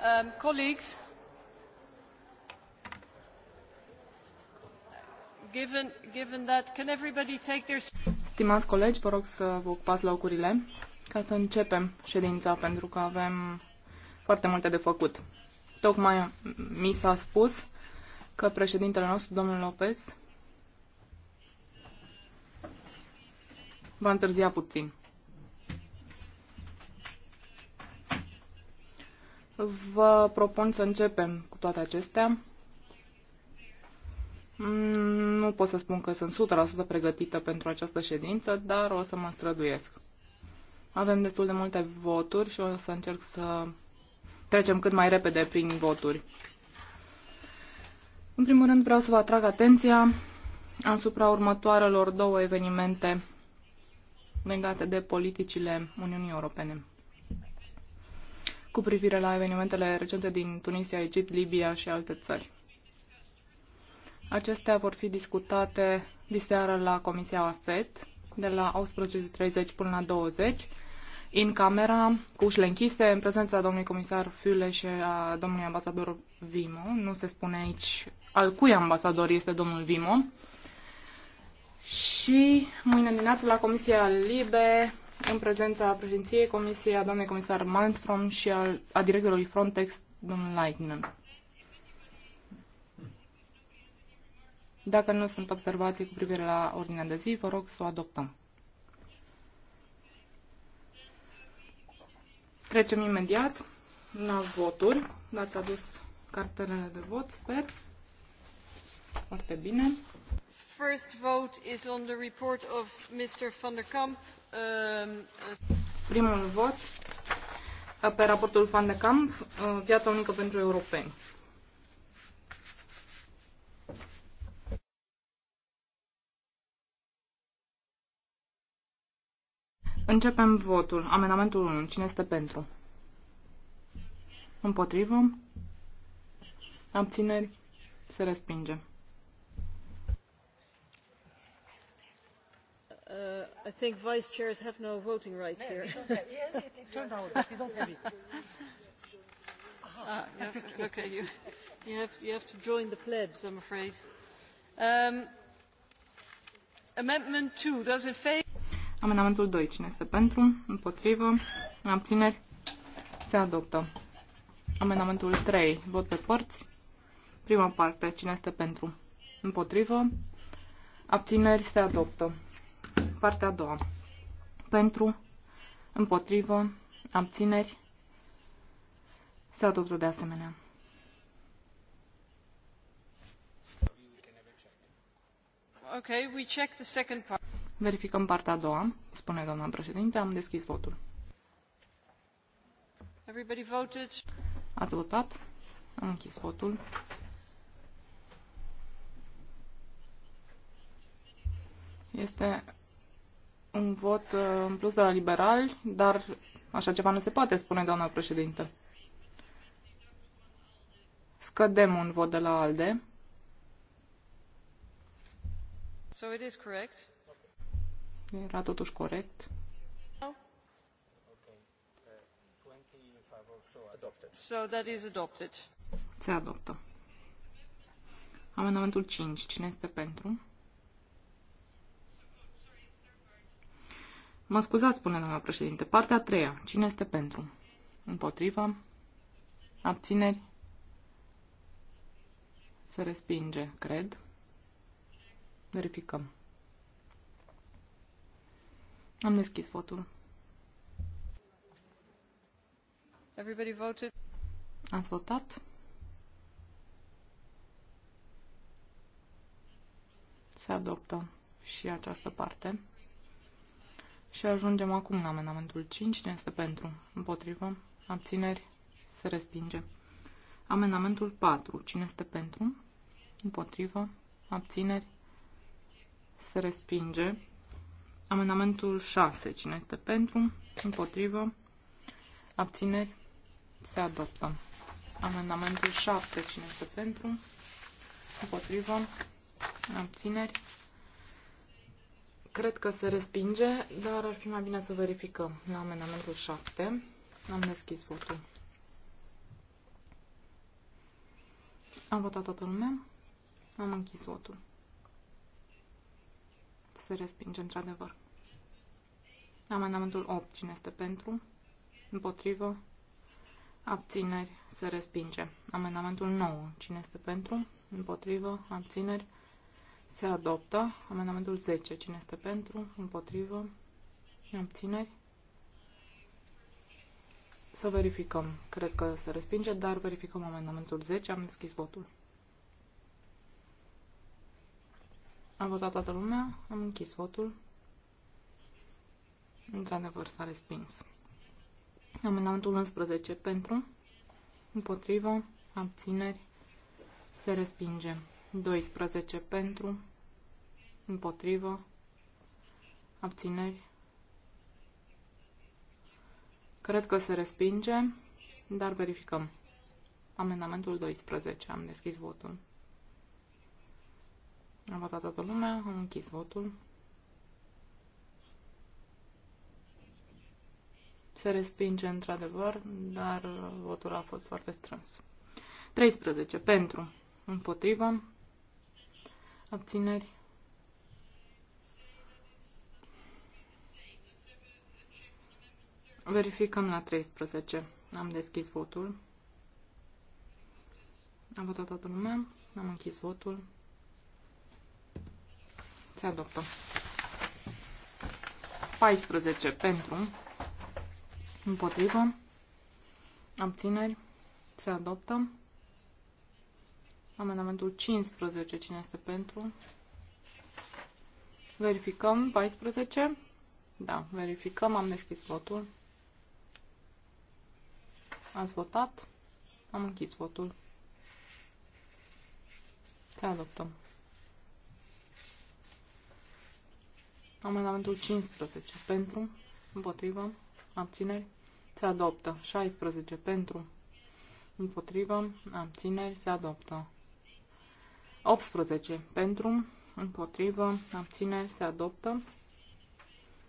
Um, colleagues, given, given that, can everybody take their... Stimați colegi, vă rog să vă ocupați locurile ca să începem ședința, pentru că avem foarte multe de făcut. Tocmai mi s-a spus că președintele nostru, domnul Lopez, va întârzia puțin. Vă propun să începem cu toate acestea. Mm, nu pot să spun că sunt 100% pregătită pentru această ședință, dar o să mă străduiesc. Avem destul de multe voturi și o să încerc să trecem cât mai repede prin voturi. În primul rând vreau să vă atrag atenția asupra următoarelor două evenimente legate de politicile Uniunii Europene cu privire la evenimentele recente din Tunisia, Egipt, Libia și alte țări. Acestea vor fi discutate diseară la Comisia AFET de la 18.30 până la 20, în camera, cu ușile închise, în prezența domnului comisar Fiule și a domnului ambasador Vimo. Nu se spune aici al cui ambasador este domnul Vimo. Și mâine dimineață la Comisia Libe în prezența președinției Comisiei a doamnei comisar Malmström și a directorului Frontex, domnul Leitner. Dacă nu sunt observații cu privire la ordinea de zi, vă rog să o adoptăm. Trecem imediat la voturi. L-ați adus cartelele de vot, sper. Foarte bine. First vote is on the report of Mr. Van der Kamp Ehm, primul vot uh, pe raportul Fan de Camp, Piața uh, Unică pentru Europeni. Începem votul. Amenamentul 1. Cine este pentru? Împotrivă? Abțineri? Se respinge. Uh, I think vice chairs have no voting rights here. you don't ah, have it. ah, okay, you, you, have, you have to join the plebs, I'm afraid. Um, amendment 2, those in favor? Amendamentul 2, cine este pentru, împotrivă, abțineri, se adoptă. Amendamentul 3, vot pe părți. Prima parte, cine este pentru, împotrivă, abțineri, se adoptă. Partea a doua. Pentru, împotrivă, abțineri, se adoptă de asemenea. Okay, we check the second part. Verificăm partea a doua, spune doamna președinte, am deschis votul. Everybody voted. Ați votat? Am închis votul. Este un vot uh, în plus de la liberali, dar așa ceva nu se poate spune, doamna președintă. Scădem un vot de la ALDE. So it is correct. Era totuși corect. So that is adopted. Se adoptă. Amendamentul 5. Cine este pentru? Mă scuzați, spune doamna președinte. Partea a treia. Cine este pentru? Împotriva? Abțineri? Se respinge, cred. Verificăm. Am deschis votul. Everybody voted. Ați votat? Se adoptă și această parte. Și ajungem acum la amendamentul 5. Cine este pentru? Împotrivă? Abțineri? Se respinge. Amendamentul 4. Cine este pentru? Împotrivă? Abțineri? Se respinge. Amendamentul 6. Cine este pentru? Împotrivă? Abțineri? Se adoptă. Amendamentul 7. Cine este pentru? Împotrivă? Abțineri? Cred că se respinge, dar ar fi mai bine să verificăm la amendamentul 7. Am deschis votul. Am votat toată lumea. Am închis votul. Se respinge într-adevăr. Amendamentul 8. Cine este pentru? Împotrivă? Abțineri? Se respinge. Amendamentul 9. Cine este pentru? Împotrivă? Abțineri? Se adoptă amendamentul 10. Cine este pentru? Împotrivă? Abțineri? Să verificăm. Cred că se respinge, dar verificăm amendamentul 10. Am deschis votul. A votat toată lumea. Am închis votul. Într-adevăr s-a respins. Amendamentul 11 pentru, împotrivă, abțineri, se respinge. 12 pentru, împotrivă, abțineri. Cred că se respinge, dar verificăm. Amendamentul 12. Am deschis votul. Am votat toată lumea, am închis votul. Se respinge într-adevăr, dar votul a fost foarte strâns. 13. Pentru. Împotrivă. Abțineri. Verificăm la 13. Am deschis votul. Am votat toată lumea. Am închis votul. Se adoptă. 14 pentru. Împotrivă. Abțineri. Se adoptă. Amendamentul 15. Cine este pentru? Verificăm. 14. Da, verificăm. Am deschis votul. Ați votat? Am închis votul. Se adoptă. Amendamentul 15. Pentru. Împotrivă. Abțineri. Se adoptă. 16. Pentru. Împotrivă. Abțineri. Se adoptă. 18 pentru, împotrivă, abține, se adoptă.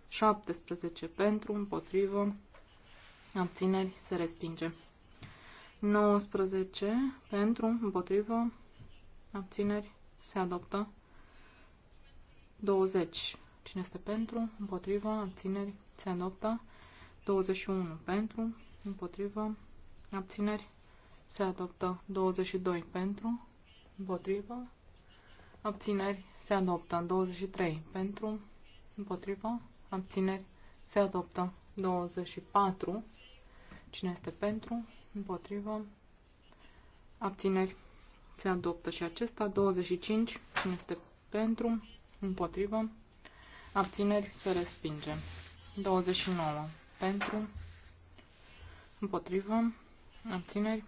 17 pentru, împotrivă, abțineri se respinge. 19 pentru, împotrivă, abțineri se adoptă. 20. Cine este pentru, împotrivă, abțineri se adoptă. 21 pentru, împotrivă, abțineri se adoptă. 22 pentru, Împotrivă. Abțineri se adoptă. 23 pentru. Împotrivă. Abțineri se adoptă. 24. Cine este pentru? Împotrivă. Abțineri se adoptă și acesta. 25. Cine este pentru? Împotrivă. Abțineri se respinge. 29. Pentru. Împotrivă. Abțineri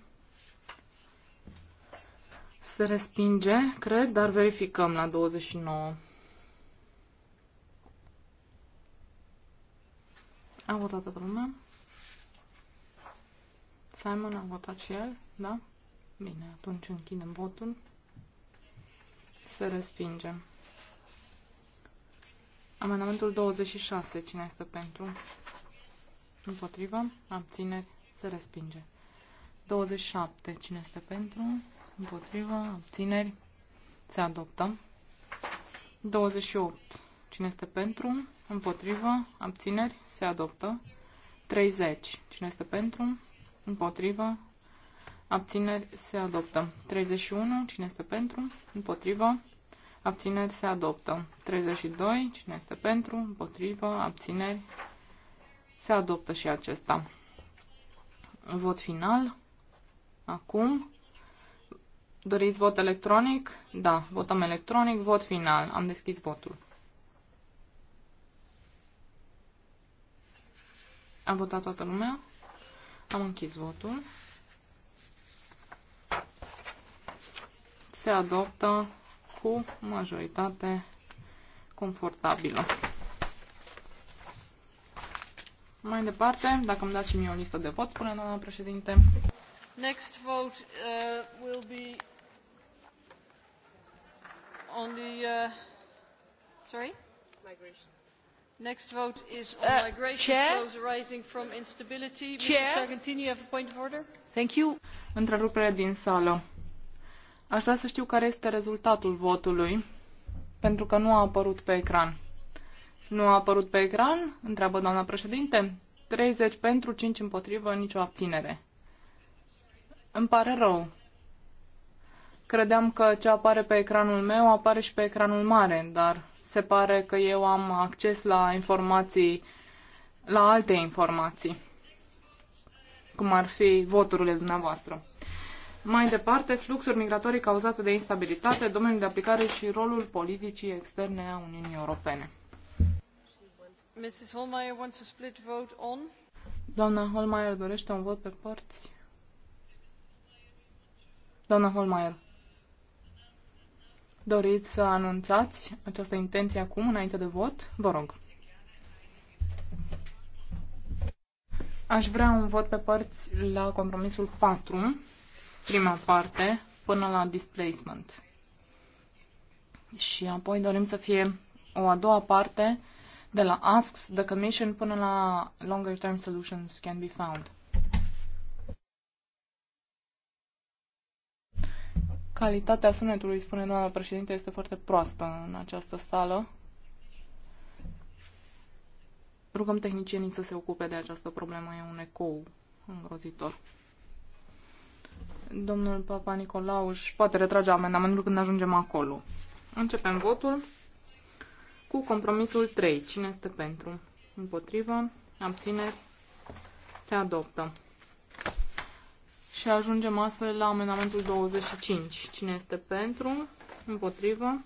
se respinge, cred, dar verificăm la 29. A votat toată lumea. Simon a votat și el, da? Bine, atunci închidem votul. Se respinge. Amendamentul 26. Cine este pentru? Împotrivă? Abțineri? Se respinge. 27. Cine este pentru? împotriva, abțineri, se adoptă. 28. Cine este pentru, împotriva, abțineri, se adoptă. 30. Cine este pentru, împotriva, abțineri, se adoptă. 31. Cine este pentru, împotriva, abțineri, se adoptă. 32. Cine este pentru, împotriva, abțineri, se adoptă și acesta. Vot final. Acum. Doriți vot electronic? Da, votăm electronic, vot final. Am deschis votul. A votat toată lumea. Am închis votul. Se adoptă cu majoritate confortabilă. Mai departe, dacă îmi dați și mie o listă de vot, spune doamna președinte. Next vote uh, will be on the uh, sorry migration next vote is on uh, uh, migration chair? flows arising from instability chair? Mr. Sargentini you have a point of order thank you întrerupere din sală aș vrea să știu care este rezultatul votului pentru că nu a apărut pe ecran nu a apărut pe ecran întreabă doamna președinte 30 pentru 5 împotrivă nicio abținere îmi pare rău Credeam că ce apare pe ecranul meu apare și pe ecranul mare, dar se pare că eu am acces la informații, la alte informații, cum ar fi voturile dumneavoastră. Mai departe, fluxuri migratorii cauzate de instabilitate, domeniul de aplicare și rolul politicii externe a Uniunii Europene. Mrs. Holmeyer wants a split vote on. Doamna Holmeyer dorește un vot pe părți. Doamna Holmeyer, Doriți să anunțați această intenție acum, înainte de vot? Vă rog. Aș vrea un vot pe părți la compromisul 4, prima parte, până la displacement. Și apoi dorim să fie o a doua parte de la asks the commission până la longer term solutions can be found. Calitatea sunetului, spune doamna președinte, este foarte proastă în această sală. Rugăm tehnicienii să se ocupe de această problemă, e un ecou îngrozitor. Domnul Papa Nicolau își poate retrage amendamentul când ajungem acolo. Începem votul cu compromisul 3. Cine este pentru? Împotrivă? Abțineri? Se adoptă. Și ajungem astfel la amendamentul 25. Cine este pentru? Împotrivă?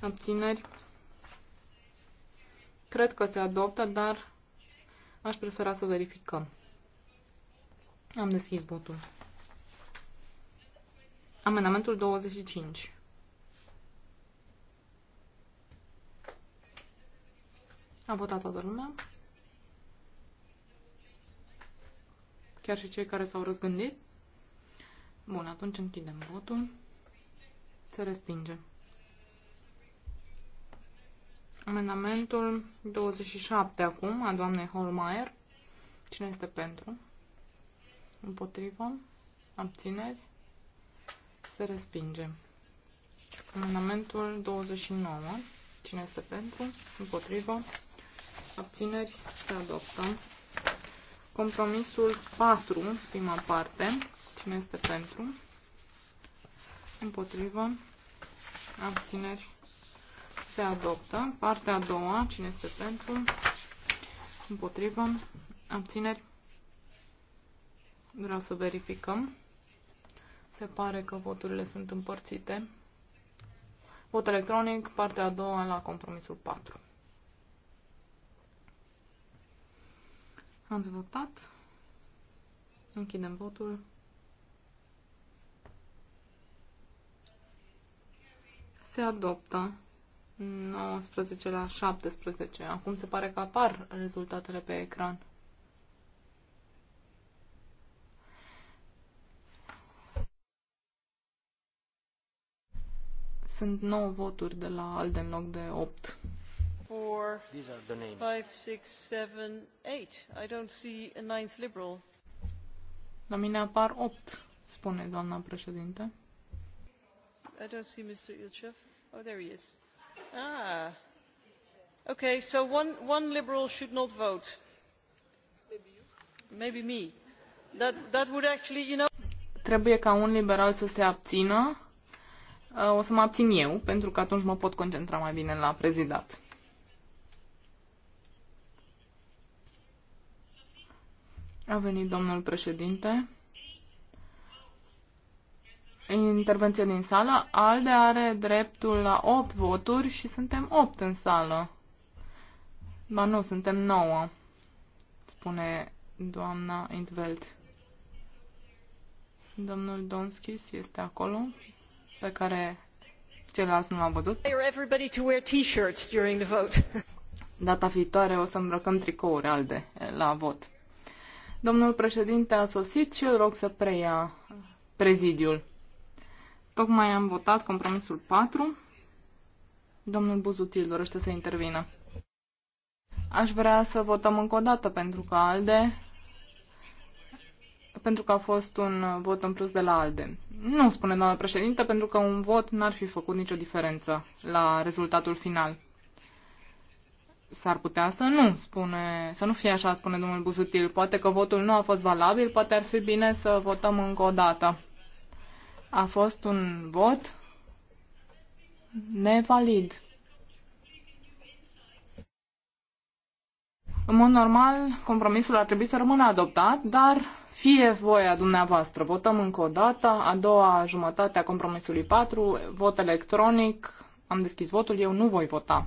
Abțineri? Cred că se adoptă, dar aș prefera să verificăm. Am deschis votul. Amendamentul 25. A votat toată lumea. Chiar și cei care s-au răzgândit? Bun, atunci închidem votul. Se respinge. Amendamentul 27 acum, a doamnei Holmeier. Cine este pentru? Împotrivă? Abțineri? Se respinge. Amendamentul 29. Cine este pentru? Împotrivă? Abțineri? Se adoptă. Compromisul 4, prima parte. Cine este pentru? Împotrivă. Abțineri. Se adoptă. Partea a doua. Cine este pentru? Împotrivă. Abțineri. Vreau să verificăm. Se pare că voturile sunt împărțite. Vot electronic, partea a doua la compromisul 4. Ați votat. Închidem votul. Se adoptă 19 la 17. Acum se pare că apar rezultatele pe ecran. Sunt 9 voturi de la Alden loc de 8 four, These are the names. five, six, seven, eight. I don't see a ninth liberal. La mine apar opt, spune doamna președinte. I don't see Mr. Ilchev. Oh, there he is. Ah. Okay, so one, one liberal should not vote. Maybe, you. Maybe me. That, that would actually, you know... Trebuie ca un liberal să se abțină uh, o să mă abțin eu, pentru că atunci mă pot concentra mai bine la prezidat. A venit domnul președinte. Intervenție din sală. ALDE are dreptul la 8 voturi și suntem 8 în sală. Ba nu, suntem 9, spune doamna Intveld. Domnul Donskis este acolo, pe care celălalt nu l-am văzut. Data viitoare o să îmbrăcăm tricouri alde la vot. Domnul președinte a sosit și îl rog să preia prezidiul. Tocmai am votat compromisul 4. Domnul Buzutil dorește să intervină. Aș vrea să votăm încă o dată pentru că ALDE pentru că a fost un vot în plus de la ALDE. Nu, spune doamna președinte, pentru că un vot n-ar fi făcut nicio diferență la rezultatul final s-ar putea să nu spune, să nu fie așa, spune domnul Busutil Poate că votul nu a fost valabil, poate ar fi bine să votăm încă o dată. A fost un vot nevalid. În mod normal, compromisul ar trebui să rămână adoptat, dar fie voia dumneavoastră. Votăm încă o dată, a doua jumătate a compromisului 4, vot electronic, am deschis votul, eu nu voi vota.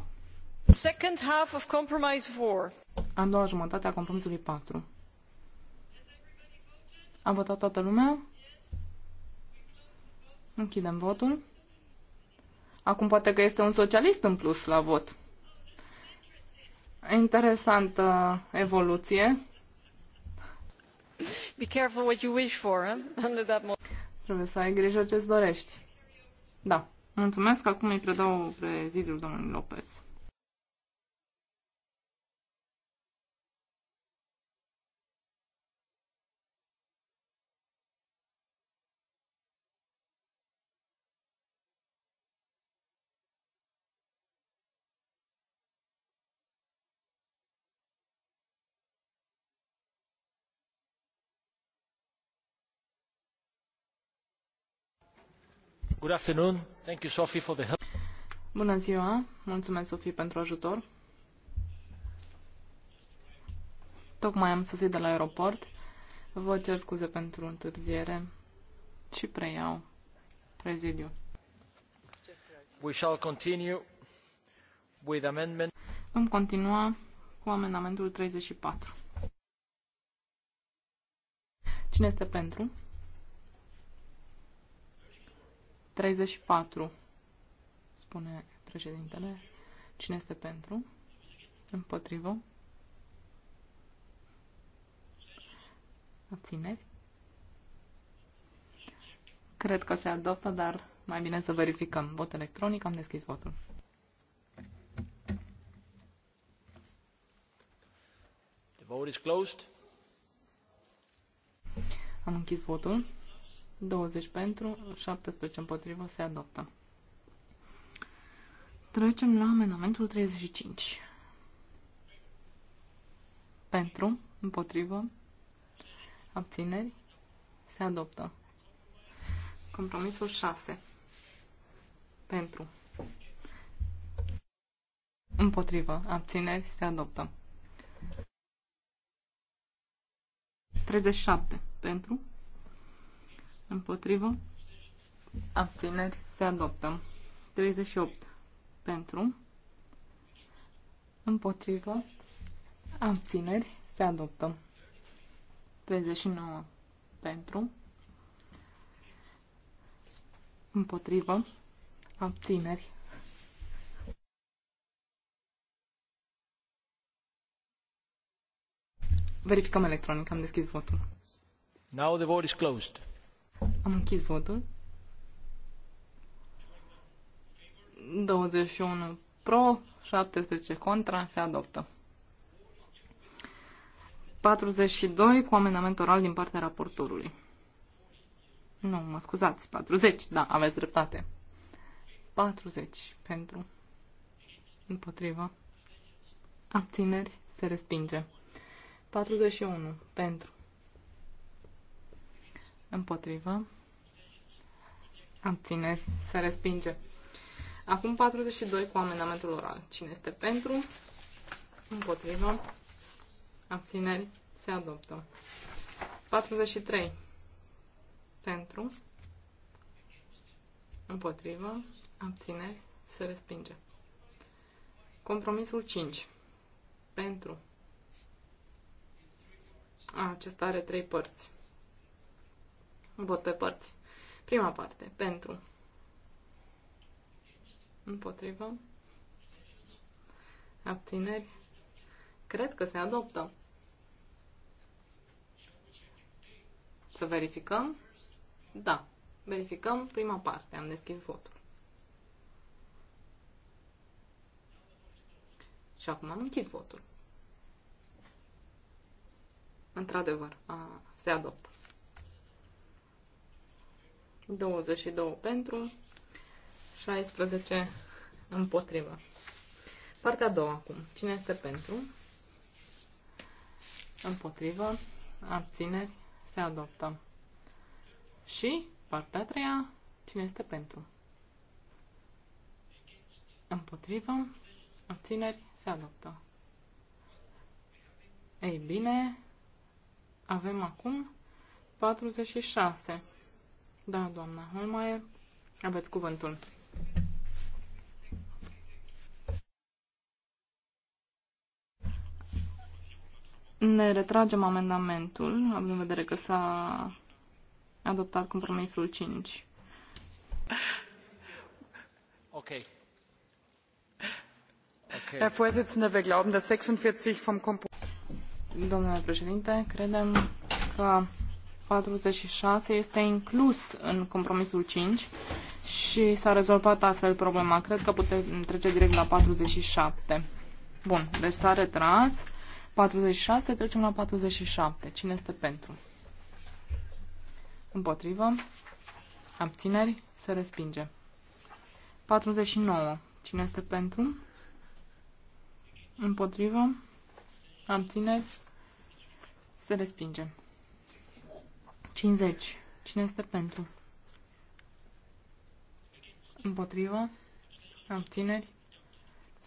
Second half of compromise 4. A doua jumătate a compromisului 4. A votat toată lumea? Închidem votul. Acum poate că este un socialist în plus la vot. Interesantă evoluție. Be careful what you wish for, eh? Under that Trebuie să ai grijă ce-ți dorești. Da. Mulțumesc. Acum îi predau prezidiul domnului Lopez. Good afternoon. Thank you, Sophie, for the help. Bună ziua. Mulțumesc, Sofie, pentru ajutor. Tocmai am sosit de la aeroport. Vă cer scuze pentru întârziere și preiau prezidiu. We shall continue with amendment. Vom continua cu amendamentul 34. Cine este pentru? 34, spune președintele. Cine este pentru? Împotrivă? Abțineri? Cred că se adoptă, dar mai bine să verificăm. Vot electronic, am deschis votul. The vote is closed. Am închis votul. 20 pentru, 17 împotrivă, se adoptă. Trecem la amendamentul 35. Pentru, împotrivă, abțineri, se adoptă. Compromisul 6. Pentru. Împotrivă, abțineri, se adoptă. 37. Pentru. Împotrivă. Abțineri. Se adoptă. 38. Pentru. Împotrivă. Abțineri. Se adoptă. 39. Pentru. Împotrivă. Abțineri. Verificăm electronic. Am deschis votul. Now the vote is closed. Am închis votul. 21 pro, 17 contra, se adoptă. 42 cu amendament oral din partea raportorului. Nu, mă scuzați, 40, da, aveți dreptate. 40 pentru, împotrivă, abțineri, se respinge. 41 pentru, Împotrivă. Abțineri. Se respinge. Acum 42 cu amendamentul oral. Cine este pentru? Împotrivă. Abțineri. Se adoptă. 43. Pentru. Împotrivă. Abțineri. Se respinge. Compromisul 5. Pentru. A, acesta are trei părți. Vot pe părți. Prima parte. Pentru. Împotrivă. Abțineri. Cred că se adoptă. Să verificăm? Da. Verificăm prima parte. Am deschis votul. Și acum am închis votul. Într-adevăr, se adoptă. 22 pentru, 16 împotrivă. Partea a doua acum. Cine este pentru? Împotrivă. Abțineri. Se adoptă. Și partea a treia. Cine este pentru? Împotrivă. Abțineri. Se adoptă. Ei bine, avem acum 46 da, doamna Holmaier, aveți cuvântul. Ne retragem amendamentul, având în vedere că s-a adoptat compromisul 5. Ok. Herr Vorsitzender, wir glauben, dass 46 vom Kompromiss. Domnule președinte, credem că 46 este inclus în compromisul 5 și s-a rezolvat astfel problema. Cred că putem trece direct la 47. Bun, deci s-a retras. 46, trecem la 47. Cine este pentru? Împotrivă. Abțineri. Se respinge. 49. Cine este pentru? Împotrivă. Abțineri. Se respinge. 50. Cine este pentru? Împotrivă. Abțineri.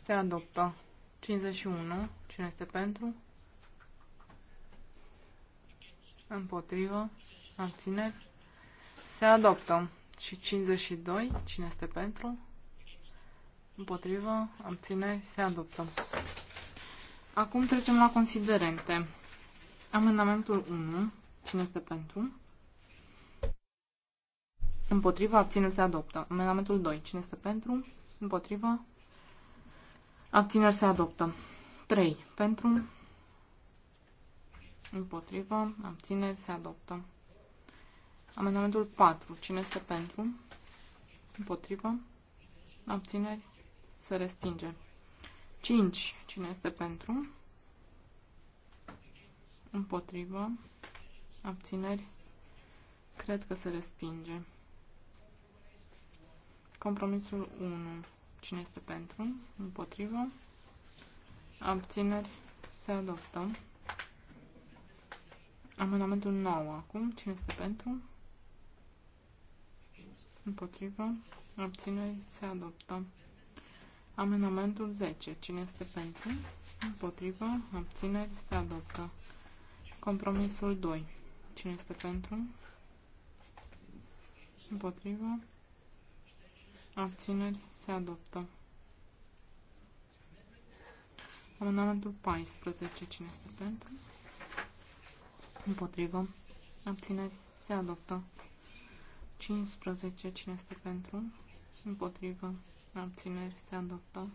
Se adoptă. 51. Cine este pentru? Împotrivă. Abțineri. Se adoptă. Și 52. Cine este pentru? Împotrivă. Abțineri. Se adoptă. Acum trecem la considerente. Amendamentul 1. Cine este pentru? împotriva, abțineri se adoptă. Amendamentul 2. Cine este pentru? împotriva, Abțineri se adoptă. 3. Pentru. împotriva, Abțineri se adoptă. Amendamentul 4. Cine este pentru? împotriva, Abțineri se respinge. 5. Cine este pentru? împotriva abțineri, cred că se respinge. Compromisul 1. Cine este pentru? Împotrivă. Abțineri. Se adoptă. Amendamentul 9. Acum, cine este pentru? Împotrivă. Abțineri. Se adoptă. Amendamentul 10. Cine este pentru? Împotrivă. Abțineri. Se adoptă. Compromisul 2. Cine este pentru? Împotrivă. Abțineri. Se adoptă. Amendamentul 14. Cine este pentru? Împotrivă. Abțineri. Se adoptă. 15. Cine este pentru? Împotrivă. Abțineri. Se adoptă.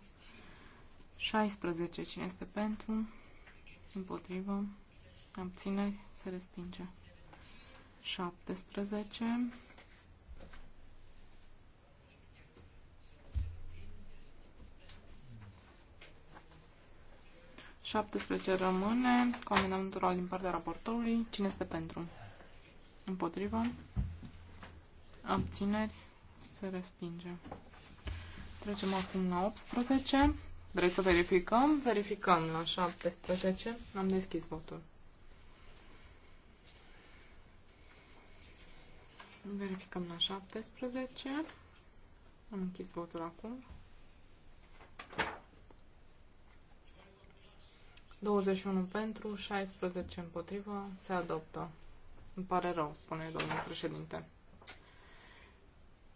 16. Cine este pentru? Împotrivă. Abțineri. Se respinge. 17. Șaptesprezece rămâne. Comandamentul oral din partea raportorului. Cine este pentru? Împotriva. Abțineri. Se respinge. Trecem acum la 18. Vreți să verificăm? Verificăm la 17. Am deschis votul. Verificăm la 17. Am închis votul acum. 21 pentru, 16 împotrivă, se adoptă. Îmi pare rău, spune domnul președinte.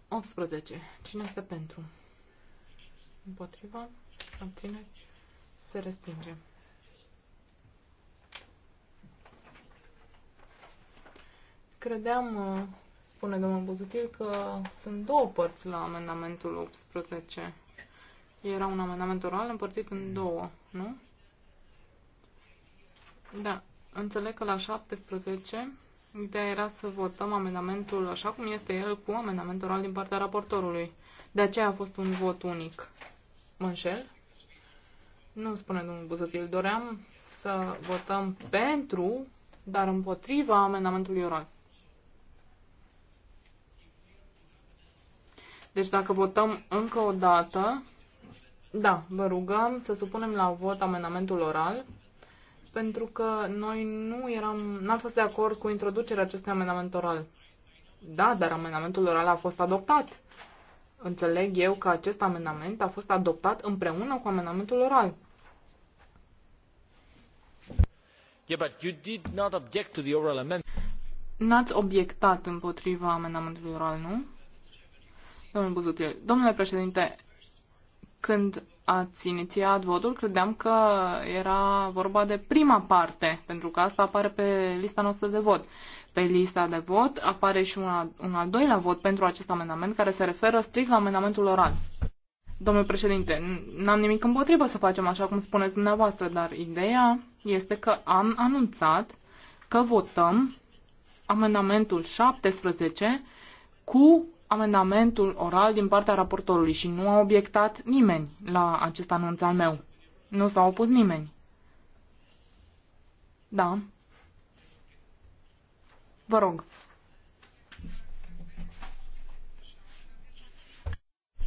18. Cine este pentru? Împotrivă, obține, se respinge. Credeam uh, spune domnul Buzutil că sunt două părți la amendamentul 18. Era un amendament oral împărțit în două, nu? Da, înțeleg că la 17 ideea era să votăm amendamentul așa cum este el cu amendament oral din partea raportorului. De aceea a fost un vot unic. Mă înșel? Nu spune domnul Buzătil. Doream să votăm pentru, dar împotriva amendamentului oral. Deci dacă votăm încă o dată, da, vă rugăm să supunem la vot amendamentul oral, pentru că noi nu eram, n-am fost de acord cu introducerea acestui amendament oral. Da, dar amendamentul oral a fost adoptat. Înțeleg eu că acest amendament a fost adoptat împreună cu amendamentul oral. Yeah, but you did not object to the oral amendment. N-ați obiectat împotriva amendamentului oral, nu? Domnul Buzutil, domnule președinte, când ați inițiat votul, credeam că era vorba de prima parte, pentru că asta apare pe lista noastră de vot. Pe lista de vot apare și una, un al doilea vot pentru acest amendament, care se referă strict la amendamentul oral. Domnule președinte, n-am nimic împotrivă să facem așa cum spuneți dumneavoastră, dar ideea este că am anunțat că votăm amendamentul 17 cu amendamentul oral din partea raportorului și nu a obiectat nimeni la acest anunț al meu. Nu s-a opus nimeni. Da. Vă rog.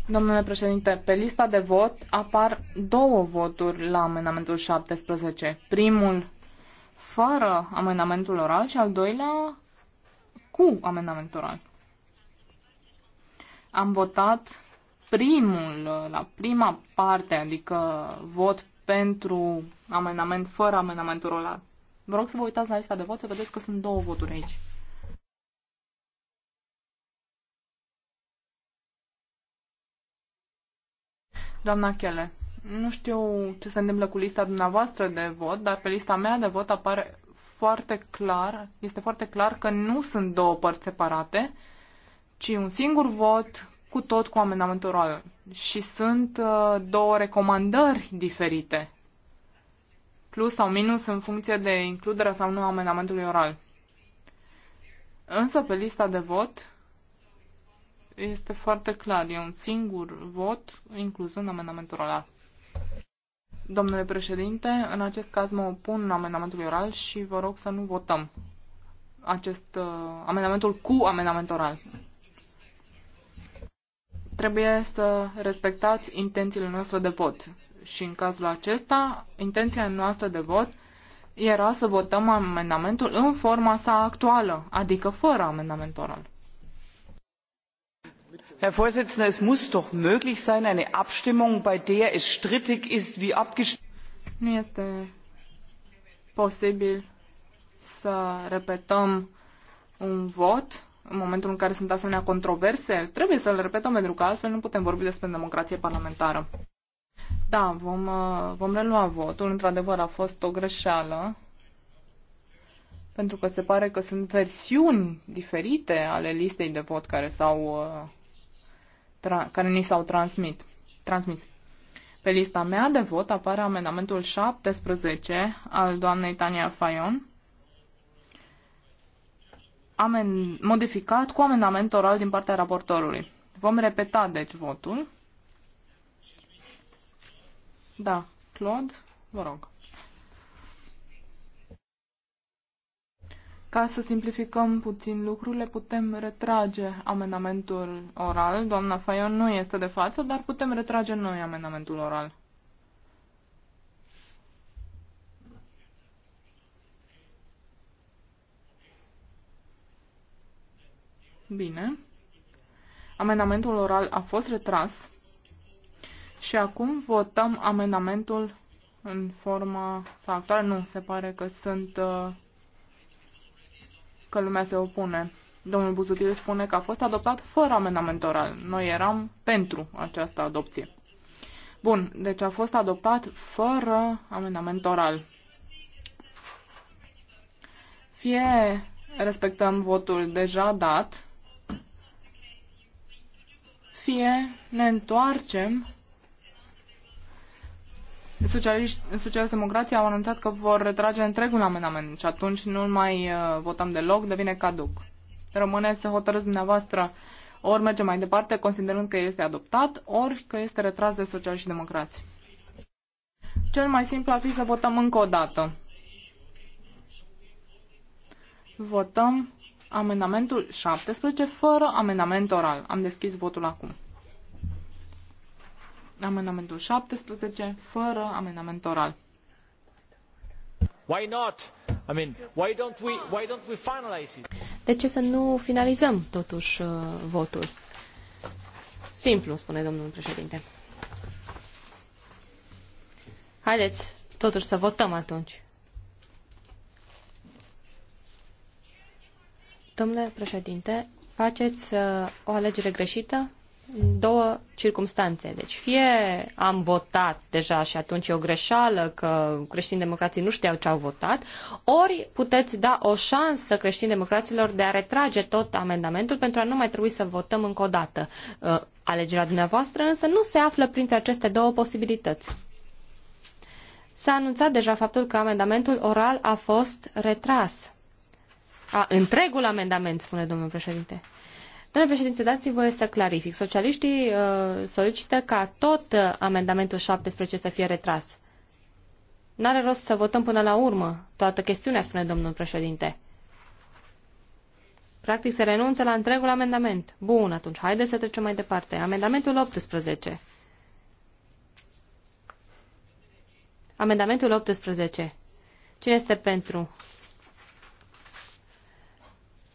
Domnule președinte, pe lista de vot apar două voturi la amendamentul 17. Primul fără amendamentul oral și al doilea cu amendamentul oral am votat primul, la prima parte, adică vot pentru amendament fără amendamentul ăla. Vă rog să vă uitați la lista de vot, vedeți că sunt două voturi aici. Doamna Chele, nu știu ce se întâmplă cu lista dumneavoastră de vot, dar pe lista mea de vot apare foarte clar, este foarte clar că nu sunt două părți separate, ci un singur vot cu tot cu amendamentul oral. Și sunt uh, două recomandări diferite, plus sau minus în funcție de includerea sau nu a amendamentului oral. Însă pe lista de vot este foarte clar, e un singur vot incluzând amendamentul oral. Domnule președinte, în acest caz mă opun amendamentului oral și vă rog să nu votăm acest uh, amendamentul cu amendament oral trebuie să respectați intențiile noastre de vot. Și în cazul acesta, intenția noastră de vot era să votăm amendamentul în forma sa actuală, adică fără amendament oral. Herr Vorsitzender, es muss doch möglich sein, eine Abstimmung, bei der es strittig ist, wie abgestimmt. Nu este posibil să repetăm un vot în momentul în care sunt asemenea controverse, trebuie să le repetăm pentru că altfel nu putem vorbi despre democrație parlamentară. Da, vom, uh, vom relua votul. Într-adevăr, a fost o greșeală pentru că se pare că sunt versiuni diferite ale listei de vot care, s-au, uh, care ni s-au transmit, transmis. Pe lista mea de vot apare amendamentul 17 al doamnei Tania Fayon amen, modificat cu amendament oral din partea raportorului. Vom repeta, deci, votul. Da, Claude, vă rog. Ca să simplificăm puțin lucrurile, putem retrage amendamentul oral. Doamna Fayon nu este de față, dar putem retrage noi amendamentul oral. Bine. Amendamentul oral a fost retras și acum votăm amendamentul în forma sa actuală. Nu, se pare că sunt uh, că lumea se opune. Domnul Buzutil spune că a fost adoptat fără amendament oral. Noi eram pentru această adopție. Bun, deci a fost adoptat fără amendament oral. Fie respectăm votul deja dat, fie ne întoarcem. Socialiști-democrații au anunțat că vor retrage întregul amendament și atunci nu mai uh, votăm deloc, devine caduc. Rămâne să hotărâți dumneavoastră ori mergem mai departe considerând că este adoptat, ori că este retras de socialiști și democrații. Cel mai simplu ar fi să votăm încă o dată. Votăm amendamentul 17 fără amendament oral. Am deschis votul acum. Amendamentul 17 fără amendament oral. Why not? I mean, why don't we, why don't we finalize it? De ce să nu finalizăm totuși uh, votul? Simplu, spune domnul președinte. Haideți totuși să votăm atunci. Domnule președinte, faceți uh, o alegere greșită două circumstanțe. Deci fie am votat deja și atunci e o greșeală că creștini democrații nu știau ce au votat, ori puteți da o șansă creștini democraților de a retrage tot amendamentul pentru a nu mai trebui să votăm încă o dată. Uh, alegerea dumneavoastră însă nu se află printre aceste două posibilități. S-a anunțat deja faptul că amendamentul oral a fost retras. A, întregul amendament, spune domnul președinte. Domnule președinte, dați vă să clarific. Socialiștii uh, solicită ca tot uh, amendamentul 17 să fie retras. N-are rost să votăm până la urmă toată chestiunea, spune domnul președinte. Practic se renunță la întregul amendament. Bun, atunci, haideți să trecem mai departe. Amendamentul 18. Amendamentul 18. Cine este pentru?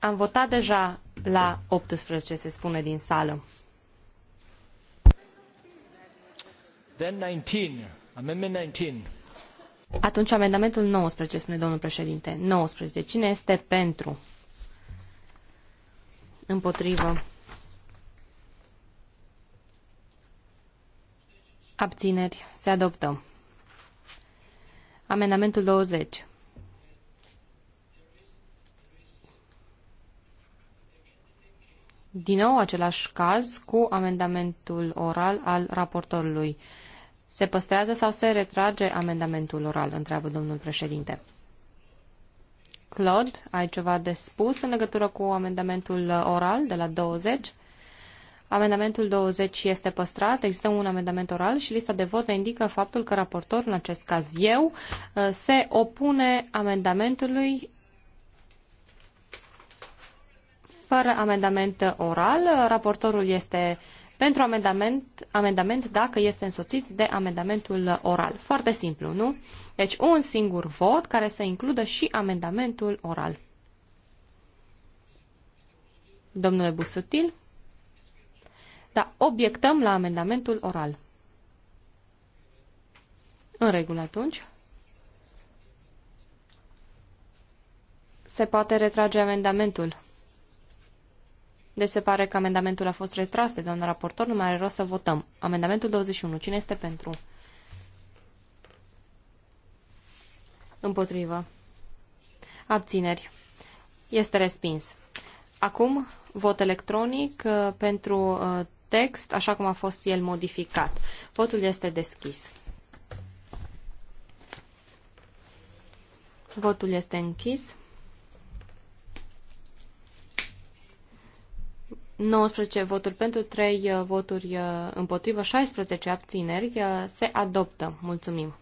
Am votat deja la 18, se spune din sală. Then 19. Amendment 19. Atunci amendamentul 19, spune domnul președinte. 19. Cine este pentru? Împotrivă. Abțineri. Se adoptă. Amendamentul 20. Din nou același caz cu amendamentul oral al raportorului. Se păstrează sau se retrage amendamentul oral, întreabă domnul președinte. Claude, ai ceva de spus în legătură cu amendamentul oral de la 20? Amendamentul 20 este păstrat, există un amendament oral și lista de vot ne indică faptul că raportorul, în acest caz eu, se opune amendamentului fără amendament oral. Raportorul este pentru amendament, amendament dacă este însoțit de amendamentul oral. Foarte simplu, nu? Deci un singur vot care să includă și amendamentul oral. Domnule Busutil? Da, obiectăm la amendamentul oral. În regulă atunci. Se poate retrage amendamentul. Deci se pare că amendamentul a fost retras de doamna raportor, nu mai are rost să votăm. Amendamentul 21. Cine este pentru? Împotrivă. Abțineri. Este respins. Acum, vot electronic uh, pentru uh, text, așa cum a fost el modificat. Votul este deschis. Votul este închis. 19 voturi pentru, 3 uh, voturi uh, împotrivă, 16 abțineri. Uh, se adoptă. Mulțumim.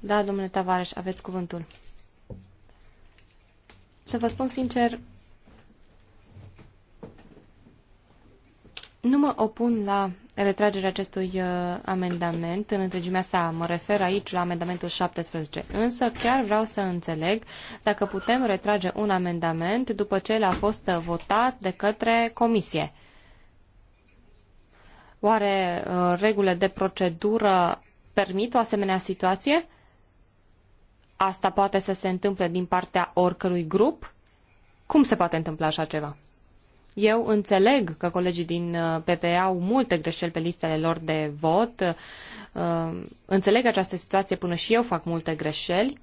Da, domnule Tavares, aveți cuvântul. Să vă spun sincer, Nu mă opun la retragerea acestui uh, amendament în întregimea sa. Mă refer aici la amendamentul 17. Însă chiar vreau să înțeleg dacă putem retrage un amendament după ce l a fost uh, votat de către comisie. Oare uh, regulile de procedură permit o asemenea situație? Asta poate să se întâmple din partea oricărui grup? Cum se poate întâmpla așa ceva? Eu înțeleg că colegii din uh, PPE au multe greșeli pe listele lor de vot, uh, înțeleg această situație până și eu fac multe greșeli,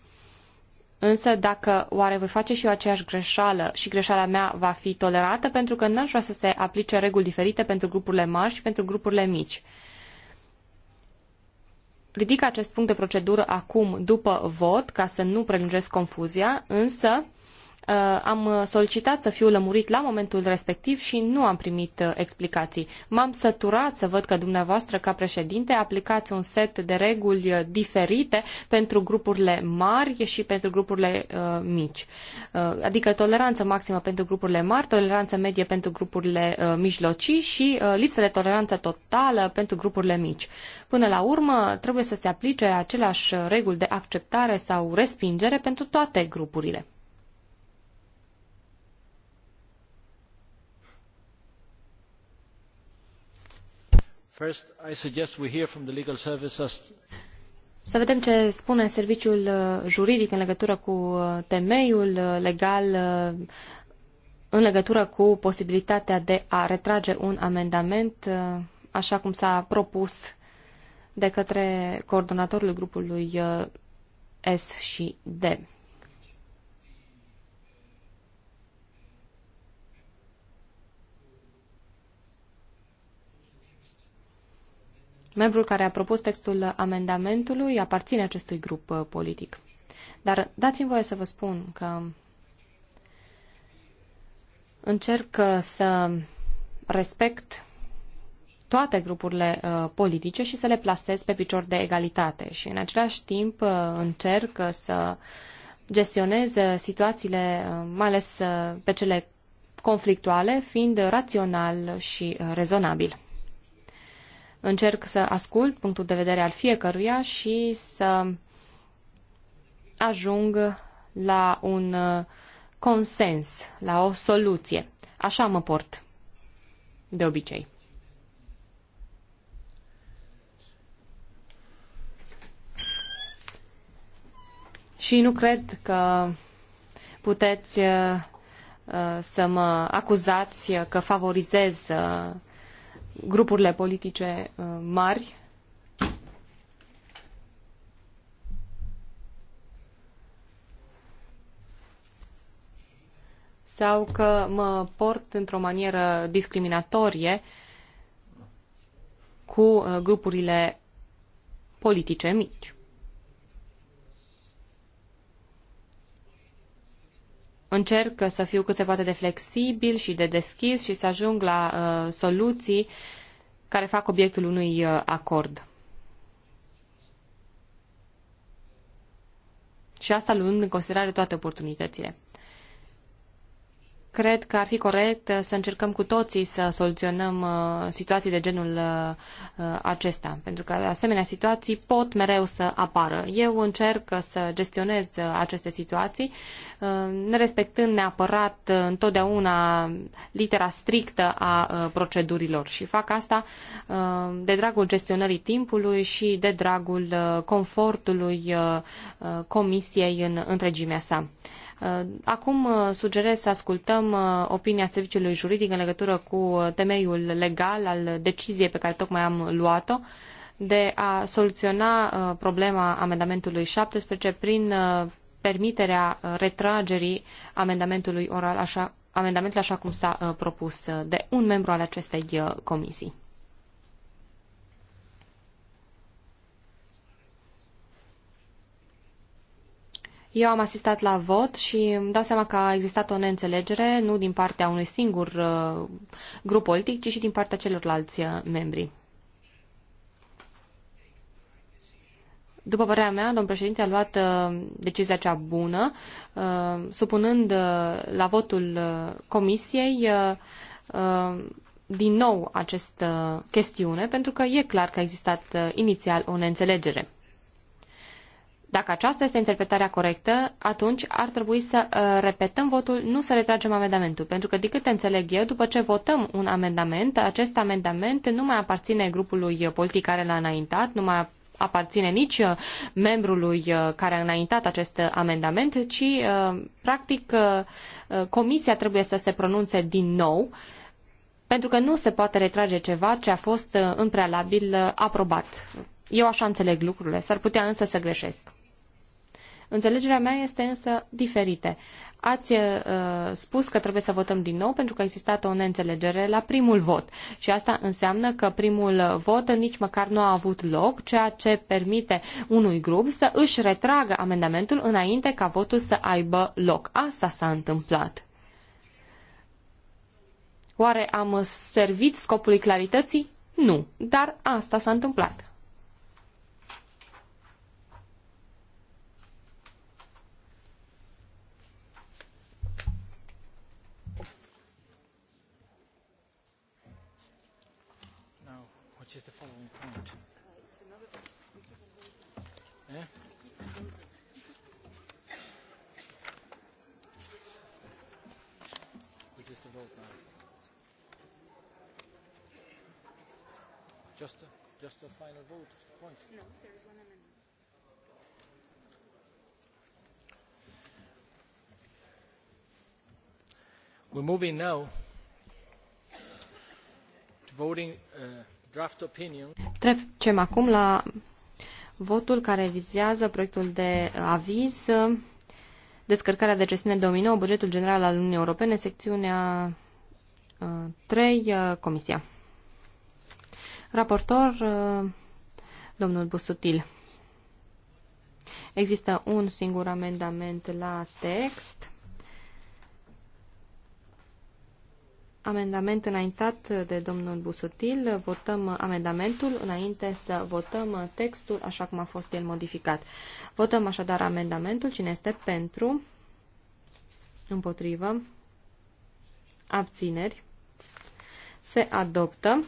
Însă dacă oare voi face și eu aceeași greșeală și greșeala mea va fi tolerată pentru că n-aș vrea să se aplice reguli diferite pentru grupurile mari și pentru grupurile mici. Ridic acest punct de procedură acum după vot ca să nu prelungesc confuzia, însă Uh, am solicitat să fiu lămurit la momentul respectiv și nu am primit uh, explicații. M-am săturat să văd că dumneavoastră, ca președinte, aplicați un set de reguli uh, diferite pentru grupurile mari și pentru grupurile uh, mici. Uh, adică toleranță maximă pentru grupurile mari, toleranță medie pentru grupurile uh, mijlocii și uh, lipsă de toleranță totală pentru grupurile mici. Până la urmă, trebuie să se aplice aceleași reguli de acceptare sau respingere pentru toate grupurile. First, I suggest we hear from the legal services. Să vedem ce spune serviciul uh, juridic în legătură cu uh, temeiul uh, legal în legătură cu posibilitatea de a retrage un amendament așa cum s-a propus de către coordonatorul grupului S și D. Membrul care a propus textul amendamentului aparține acestui grup uh, politic. Dar dați-mi voie să vă spun că încerc uh, să respect toate grupurile uh, politice și să le plasez pe picior de egalitate și în același timp uh, încerc uh, să gestionez uh, situațiile, mai ales pe cele conflictuale, fiind rațional și rezonabil. Încerc să ascult punctul de vedere al fiecăruia și să ajung la un uh, consens, la o soluție. Așa mă port de obicei. Și nu cred că puteți uh, să mă acuzați că favorizez uh, grupurile politice uh, mari. sau că mă port într-o manieră discriminatorie cu uh, grupurile politice mici. Încerc să fiu cât se poate de flexibil și de deschis și să ajung la uh, soluții care fac obiectul unui uh, acord. Și asta luând în considerare toate oportunitățile cred că ar fi corect uh, să încercăm cu toții să soluționăm uh, situații de genul uh, acesta, pentru că asemenea situații pot mereu să apară. Eu încerc să gestionez aceste situații, ne respectând neapărat întotdeauna litera strictă a procedurilor și fac asta de dragul gestionării timpului și de dragul confortului comisiei în întregimea sa. Uh, acum uh, sugerez să ascultăm uh, opinia serviciului juridic în legătură cu temeiul legal al deciziei pe care tocmai am luat-o de a soluționa problema amendamentului 17 prin permiterea retragerii amendamentului oral, așa, amendamentul așa cum s-a propus de un membru al acestei comisii. Eu am asistat la vot și îmi dau seama că a existat o neînțelegere, nu din partea unui singur uh, grup politic, ci și din partea celorlalți uh, membri. După părerea mea, domnul președinte a luat uh, decizia cea bună, supunând la votul comisiei din nou această chestiune, pentru că e clar că a existat inițial o neînțelegere. Dacă aceasta este interpretarea corectă, atunci ar trebui să uh, repetăm votul, nu să retragem amendamentul. Pentru că, din câte înțeleg eu, după ce votăm un amendament, acest amendament nu mai aparține grupului politic care l-a înaintat, nu mai aparține nici uh, membrului uh, care a înaintat acest amendament, ci, uh, practic, uh, uh, comisia trebuie să se pronunțe din nou, pentru că nu se poate retrage ceva ce a fost în prealabil aprobat eu așa înțeleg lucrurile, s-ar putea însă să greșesc. Înțelegerea mea este însă diferită. Ați uh, spus că trebuie să votăm din nou pentru că a existat o neînțelegere la primul vot și asta înseamnă că primul vot nici măcar nu a avut loc, ceea ce permite unui grup să își retragă amendamentul înainte ca votul să aibă loc. Asta s-a întâmplat. Oare am servit scopului clarității? Nu, dar asta s-a întâmplat. final vote point? No, there is one amendment. We're moving now to voting uh, draft opinion. Trecem acum la votul care vizează proiectul de aviz uh, descărcarea de gestiune 2009, bugetul general al Uniunii Europene, secțiunea 3, uh, uh, Comisia. Raportor, uh, domnul Busutil. Există un singur amendament la text. Amendament înaintat de domnul Busutil. Votăm amendamentul înainte să votăm textul așa cum a fost el modificat. Votăm așadar amendamentul. Cine este pentru? Împotrivă? Abțineri? Se adoptă.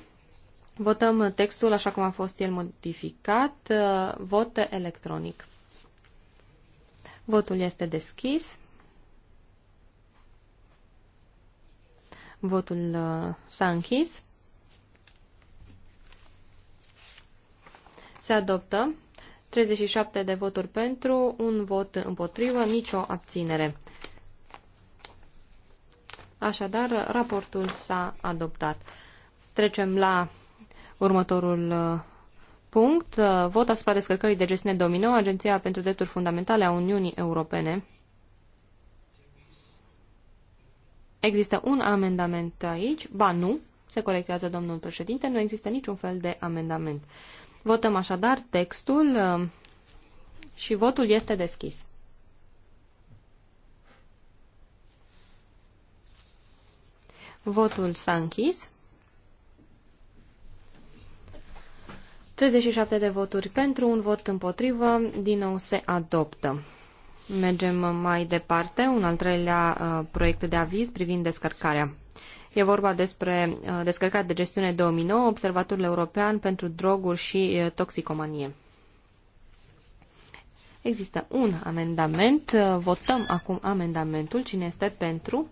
Votăm textul așa cum a fost el modificat. Uh, vot electronic. Votul este deschis. Votul uh, s-a închis. Se adoptă 37 de voturi pentru, un vot împotrivă, nicio abținere. Așadar, raportul s-a adoptat. Trecem la următorul uh, punct. Uh, vot asupra descărcării de gestiune domino, Agenția pentru Drepturi Fundamentale a Uniunii Europene. Există un amendament aici? Ba nu, se corectează domnul președinte, nu există niciun fel de amendament. Votăm așadar textul uh, și votul este deschis. Votul s-a închis. 37 de voturi pentru, un vot împotrivă, din nou se adoptă. Mergem mai departe, un al treilea uh, proiect de aviz privind descărcarea. E vorba despre uh, descărcarea de gestiune 2009, Observatorul European pentru Droguri și uh, Toxicomanie. Există un amendament, uh, votăm acum amendamentul, cine este pentru,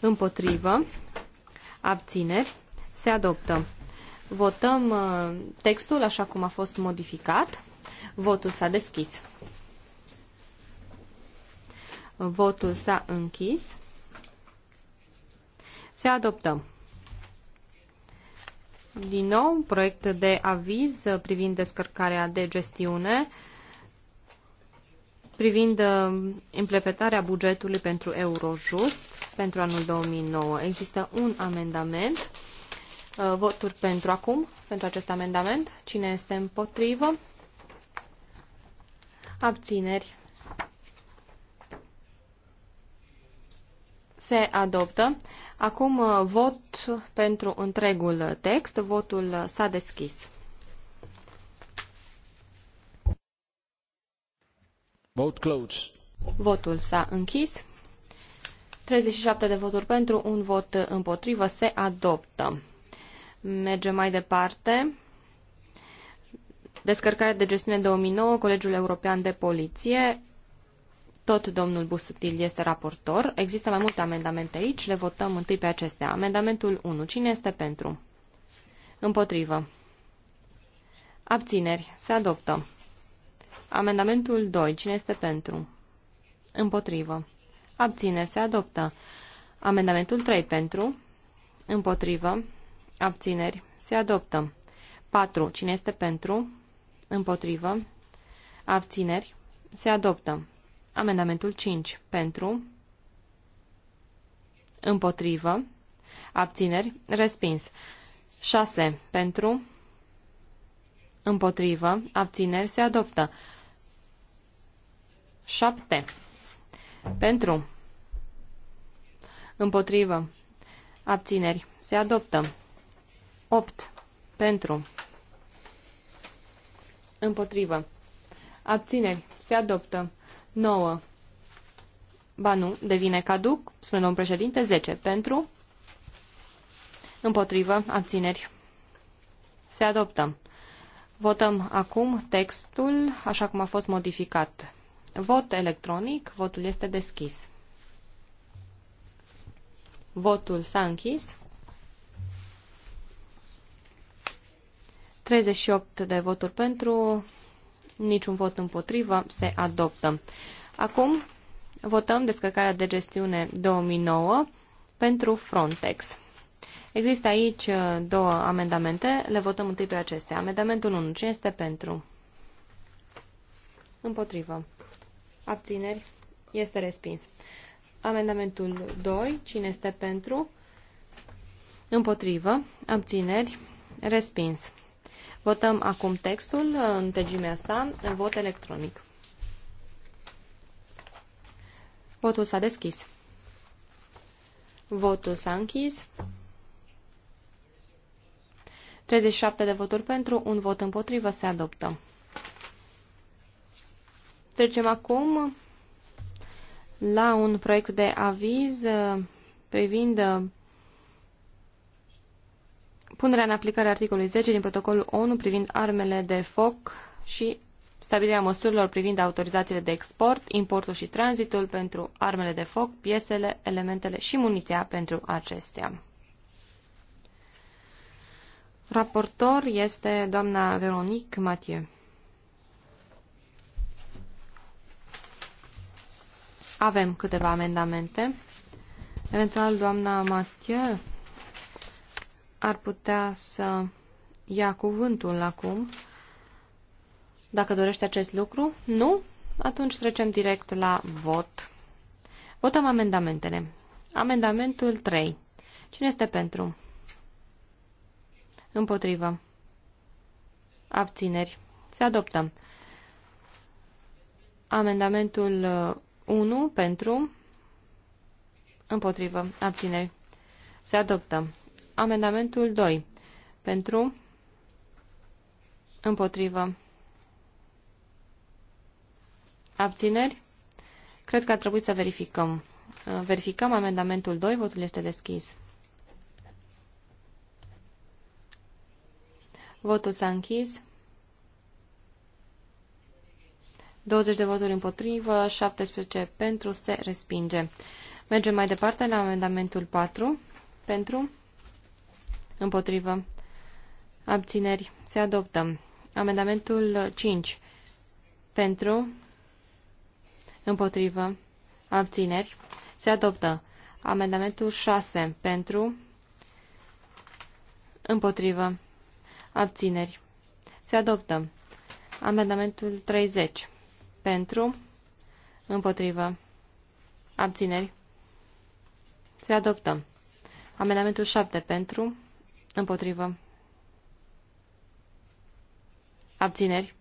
împotrivă, abțineri, se adoptă. Votăm uh, textul așa cum a fost modificat. Votul s-a deschis. Votul s-a închis. Se adoptă. Din nou, proiect de aviz privind descărcarea de gestiune, privind uh, implementarea bugetului pentru Eurojust pentru anul 2009. Există un amendament Uh, voturi pentru acum, pentru acest amendament. Cine este împotrivă? Abțineri. Se adoptă. Acum uh, vot pentru întregul text. Votul s-a deschis. Vote close. Votul s-a închis. 37 de voturi pentru, un vot împotrivă se adoptă. Mergem mai departe. Descărcare de gestiune 2009, Colegiul European de Poliție. Tot domnul Busutil este raportor. Există mai multe amendamente aici. Le votăm întâi pe acestea. Amendamentul 1. Cine este pentru? Împotrivă. Abțineri. Se adoptă. Amendamentul 2. Cine este pentru? Împotrivă. Abține. Se adoptă. Amendamentul 3. Pentru. Împotrivă. Abțineri. Se adoptă. 4. Cine este pentru? Împotrivă. Abțineri. Se adoptă. Amendamentul 5. Pentru. Împotrivă. Abțineri. Respins. 6. Pentru. Împotrivă. Abțineri. Se adoptă. 7. Pentru. Împotrivă. Abțineri. Se adoptă. 8. Pentru. Împotrivă. Abțineri. Se adoptă. 9. Ba nu, devine caduc, spune domnul președinte, 10. Pentru. Împotrivă. Abțineri. Se adoptă. Votăm acum textul așa cum a fost modificat. Vot electronic, votul este deschis. Votul s-a închis. 38 de voturi pentru, niciun vot împotrivă, se adoptă. Acum votăm descărcarea de gestiune 2009 pentru Frontex. Există aici uh, două amendamente, le votăm întâi pe acestea. Amendamentul 1, cine este pentru? Împotrivă. Abțineri. Este respins. Amendamentul 2, cine este pentru? Împotrivă. Abțineri. Respins. Votăm acum textul, uh, în întregimea sa, în vot electronic. Votul s-a deschis. Votul s-a închis. 37 de voturi pentru, un vot împotrivă se adoptă. Trecem acum la un proiect de aviz uh, privind uh, punerea în aplicare a articolului 10 din protocolul ONU privind armele de foc și stabilirea măsurilor privind autorizațiile de export, importul și tranzitul pentru armele de foc, piesele, elementele și muniția pentru acestea. Raportor este doamna Veronique Mathieu. Avem câteva amendamente. Eventual, doamna Mathieu ar putea să ia cuvântul acum, dacă dorește acest lucru. Nu? Atunci trecem direct la vot. Votăm amendamentele. Amendamentul 3. Cine este pentru? Împotrivă. Abțineri. Se adoptă. Amendamentul 1 uh, pentru. Împotrivă. Abțineri. Se adoptă. Amendamentul 2. Pentru. Împotrivă. Abțineri? Cred că ar trebui să verificăm. Verificăm amendamentul 2. Votul este deschis. Votul s-a închis. 20 de voturi împotrivă, 17 pentru, se respinge. Mergem mai departe la amendamentul 4. Pentru, Împotrivă. Abțineri. Se adoptă. Amendamentul 5. Pentru. Împotrivă. Abțineri. Se adoptă. Amendamentul 6. Pentru. Împotrivă. Abțineri. Se adoptă. Amendamentul 30. Pentru. Împotrivă. Abțineri. Se adoptă. Amendamentul 7. Pentru. Împotrivă. Abțineri.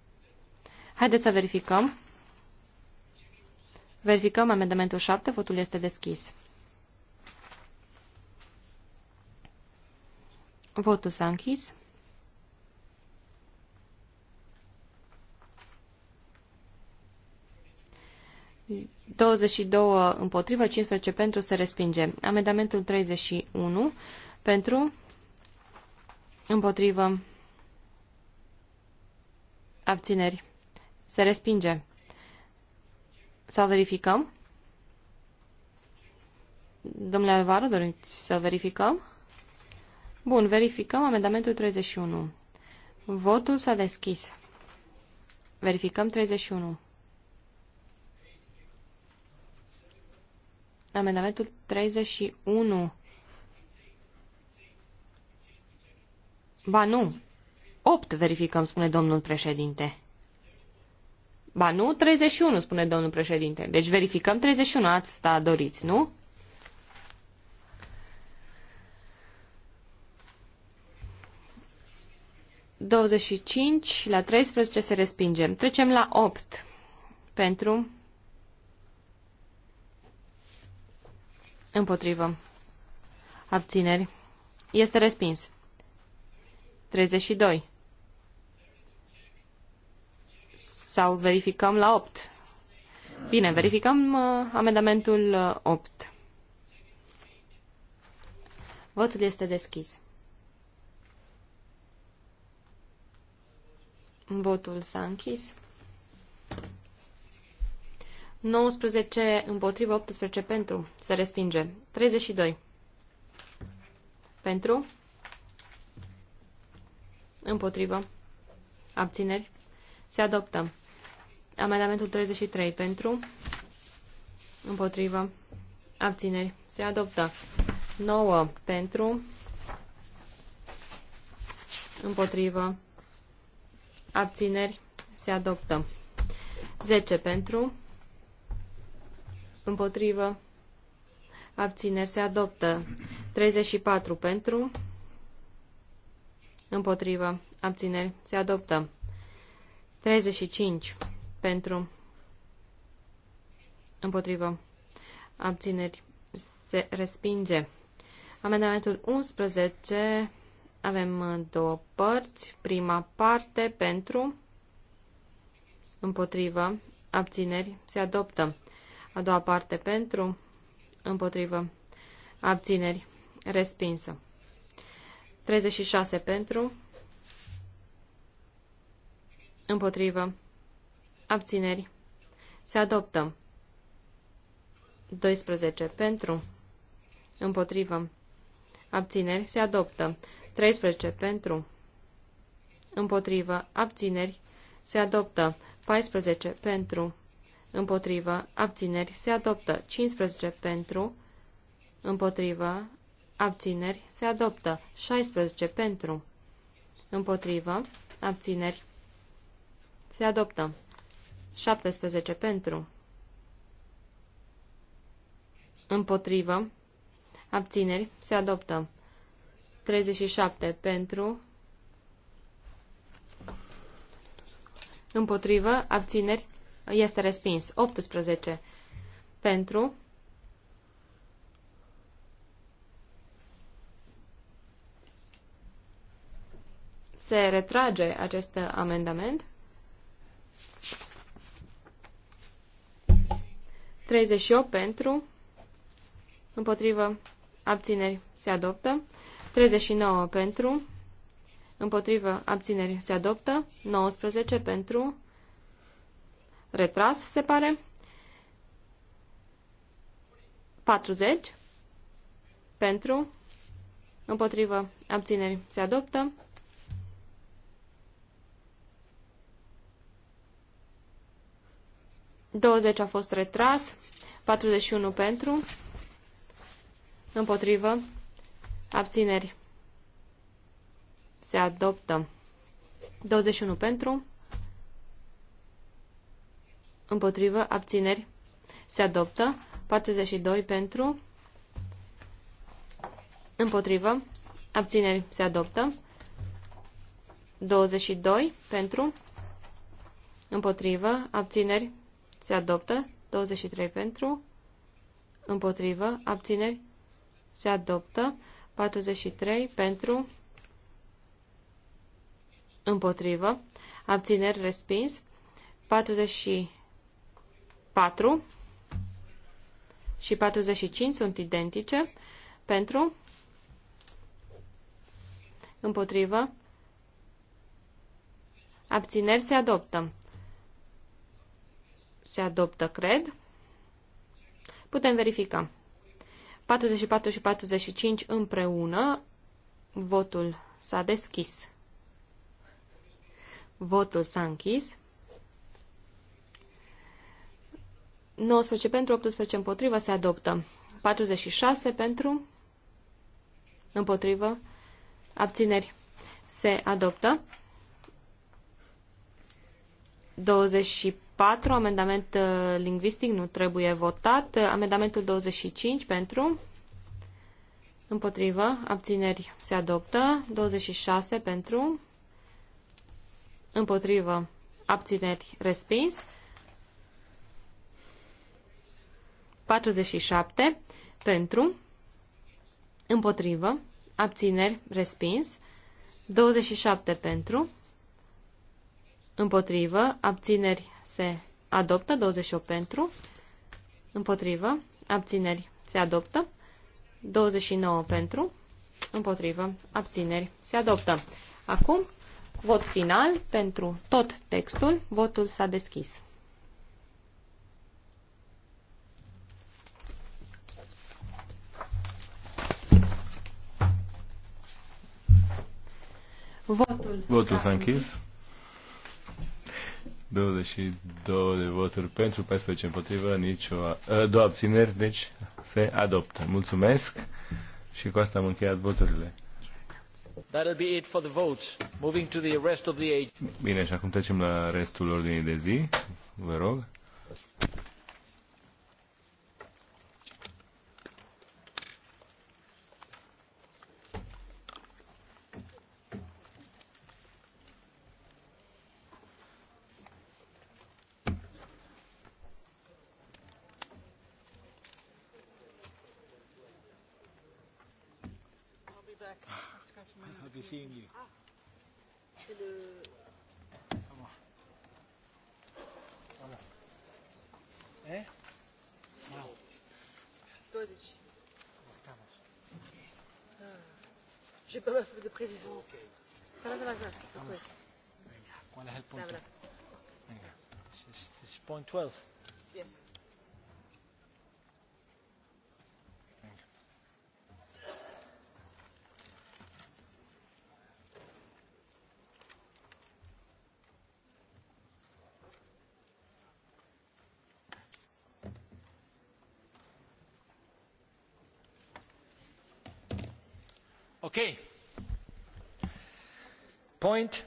Haideți să verificăm. Verificăm amendamentul 7. Votul este deschis. Votul s-a închis. și două împotrivă, 15 pentru se respinge. Amendamentul 31 pentru Împotrivă. Abțineri. Se respinge. Să verificăm? Domnule Alvaro, doriți să verificăm? Bun, verificăm amendamentul 31. Votul s-a deschis. Verificăm 31. Amendamentul 31. Ba nu. opt verificăm, spune domnul președinte. Ba nu, 31, spune domnul președinte. Deci verificăm 31, ați sta doriți, nu? Douăzeci cinci la 13 se respingem. Trecem la 8 pentru împotrivă abțineri. Este respins. 32. Sau verificăm la 8. Bine, verificăm uh, amendamentul uh, 8. Votul este deschis. Votul s-a închis. 19 împotrivă, 18 pentru. Se respinge. 32. Pentru. Împotrivă. Abțineri. Se adoptă. Amendamentul 33 pentru. Împotrivă. Abțineri. Se adoptă. 9 pentru. Împotrivă. Abțineri. Se adoptă. 10 pentru. Împotrivă. Abțineri. Se adoptă. 34 pentru. Împotrivă. Abțineri. Se adoptă. 35. Pentru. Împotrivă. Abțineri. Se respinge. Amendamentul 11. Avem uh, două părți. Prima parte pentru. Împotrivă. Abțineri. Se adoptă. A doua parte pentru. Împotrivă. Abțineri. Respinsă. 36 pentru, împotrivă, abțineri, se adoptă. 12 pentru, împotrivă, abțineri, se adoptă. 13 pentru, împotrivă, abțineri, se adoptă. 14 pentru, împotrivă, abțineri, se adoptă. 15 pentru, împotrivă, abțineri, se adoptă. 16 pentru, împotrivă, abțineri, se adoptă. 17 pentru, împotrivă, abțineri, se adoptă. 37 pentru, împotrivă, abțineri, este respins. 18 pentru, se retrage acest amendament. 38 pentru, împotrivă, abțineri, se adoptă. 39 pentru, împotrivă, abțineri, se adoptă. 19 pentru, retras, se pare. 40 pentru, împotrivă, abțineri, se adoptă. 20 a fost retras, 41 pentru, împotrivă, abțineri, se adoptă, 21 pentru, împotrivă, abțineri, se adoptă, 42 pentru, împotrivă, abțineri, se adoptă, 22 pentru, împotrivă, abțineri, se adoptă. 23 pentru. Împotrivă. Abțineri. Se adoptă. 43 pentru. Împotrivă. Abțineri. Respins. 44 și 45 sunt identice. Pentru. Împotrivă. Abțineri se adoptă. Se adoptă, cred. Putem verifica. 44 și 45 împreună. Votul s-a deschis. Votul s-a închis. 19 pentru, 18 împotrivă, se adoptă. 46 pentru, împotrivă, abțineri, se adoptă. 24 4, amendament uh, lingvistic, nu trebuie votat. Amendamentul 25 pentru, împotrivă, abțineri se adoptă. 26 pentru, împotrivă, abțineri respins. 47 pentru, împotrivă, abțineri respins. 27 pentru, Împotrivă. Abțineri se adoptă. 28 pentru. Împotrivă. Abțineri se adoptă. 29 pentru. Împotrivă. Abțineri se adoptă. Acum, vot final pentru tot textul. Votul s-a deschis. Votul, Votul s-a închis. 22 de voturi pentru, 14 împotrivă, nicio, ă, două abțineri, deci se adoptă. Mulțumesc și cu asta am încheiat voturile. That'll be it for the votes. Moving to the rest of the age. Bine, și acum trecem la restul ordinii de zi. Vă rog. j'ai pas ma feuille de présidence. Ça va, ça va, ça va. Venga, ¿cuál es el punto? Venga, es, point 12. point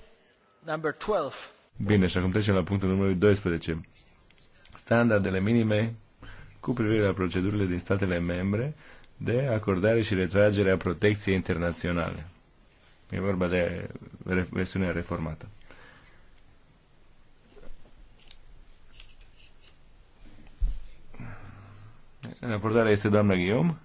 number 12. Bine, și acum trecem la punctul numărul 12. Standardele minime cu privire la procedurile din statele membre de acordare și retragere a protecției internaționale. E vorba de versiunea reformată. Raportarea este doamna Guillaume.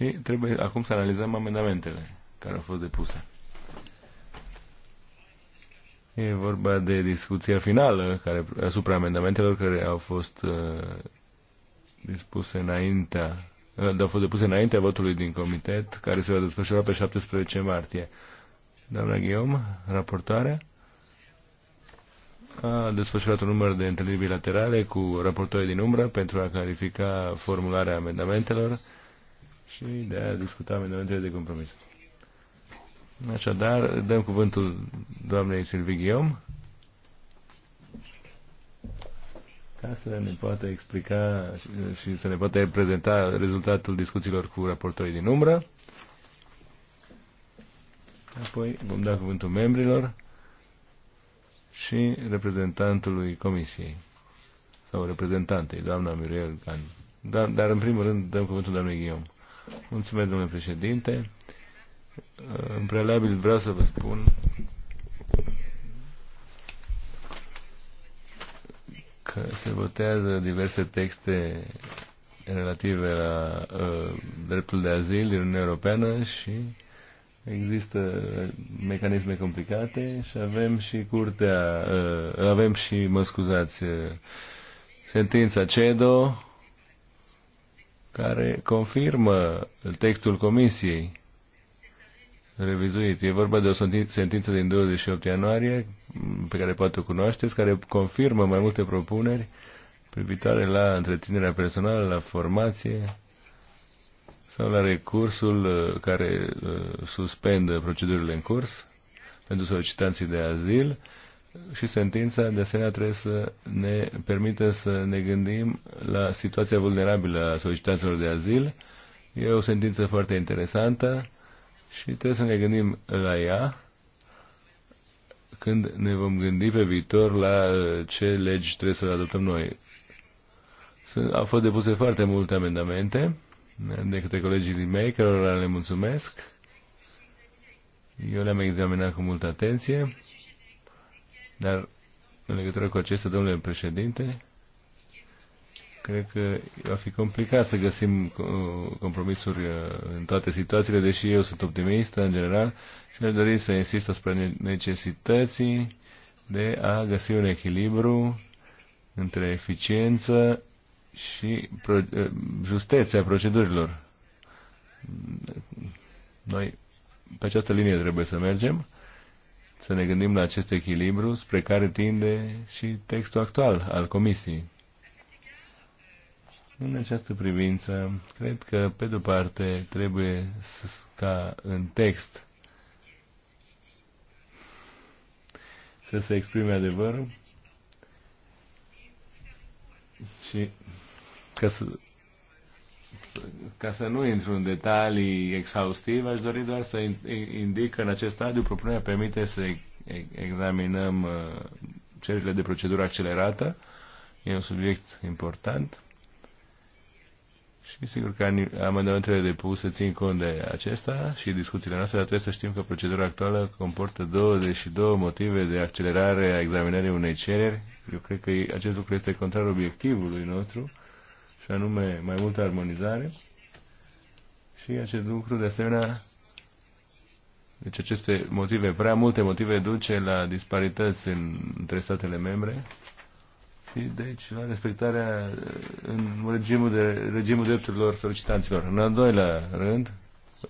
Și trebuie acum să analizăm amendamentele care au fost depuse. E vorba de discuția finală care, asupra amendamentelor care au fost uh, dispuse înaintea dar uh, au fost depuse înainte votului din comitet, care se va desfășura pe 17 martie. Doamna Ghiom, raportoarea, a desfășurat un număr de întâlniri bilaterale cu raportoare din umbră pentru a clarifica formularea amendamentelor și de a discuta amendamentele de compromis. Așadar, dăm cuvântul doamnei Silvi Ghiom ca să ne poată explica și să ne poată prezenta rezultatul discuțiilor cu raportorii din umbră. Apoi vom da cuvântul membrilor și reprezentantului comisiei sau reprezentantei, doamna Muriel Gan. Dar, dar în primul rând dăm cuvântul doamnei Ghiom. Mulțumesc, domnule președinte. În prealabil vreau să vă spun că se votează diverse texte relative la uh, dreptul de azil din Uniunea Europeană și există mecanisme complicate și avem și curtea, uh, avem și, mă scuzați, uh, sentința CEDO care confirmă textul comisiei revizuit. E vorba de o sentință din 28 ianuarie, pe care poate o cunoașteți, care confirmă mai multe propuneri privitoare la întreținerea personală, la formație sau la recursul uh, care uh, suspendă procedurile în curs pentru solicitanții de azil și sentința de asemenea trebuie să ne permită să ne gândim la situația vulnerabilă a solicitanților de azil. E o sentință foarte interesantă și trebuie să ne gândim la ea când ne vom gândi pe viitor la uh, ce legi trebuie să le adoptăm noi. Sunt, au fost depuse foarte multe amendamente de către colegii din mei, cărora le mulțumesc. Eu le-am examinat cu multă atenție dar în legătură cu acestea, domnule președinte, cred că va fi complicat să găsim uh, compromisuri uh, în toate situațiile, deși eu sunt optimist în general și aș dori să insist asupra necesității de a găsi un echilibru între eficiență și pro, uh, justețea procedurilor. Noi pe această linie trebuie să mergem să ne gândim la acest echilibru spre care tinde și textul actual al Comisiei. În această privință, cred că, pe de-o parte, trebuie să, ca în text să se exprime adevărul și ca să ca să nu intru în detalii exhaustive, aș dori doar să indic că în acest stadiu propunerea permite să examinăm uh, cererile de procedură accelerată. E un subiect important. Și sigur că amendamentele depuse țin cont de acesta și discuțiile noastre, dar trebuie să știm că procedura actuală comportă 22 motive de accelerare a examinării unei cereri. Eu cred că acest lucru este contrar obiectivului nostru și anume mai multă armonizare. Și acest lucru, de asemenea, deci aceste motive, prea multe motive, duce la disparități în, între statele membre și deci la respectarea uh, în regimul, de, regimul drepturilor solicitanților. În al doilea rând,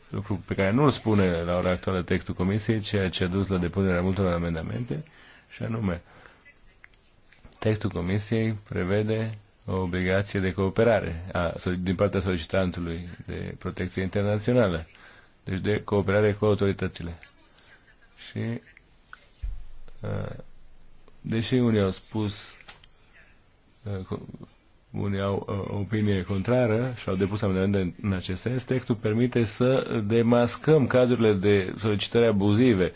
lucru pe care nu-l spune la ora actuală textul Comisiei, ceea ce a dus la depunerea multor amendamente, și anume, textul Comisiei prevede o obligație de cooperare a, din partea solicitantului de protecție internațională, deci de cooperare cu autoritățile. Și deși unii au spus unii au a, opinie contrară și au depus amendamente în acest sens, textul permite să demascăm cazurile de solicitări abuzive.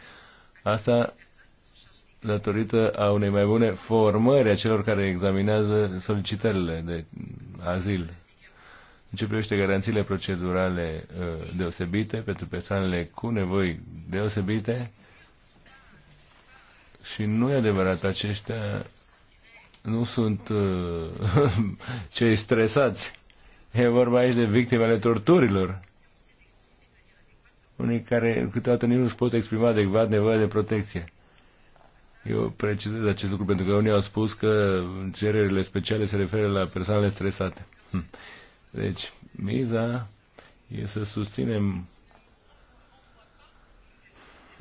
Asta datorită a unei mai bune formări a celor care examinează solicitările de azil. În ce privește garanțiile procedurale uh, deosebite pentru persoanele cu nevoi deosebite, și nu e adevărat, aceștia nu sunt uh, cei stresați. E vorba aici de victimele torturilor. Unii care câteodată nici nu își pot exprima adecvat nevoia de protecție. Eu precizez acest lucru pentru că unii au spus că cererile speciale se referă la persoanele stresate. Hm. Deci, miza e să susținem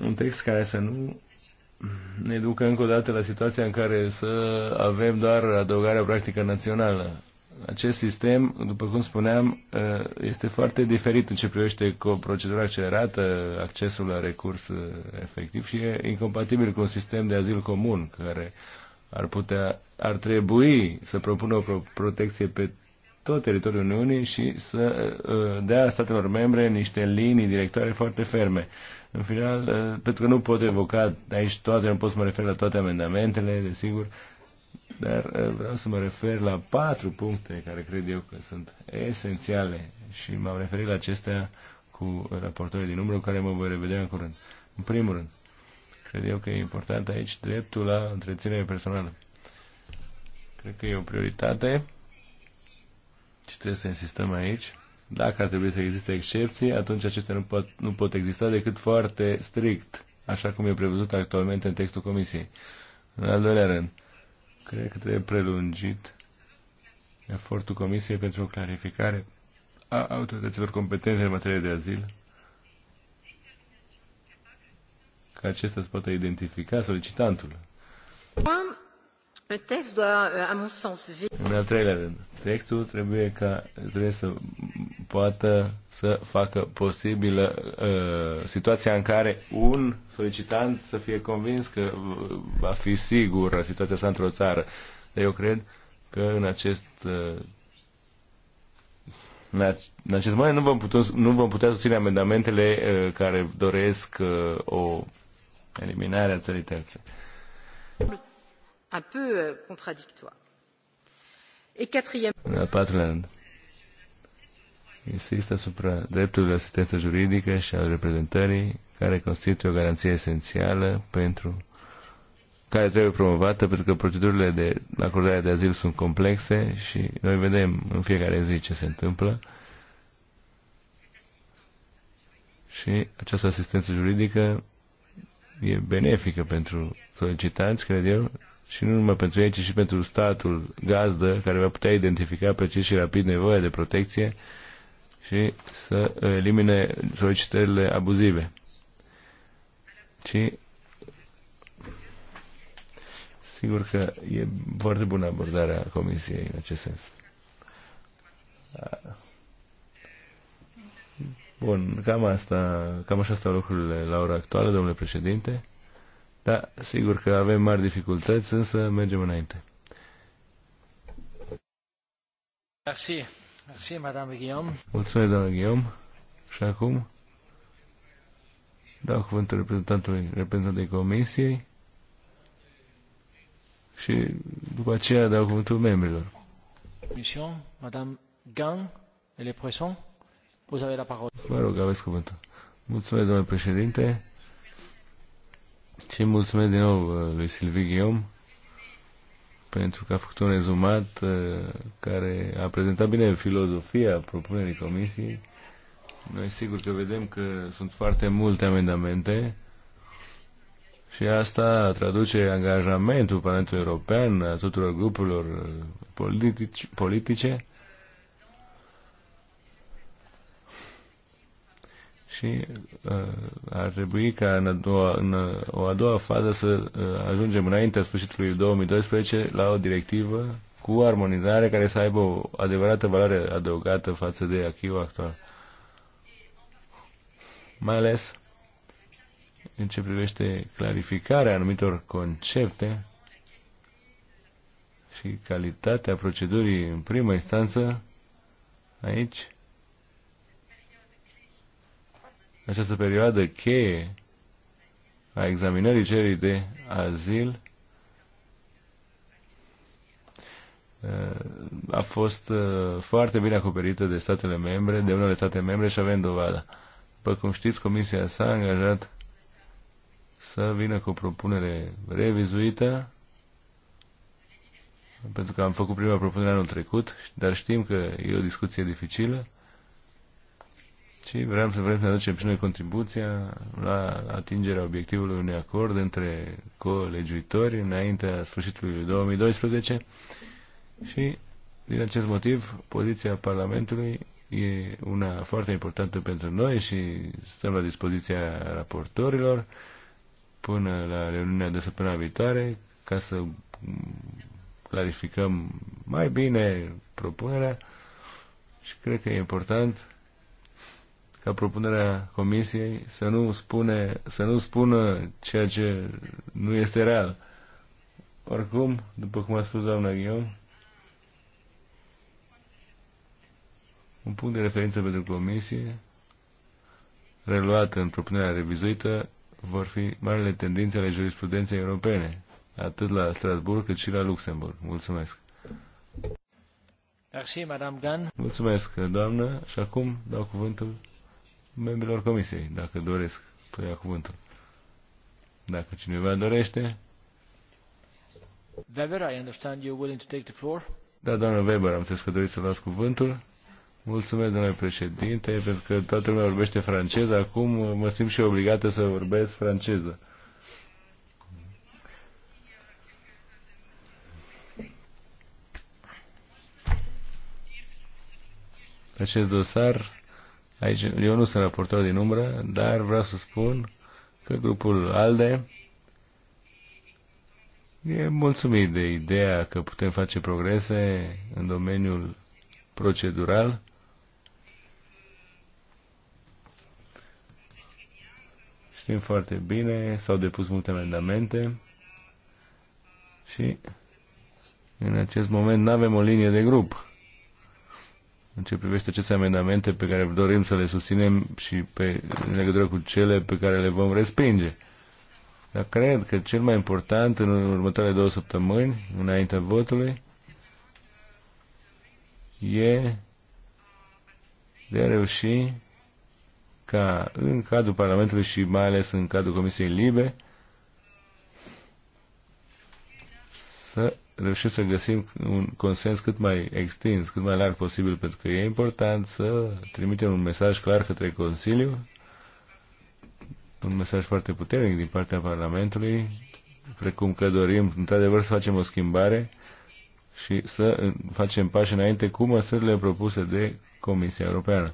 un text care să nu ne ducă încă o dată la situația în care să avem doar adăugarea practică națională acest sistem, după cum spuneam, uh, este foarte diferit în ce privește cu o procedură accelerată, accesul la recurs uh, efectiv și e incompatibil cu un sistem de azil comun care ar putea, ar trebui să propună o protecție pe tot teritoriul Uniunii și să uh, dea statelor membre niște linii directoare foarte ferme. În final, pentru că nu pot evoca aici toate, nu pot să mă refer la toate amendamentele, desigur, dar eh, vreau să mă refer la patru puncte care cred eu că sunt esențiale și m-am referit la acestea cu raportorii din umbră, care mă voi revedea în curând. În primul rând, cred eu că e important aici dreptul la întreținere personală. Cred că e o prioritate și trebuie să insistăm aici. Dacă ar trebui să existe excepții, atunci acestea nu pot, nu pot exista decât foarte strict, așa cum e prevăzut actualmente în textul Comisiei. În al doilea rând, Cred că trebuie prelungit efortul Comisiei pentru o clarificare a autorităților competente în materie de azil ca acesta să poată identifica solicitantul. Euh, în al treilea rând, textul trebuie ca trebuie să poată să facă posibilă uh, situația în care un solicitant să fie convins că uh, va fi sigură situația sa într-o țară. Eu cred că în acest uh, în acest moment nu vom, putea, nu vom putea susține amendamentele uh, care doresc uh, o eliminare a țării terțe un peu euh, contradictoire. Et quatrième... În al patrulea rând, insist asupra dreptului la asistență juridică și al reprezentării, care constituie o garanție esențială pentru care trebuie promovată pentru că procedurile de acordare de azil sunt complexe și noi vedem în fiecare zi ce se întâmplă. Și această asistență juridică e benefică pentru solicitanți, cred eu, și nu numai pentru ei, ci și pentru statul gazdă, care va putea identifica precis și rapid nevoia de protecție și să elimine solicitările abuzive. Și sigur că e foarte bună abordarea Comisiei în acest sens. Bun, cam asta, cam așa stau lucrurile la ora actuală, domnule președinte. Da, sigur că avem mari dificultăți, însă mergem înainte. Merci. Merci, Madame Guillaume. Mulțumesc, doamnă Guillaume. Și acum dau cuvântul reprezentantului reprezentantului Comisiei și după aceea dau cuvântul membrilor. Mission, Madame Gang, le Poisson, vous avez la parole. Vă mă rog, aveți cuvântul. Mulțumesc, domnule președinte. Și mulțumesc din nou uh, lui Silviu Ghiom pentru că a făcut un rezumat uh, care a prezentat bine filozofia propunerii comisiei. Noi sigur că vedem că sunt foarte multe amendamente și asta traduce angajamentul Parlamentului European a tuturor grupurilor uh, politici, politice și uh, ar trebui ca în, a doua, în o a doua fază să uh, ajungem înaintea sfârșitului 2012 la o directivă cu armonizare care să aibă o adevărată valoare adăugată față de achiul actual. Mai ales în ce privește clarificarea anumitor concepte și calitatea procedurii în primă instanță, aici această perioadă cheie a examinării cererii de azil uh, a fost uh, foarte bine acoperită de statele membre, de unele state membre și avem dovada. După cum știți, Comisia s-a angajat să vină cu o propunere revizuită, pentru că am făcut prima propunere anul trecut, dar știm că e o discuție dificilă și vrem să vrem să aducem și noi contribuția la atingerea obiectivului unui acord între colegiuitori înaintea sfârșitului 2012 și din acest motiv poziția Parlamentului e una foarte importantă pentru noi și stăm la dispoziția raportorilor până la reuniunea de săptămâna viitoare ca să clarificăm mai bine propunerea și cred că e important ca propunerea Comisiei să nu, spune, să nu spună ceea ce nu este real. Oricum, după cum a spus doamna Ghion, un punct de referință pentru Comisie, reluat în propunerea revizuită, vor fi marele tendințe ale jurisprudenței europene, atât la Strasburg cât și la Luxemburg. Mulțumesc! Merci, Madame Gan. Mulțumesc, doamnă, și acum dau cuvântul membrilor comisiei, dacă doresc să păi ia cuvântul. Dacă cineva dorește. Weber, I understand you're willing to take the floor. Da, doamnă Weber, am înțeles că doriți să luați cuvântul. Mulțumesc, domnule președinte, pentru că toată lumea vorbește franceză. Acum uh, mă simt și obligată să vorbesc franceză. Acest dosar Aici eu nu sunt raportor din umbră, dar vreau să spun că grupul ALDE e mulțumit de ideea că putem face progrese în domeniul procedural. Știm foarte bine, s-au depus multe amendamente și în acest moment nu avem o linie de grup în ce privește aceste amendamente pe care dorim să le susținem și pe, în legătură cu cele pe care le vom respinge. Dar cred că cel mai important în următoarele două săptămâni, înaintea votului, e de a reuși ca în cadrul Parlamentului și mai ales în cadrul Comisiei Libe să reușim să găsim un consens cât mai extins, cât mai larg posibil, pentru că e important să trimitem un mesaj clar către Consiliu, un mesaj foarte puternic din partea Parlamentului, precum că dorim, într-adevăr, să facem o schimbare și să facem pași înainte cu măsurile propuse de Comisia Europeană.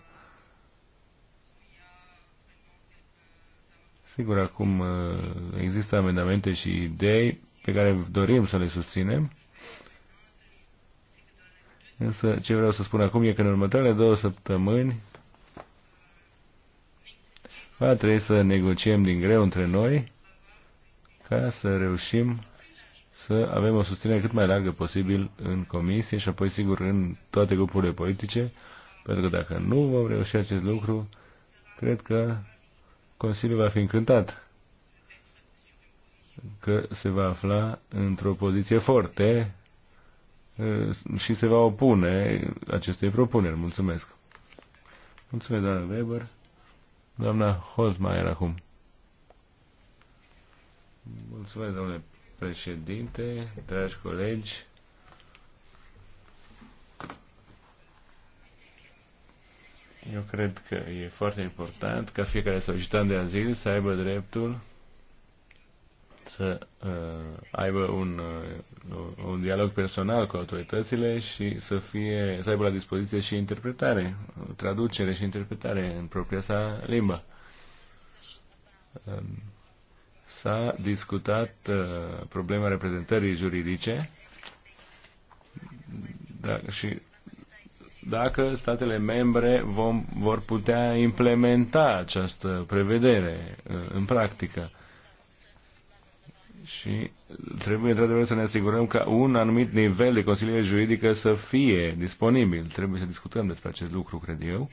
Sigur, acum uh, există amendamente și idei pe care dorim să le susținem. Însă ce vreau să spun acum e că în următoarele două săptămâni va trebui să negociem din greu între noi ca să reușim să avem o susținere cât mai largă posibil în comisie și apoi, sigur, în toate grupurile politice, pentru că dacă nu vom reuși acest lucru, cred că Consiliul va fi încântat că se va afla într-o poziție forte și se va opune acestei propuneri. Mulțumesc. Mulțumesc, doamna Weber. Doamna Holzmaier acum. Mulțumesc, domnule președinte, dragi colegi. Eu cred că e foarte important ca fiecare solicitant de azil să aibă dreptul să uh, aibă un, uh, un dialog personal cu autoritățile și să, fie, să aibă la dispoziție și interpretare, traducere și interpretare în propria sa limbă. Um, s-a discutat uh, problema reprezentării juridice da, și dacă statele membre vom, vor putea implementa această prevedere uh, în practică și trebuie într-adevăr să ne asigurăm că un anumit nivel de consiliere juridică să fie disponibil. Trebuie să discutăm despre acest lucru, cred eu.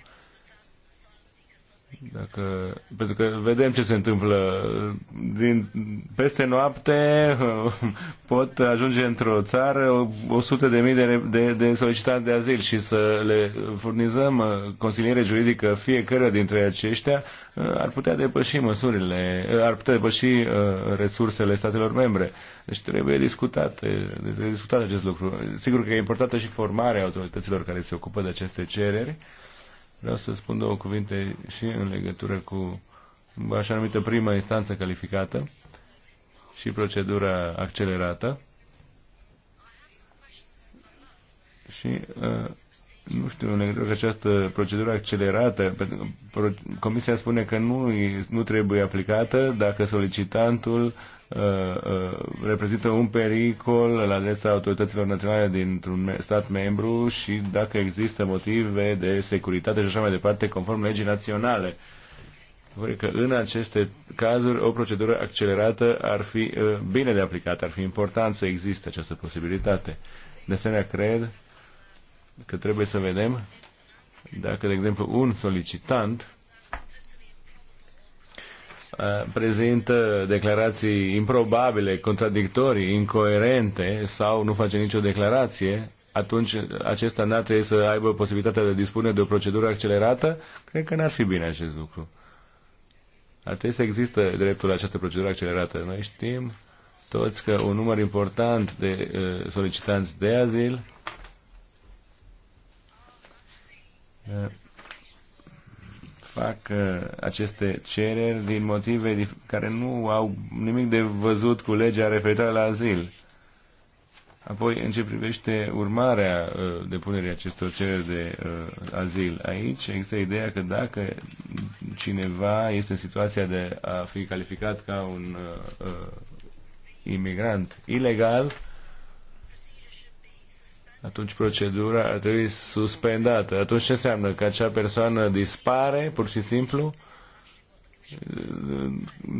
Dacă, pentru că vedem ce se întâmplă. Din, peste noapte pot ajunge într-o țară sută de mii de, de, de solicitanți de azil și să le furnizăm uh, consiliere juridică fiecare dintre aceștia uh, ar putea depăși măsurile, uh, ar putea depăși resursele statelor membre. Deci trebuie discutat, trebuie discutat acest lucru. Sigur că e importantă și formarea autorităților care se ocupă de aceste cereri Vreau să spun două cuvinte și în legătură cu așa numită prima instanță calificată și procedura accelerată. Și uh, nu știu, în legătură cu această procedură accelerată, Comisia spune că nu, nu trebuie aplicată dacă solicitantul uh, Uh, uh, reprezintă un pericol la adresa autorităților naționale dintr-un stat membru și dacă există motive de securitate și așa mai departe, conform legii naționale. că în aceste cazuri o procedură accelerată ar fi uh, bine de aplicată, ar fi important să existe această posibilitate. De asemenea, cred că trebuie să vedem dacă, de exemplu, un solicitant Eh, prezintă declarații improbabile, contradictorii, incoerente sau nu face nicio declarație, atunci acesta n-ar trebui să aibă posibilitatea de a dispune de o procedură accelerată? Cred că n-ar fi bine acest lucru. Ar trebui să există dreptul la această procedură accelerată. Noi știm toți că un număr important de uh, solicitanți de azil eh, fac aceste cereri din motive care nu au nimic de văzut cu legea referitoare la azil. Apoi, în ce privește urmarea uh, depunerii acestor cereri de uh, azil, aici există ideea că dacă cineva este în situația de a fi calificat ca un uh, imigrant ilegal, atunci procedura ar trebui suspendată. Atunci ce înseamnă? Că acea persoană dispare, pur și simplu?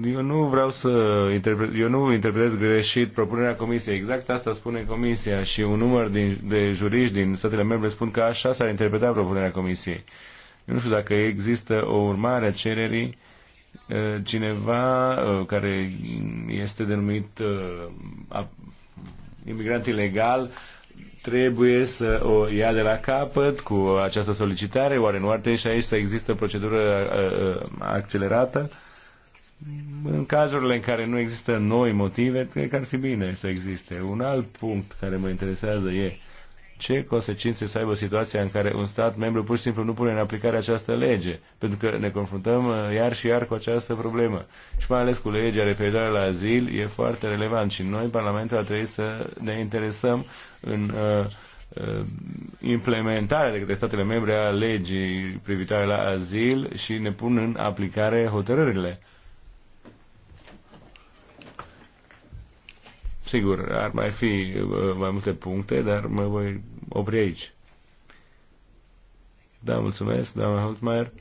Eu nu vreau să interpre- eu nu interpretez greșit propunerea comisiei. Exact asta spune comisia și un număr din, de juriști din statele membre spun că așa s-ar interpreta propunerea comisiei. Eu nu știu dacă există o urmare a cererii ă, cineva ă, care este denumit ă, imigrant ilegal trebuie să o ia de la capăt cu această solicitare? Oare nu ar trebui și aici să există procedură uh, uh, accelerată? În cazurile în care nu există noi motive, cred că ar fi bine să existe. Un alt punct care mă interesează e ce consecințe să aibă situația în care un stat membru pur și simplu nu pune în aplicare această lege, pentru că ne confruntăm uh, iar și iar cu această problemă. Și mai ales cu legea referitoare la azil e foarte relevant și noi, Parlamentul, ar trebui să ne interesăm în uh, uh implementarea de către statele membre a legii privitoare la azil și ne pun în aplicare hotărârile. Sigur, ar mai fi uh, mai multe puncte, dar mă voi opri aici. Da, mulțumesc, doamna Holtmeier.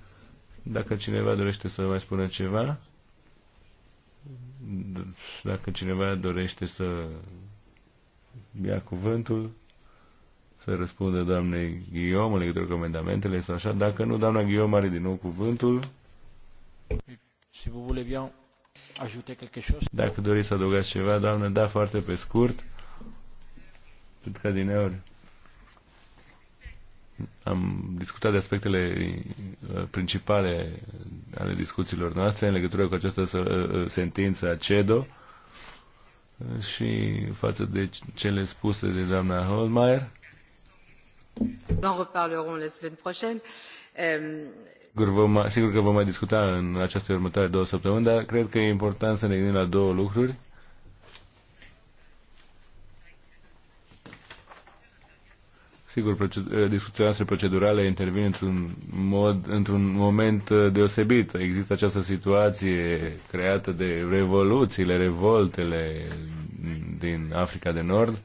Dacă cineva dorește să mai spună ceva, dacă cineva dorește să ia cuvântul, să răspundă doamnei Ghiom în legătură cu amendamentele sau așa. Dacă nu, doamna Ghiom are din nou cuvântul. Si vous voulez bien, dacă doriți să adăugați ceva, doamnă, da, foarte pe scurt, pentru că din ori am discutat de aspectele uh, principale ale discuțiilor noastre în legătură cu această uh, uh, sentință a CEDO și față de cele spuse de doamna Holmeier. Nous en reparlerons la semaine prochaine. Euh, Sigur, vom, sigur că vom mai discuta în aceste următoare două săptămâni, dar cred că e important să ne gândim la două lucruri. Sigur, eh, discuția noastră procedurale intervine într-un mod, într-un moment eh, deosebit. Există această situație creată de revoluțiile, revoltele din Africa de Nord,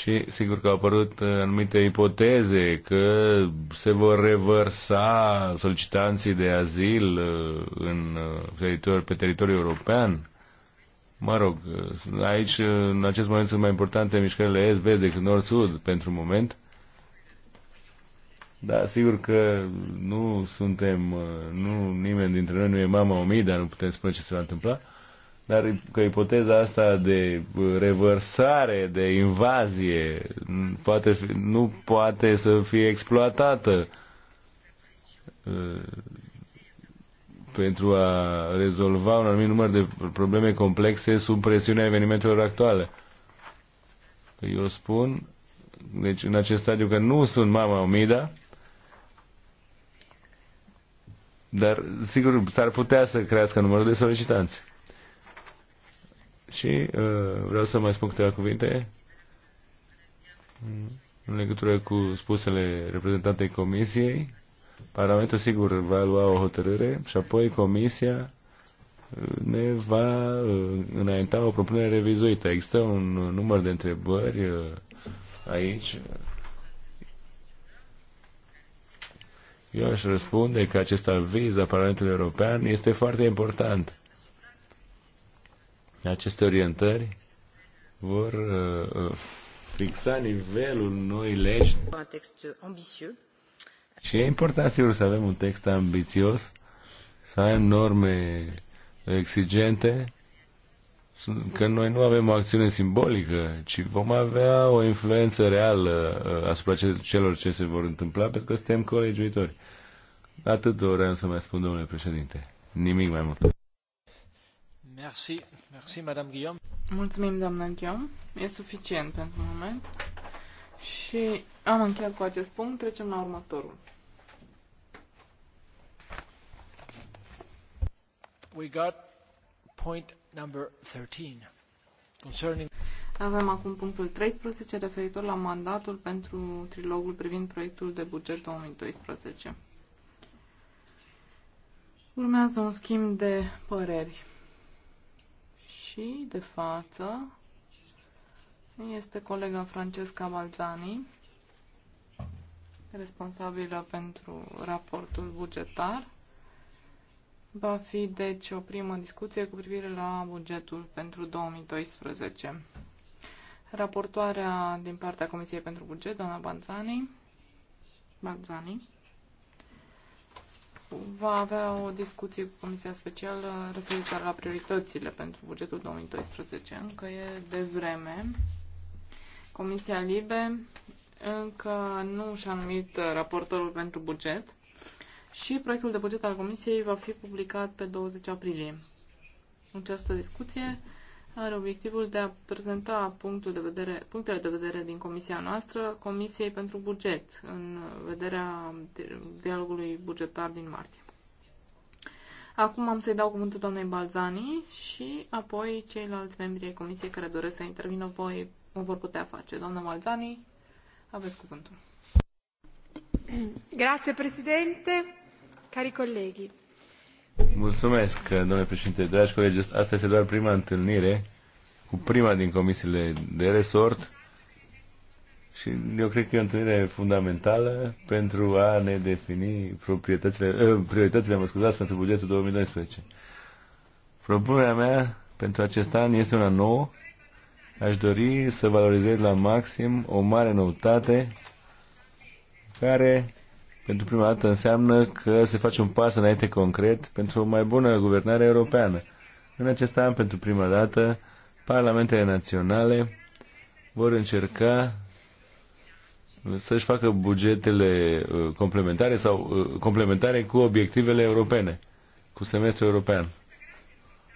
și sigur că au apărut uh, anumite ipoteze că se vor revărsa solicitanții de azil uh, în uh, teritor, pe teritoriul european. Mă rog, aici, în acest moment, sunt mai importante mișcările est-vest decât nord-sud, pentru moment. Da, sigur că nu suntem, nu, nimeni dintre noi nu e mama omii, dar nu putem spune ce se va întâmpla. Dar că ipoteza asta de uh, revărsare, de invazie, poate fi, nu poate să fie exploatată uh, pentru a rezolva un anumit număr de probleme complexe sub presiunea evenimentelor actuale. Eu spun, deci în acest stadiu că nu sunt mama Omida, dar sigur s-ar putea să crească numărul de solicitanți. Și uh, vreau să mai spun câteva cuvinte mm, în legătură cu spusele reprezentantei Comisiei. Parlamentul, sigur, va lua o hotărâre și apoi Comisia uh, ne va uh, înainta o propunere revizuită. Există un număr de întrebări aici. Eu aș răspunde că acest aviz a Parlamentului European este foarte important aceste orientări vor uh, uh, fixa nivelul noi legi. Un text ambițios. Și e important, sigur, să avem un text ambițios, să avem norme exigente, că noi nu avem o acțiune simbolică, ci vom avea o influență reală uh, asupra celor ce se vor întâmpla, pentru că suntem colegiuitori. Atât doream să mai spun, domnule președinte. Nimic mai mult. Merci. Merci, Madame Guillaume. Mulțumim, doamna Guillaume. E suficient pentru moment. Și am încheiat cu acest punct. Trecem la următorul. We got point number 13 concerning avem acum punctul 13 referitor la mandatul pentru trilogul privind proiectul de buget 2012. Urmează un schimb de păreri și de față este colega Francesca Balzani, responsabilă pentru raportul bugetar. Va fi deci o primă discuție cu privire la bugetul pentru 2012. Raportoarea din partea Comisiei pentru Buget, doamna Balzani, Balzani va avea o discuție cu Comisia Specială referitoare la prioritățile pentru bugetul 2012. Încă e de vreme. Comisia Libe încă nu și-a numit raportorul pentru buget și proiectul de buget al Comisiei va fi publicat pe 20 aprilie. Această discuție are obiectivul de a prezenta punctul de vedere, punctele de vedere din comisia noastră Comisiei pentru Buget în vederea dialogului bugetar din martie. Acum am să-i dau cuvântul doamnei Balzani și apoi ceilalți membri ai comisiei care doresc să intervină voi o vor putea face. Doamna Balzani, aveți cuvântul. Grazie, Presidente, cari colleghi. Mulțumesc, domnule președinte. Dragi colegi, asta este doar prima întâlnire cu prima din comisiile de resort și eu cred că e o întâlnire fundamentală pentru a ne defini proprietățile, eh, prioritățile, mă scuzați, pentru bugetul 2012. Propunerea mea pentru acest an este una nouă. Aș dori să valorizez la maxim o mare noutate care pentru prima dată înseamnă că se face un pas înainte concret pentru o mai bună guvernare europeană. În acest an, pentru prima dată, parlamentele naționale vor încerca să-și facă bugetele uh, complementare sau uh, complementare cu obiectivele europene, cu semestrul european.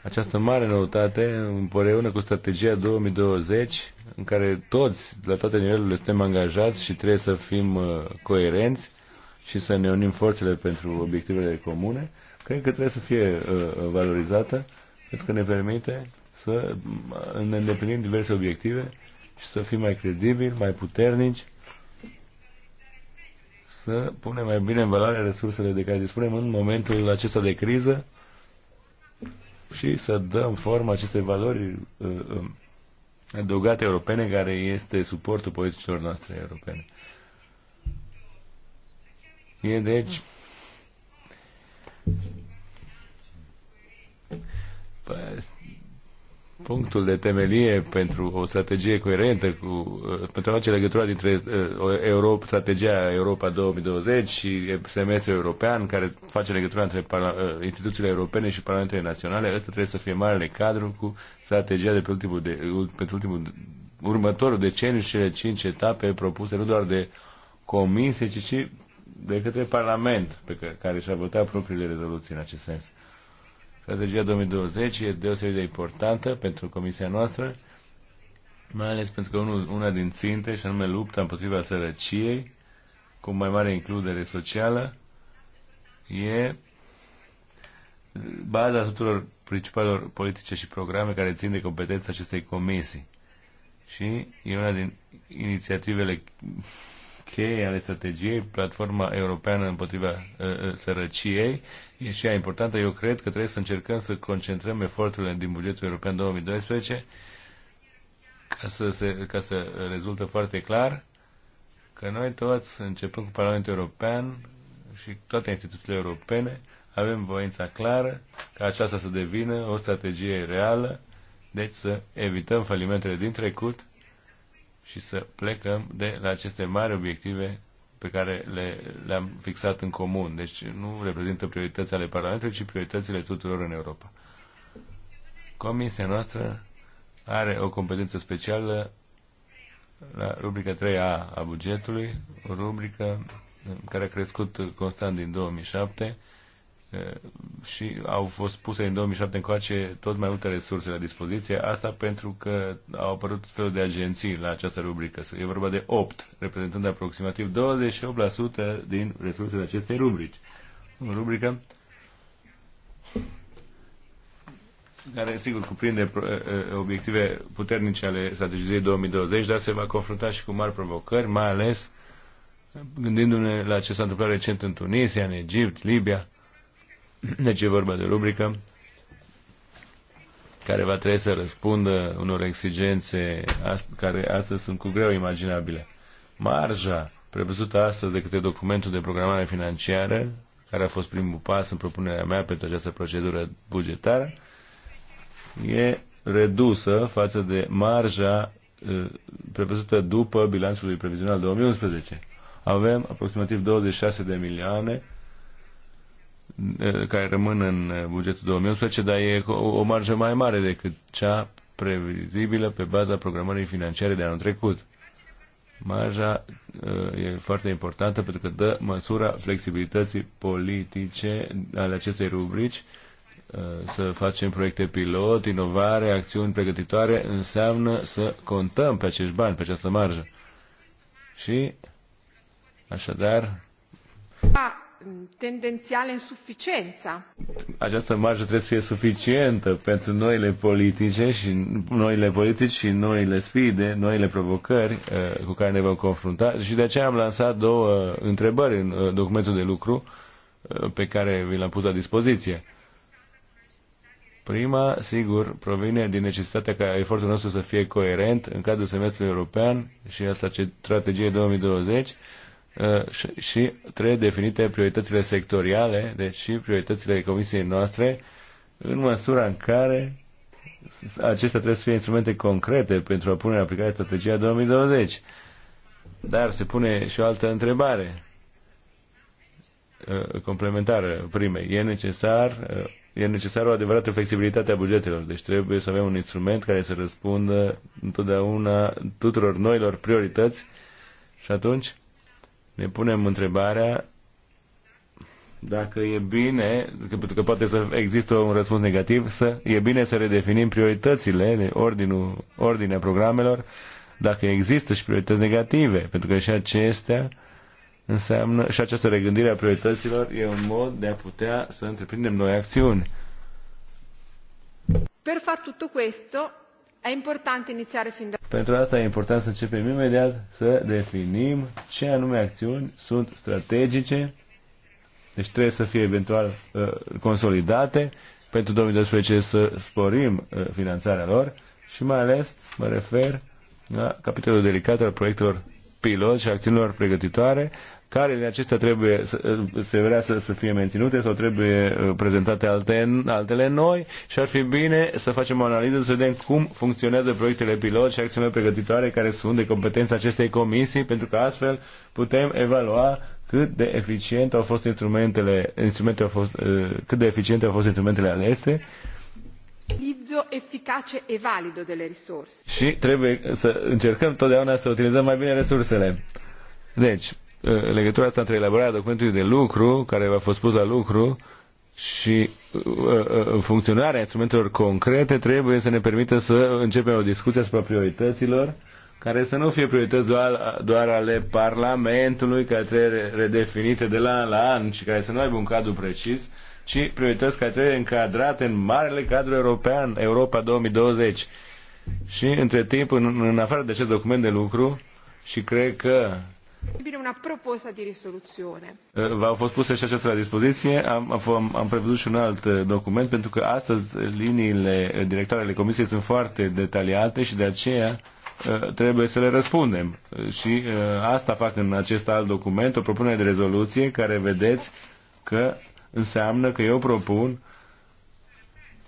Această mare noutate, împreună cu strategia 2020, în care toți, la toate nivelurile, suntem angajați și trebuie să fim uh, coerenți, și să ne unim forțele pentru obiectivele comune, cred că trebuie să fie uh, valorizată, pentru că ne permite să uh, ne îndeplinim diverse obiective și să fim mai credibili, mai puternici, să punem mai bine în valoare resursele de care dispunem în momentul acesta de criză și să dăm formă acestei valori uh, um, adăugate europene care este suportul politicilor noastre europene. E deci punctul de temelie pentru o strategie coerentă cu, uh, pentru a face legătura dintre uh, Europa, strategia Europa 2020 și semestrul european care face legătura între uh, instituțiile europene și parlamentele naționale, ăsta trebuie să fie marele cadru cu strategia de pe ultimul, de, pentru ultimul următorul deceniu și cele cinci etape propuse nu doar de comisie, ci și de către Parlament, pe care și-a votat propriile rezoluții în acest sens. Strategia 2020 e deosebit de importantă pentru Comisia noastră, mai ales pentru că unul, una din ținte, și anume lupta împotriva sărăciei, cu mai mare includere socială, e baza tuturor principalelor politice și programe care țin de competența acestei comisii. Și e una din inițiativele cheie ale strategiei, platforma europeană împotriva uh, uh, sărăciei, e și ea importantă. Eu cred că trebuie să încercăm să concentrăm eforturile din bugetul european 2012 ca să, se, ca să rezultă foarte clar că noi toți, începând cu Parlamentul European și toate instituțiile europene, avem voința clară ca aceasta să devină o strategie reală, deci să evităm falimentele din trecut și să plecăm de la aceste mari obiective pe care le, le-am fixat în comun. Deci nu reprezintă priorități ale Parlamentului, ci prioritățile tuturor în Europa. Comisia noastră are o competență specială la rubrica 3A a bugetului, o rubrică care a crescut constant din 2007 și au fost puse în 2007 încoace tot mai multe resurse la dispoziție, asta pentru că au apărut tot felul de agenții la această rubrică. E vorba de 8, reprezentând aproximativ 28% din resursele acestei rubrici. O rubrică care, sigur, cuprinde obiective puternice ale strategiei 2020, dar se va confrunta și cu mari provocări, mai ales gândindu-ne la ce s-a întâmplat recent în Tunisia, în Egipt, Libia, deci e vorba de o rubrică care va trebui să răspundă unor exigențe care astăzi sunt cu greu imaginabile. Marja prevăzută astăzi de câte documentul de programare financiară, care a fost primul pas în propunerea mea pentru această procedură bugetară, e redusă față de marja prevăzută după bilanțul previzional 2011. Avem aproximativ 26 de milioane Eh, care rămân în eh, bugetul 2018, dar e o marjă mai mare decât cea previzibilă pe baza programării financiare de anul trecut. Marja eh, e foarte importantă pentru că dă măsura flexibilității politice ale acestei rubrici să facem proiecte pilot, inovare, acțiuni pregătitoare, înseamnă să contăm pe acești bani, pe această marjă. Și, așadar... Ah, tendențială insuficiență. Această marjă trebuie să fie suficientă pentru noile politice și noile politici și noile sfide, noile provocări uh, cu care ne vom confrunta și de aceea am lansat două uh, întrebări în uh, documentul de lucru uh, pe care vi l-am pus la dispoziție. Prima, sigur, provine din necesitatea ca efortul nostru să fie coerent în cadrul semestrului european și asta strategie 2020 Uh, și trebuie definite prioritățile sectoriale, deci și prioritățile comisiei noastre, în măsura în care acestea trebuie să fie instrumente concrete pentru a pune în aplicare strategia 2020. Dar se pune și o altă întrebare uh, complementară primei. E necesar, uh, e necesar o adevărată flexibilitate a bugetelor, deci trebuie să avem un instrument care să răspundă întotdeauna tuturor noilor priorități și atunci ne punem întrebarea dacă e bine, că, pentru că poate să există un răspuns negativ, să e bine să redefinim prioritățile, ordinul, ordinea programelor, dacă există și priorități negative, pentru că și acestea înseamnă, și această regândire a priorităților e un mod de a putea să întreprindem noi acțiuni. Per far tutto questo, E important inițiare fiind... Da- pentru asta e important să începem imediat să definim ce anume acțiuni sunt strategice, deci trebuie să fie eventual uh, consolidate, pentru 2012 să sporim uh, finanțarea lor și mai ales mă refer la capitolul delicat al proiectelor pilot și acțiunilor pregătitoare, care din acestea trebuie să, eh, se vrea să, să fie menținute sau trebuie eh, prezentate alte, altele noi și ar fi bine să facem o analiză, să vedem cum funcționează proiectele pilot și acțiunile pregătitoare care sunt de competența acestei comisii, pentru că astfel putem evalua cât de eficient au fost instrumentele, instrumentele au fost, eh, cât de eficiente au fost instrumentele alese utilizzo efficace e valido delle risorse. Și trebuie să încercăm totdeauna să utilizăm mai bine resursele. Deci, Ă, legătura asta între elaborarea documentului de lucru, care v-a fost pus la lucru, și ă, ă, funcționarea instrumentelor concrete trebuie să ne permită să începem o discuție asupra priorităților, care să nu fie priorități doar, doar ale Parlamentului, care trebuie redefinite de la an la an și care să nu aibă un cadru precis, ci priorități care trebuie încadrate în marele cadru european, Europa 2020. Și, între timp, în, în afară de acest document de lucru, și cred că una proposta di risoluzione. Eh, v-au fost puse și acestea la dispoziție. Am, am, am prevăzut și un alt eh, document, pentru că astăzi eh, liniile directoare ale Comisiei sunt foarte detaliate și de aceea trebuie să le răspundem. Și asta fac în acest alt document, o propunere de rezoluție care vedeți că înseamnă că eu propun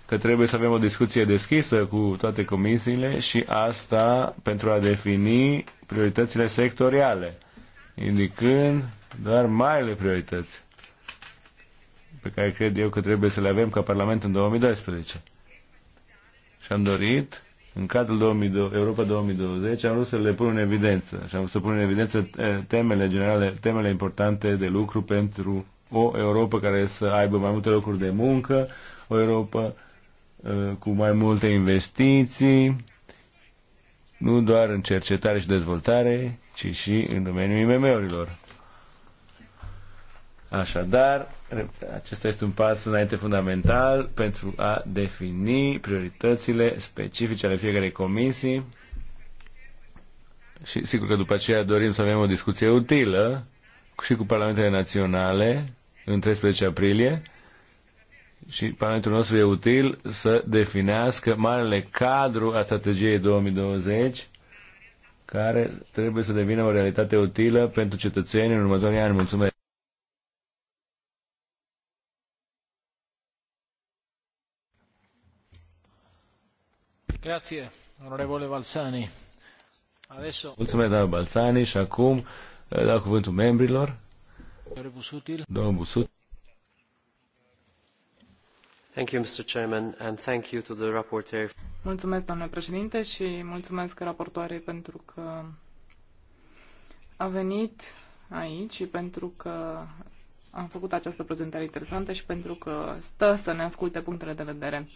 că trebuie să avem o discuție deschisă cu toate comisiile și asta pentru a defini prioritățile sectoriale indicând doar marile priorități pe care cred eu că trebuie să le avem ca Parlament în 2012. Și am dorit, în cadrul 2020, Europa 2020, am vrut să le pun în evidență și am vrut să pun în evidență temele generale, temele importante de lucru pentru o Europa care să aibă mai multe locuri de muncă, o Europa cu mai multe investiții, nu doar în cercetare și dezvoltare, ci și în domeniul IMM-urilor. Așadar, acesta este un pas înainte fundamental pentru a defini prioritățile specifice ale fiecarei comisii și sigur că după aceea dorim să avem o discuție utilă și cu parlamentele naționale în 13 aprilie și Parlamentul nostru e util să definească marele cadru a strategiei 2020 care trebuie să devină o realitate utilă pentru cetățenii în următorii ani. Mulțumesc! Grazie, onorevole Balzani. Adesso... Mulțumesc, doamna Balzani, și acum eh, dau cuvântul membrilor. Domnul Busutil. Domnul Busutil. Mulțumesc, domnule președinte, și mulțumesc raportoarei pentru că a venit aici și pentru că a făcut această prezentare interesantă și pentru că stă să ne asculte punctele de vedere.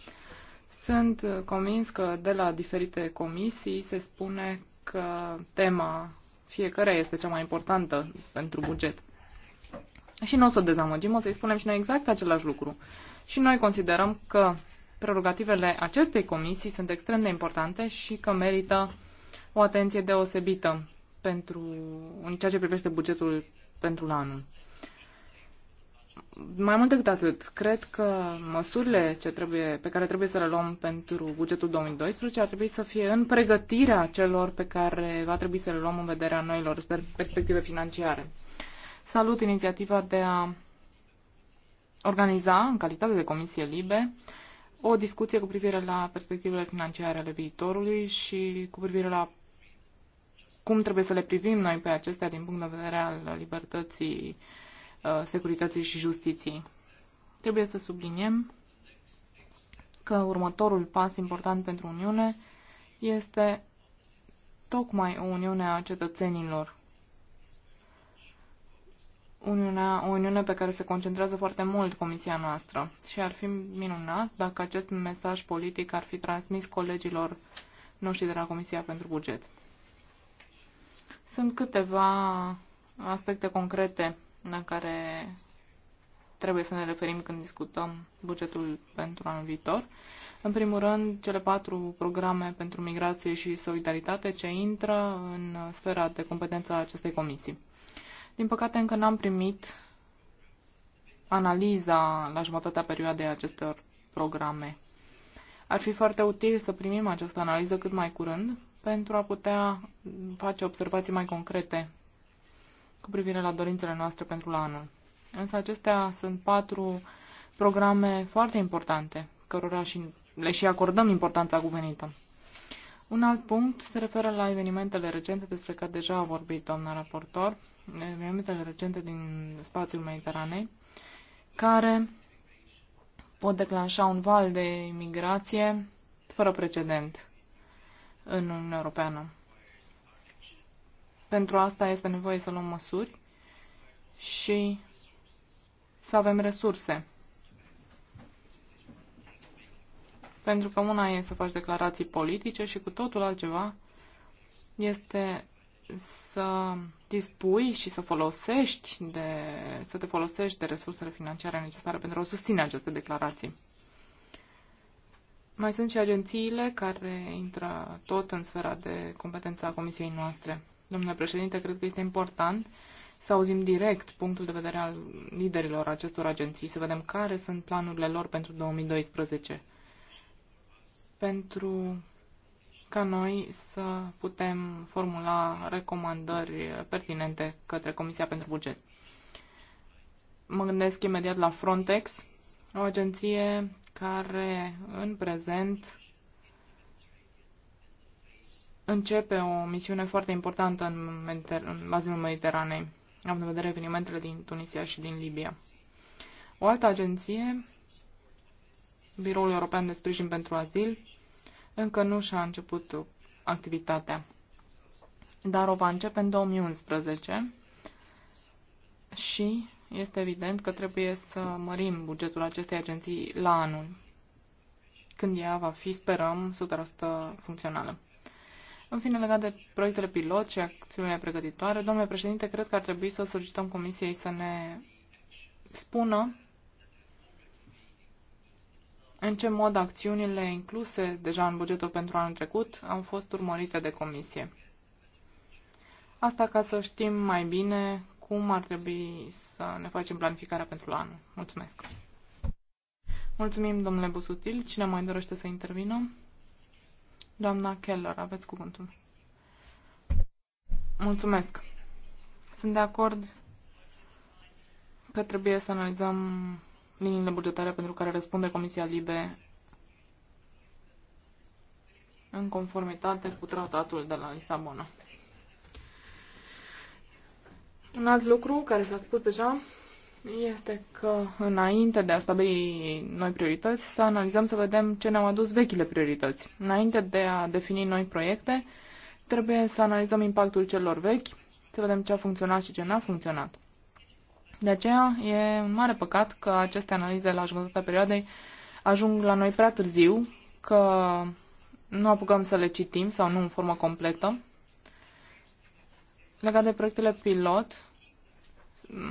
Sunt convins că de la diferite comisii se spune că tema fiecare este cea mai importantă pentru buget. Și nu o să o dezamăgim, o să-i spunem și noi exact același lucru și noi considerăm că prerogativele acestei comisii sunt extrem de importante și că merită o atenție deosebită pentru, în ceea ce privește bugetul pentru anul. Mai mult decât atât, cred că măsurile ce trebuie, pe care trebuie să le luăm pentru bugetul 2012 ar trebui să fie în pregătirea celor pe care va trebui să le luăm în vederea noilor perspective financiare. Salut inițiativa de a organiza, în calitate de comisie libe, o discuție cu privire la perspectivele financiare ale viitorului și cu privire la cum trebuie să le privim noi pe acestea din punct de vedere al libertății, uh, securității și justiției. Trebuie să subliniem că următorul pas important pentru Uniune este tocmai o Uniune a cetățenilor Uniunea, o Uniune pe care se concentrează foarte mult Comisia noastră și ar fi minunat dacă acest mesaj politic ar fi transmis colegilor noștri de la Comisia pentru Buget. Sunt câteva aspecte concrete la care trebuie să ne referim când discutăm bugetul pentru anul viitor. În primul rând, cele patru programe pentru migrație și solidaritate ce intră în sfera de competență a acestei comisii. Din păcate, încă n-am primit analiza la jumătatea perioadei acestor programe. Ar fi foarte util să primim această analiză cât mai curând pentru a putea face observații mai concrete cu privire la dorințele noastre pentru la anul. Însă acestea sunt patru programe foarte importante, cărora și le și acordăm importanța cuvenită. Un alt punct se referă la evenimentele recente despre care deja a vorbit doamna raportor, evenimentele recente din spațiul Mediteranei, care pot declanșa un val de imigrație fără precedent în Uniunea Europeană. Pentru asta este nevoie să luăm măsuri și să avem resurse Pentru că una e să faci declarații politice și cu totul altceva este să dispui și să folosești de, să te folosești de resursele financiare necesare pentru a susține aceste declarații. Mai sunt și agențiile care intră tot în sfera de competență a comisiei noastre. Domnule președinte, cred că este important să auzim direct punctul de vedere al liderilor acestor agenții, să vedem care sunt planurile lor pentru 2012 pentru ca noi să putem formula recomandări pertinente către Comisia pentru Buget. Mă gândesc imediat la Frontex, o agenție care în prezent începe o misiune foarte importantă în, Mediter- în bazinul Mediteranei, având în vedere evenimentele din Tunisia și din Libia. O altă agenție Biroul European de Sprijin pentru Azil încă nu și-a început activitatea, dar o va începe în 2011 și este evident că trebuie să mărim bugetul acestei agenții la anul, când ea va fi, sperăm, 100% funcțională. În fine, legat de proiectele pilot și acțiunile pregătitoare, domnule președinte, cred că ar trebui să solicităm comisiei să ne spună în ce mod acțiunile incluse deja în bugetul pentru anul trecut au fost urmărite de comisie. Asta ca să știm mai bine cum ar trebui să ne facem planificarea pentru anul. Mulțumesc! Mulțumim, domnule Busutil. Cine mai dorește să intervină? Doamna Keller, aveți cuvântul. Mulțumesc. Sunt de acord că trebuie să analizăm liniile bugetare pentru care răspunde Comisia Libe în conformitate cu tratatul de la Lisabona. Un alt lucru care s-a spus deja este că înainte de a stabili noi priorități, să analizăm să vedem ce ne-au adus vechile priorități. Înainte de a defini noi proiecte, trebuie să analizăm impactul celor vechi, să vedem ce a funcționat și ce n-a funcționat. De aceea e un mare păcat că aceste analize la jumătatea perioadei ajung la noi prea târziu, că nu apucăm să le citim sau nu în formă completă. Legat de proiectele pilot,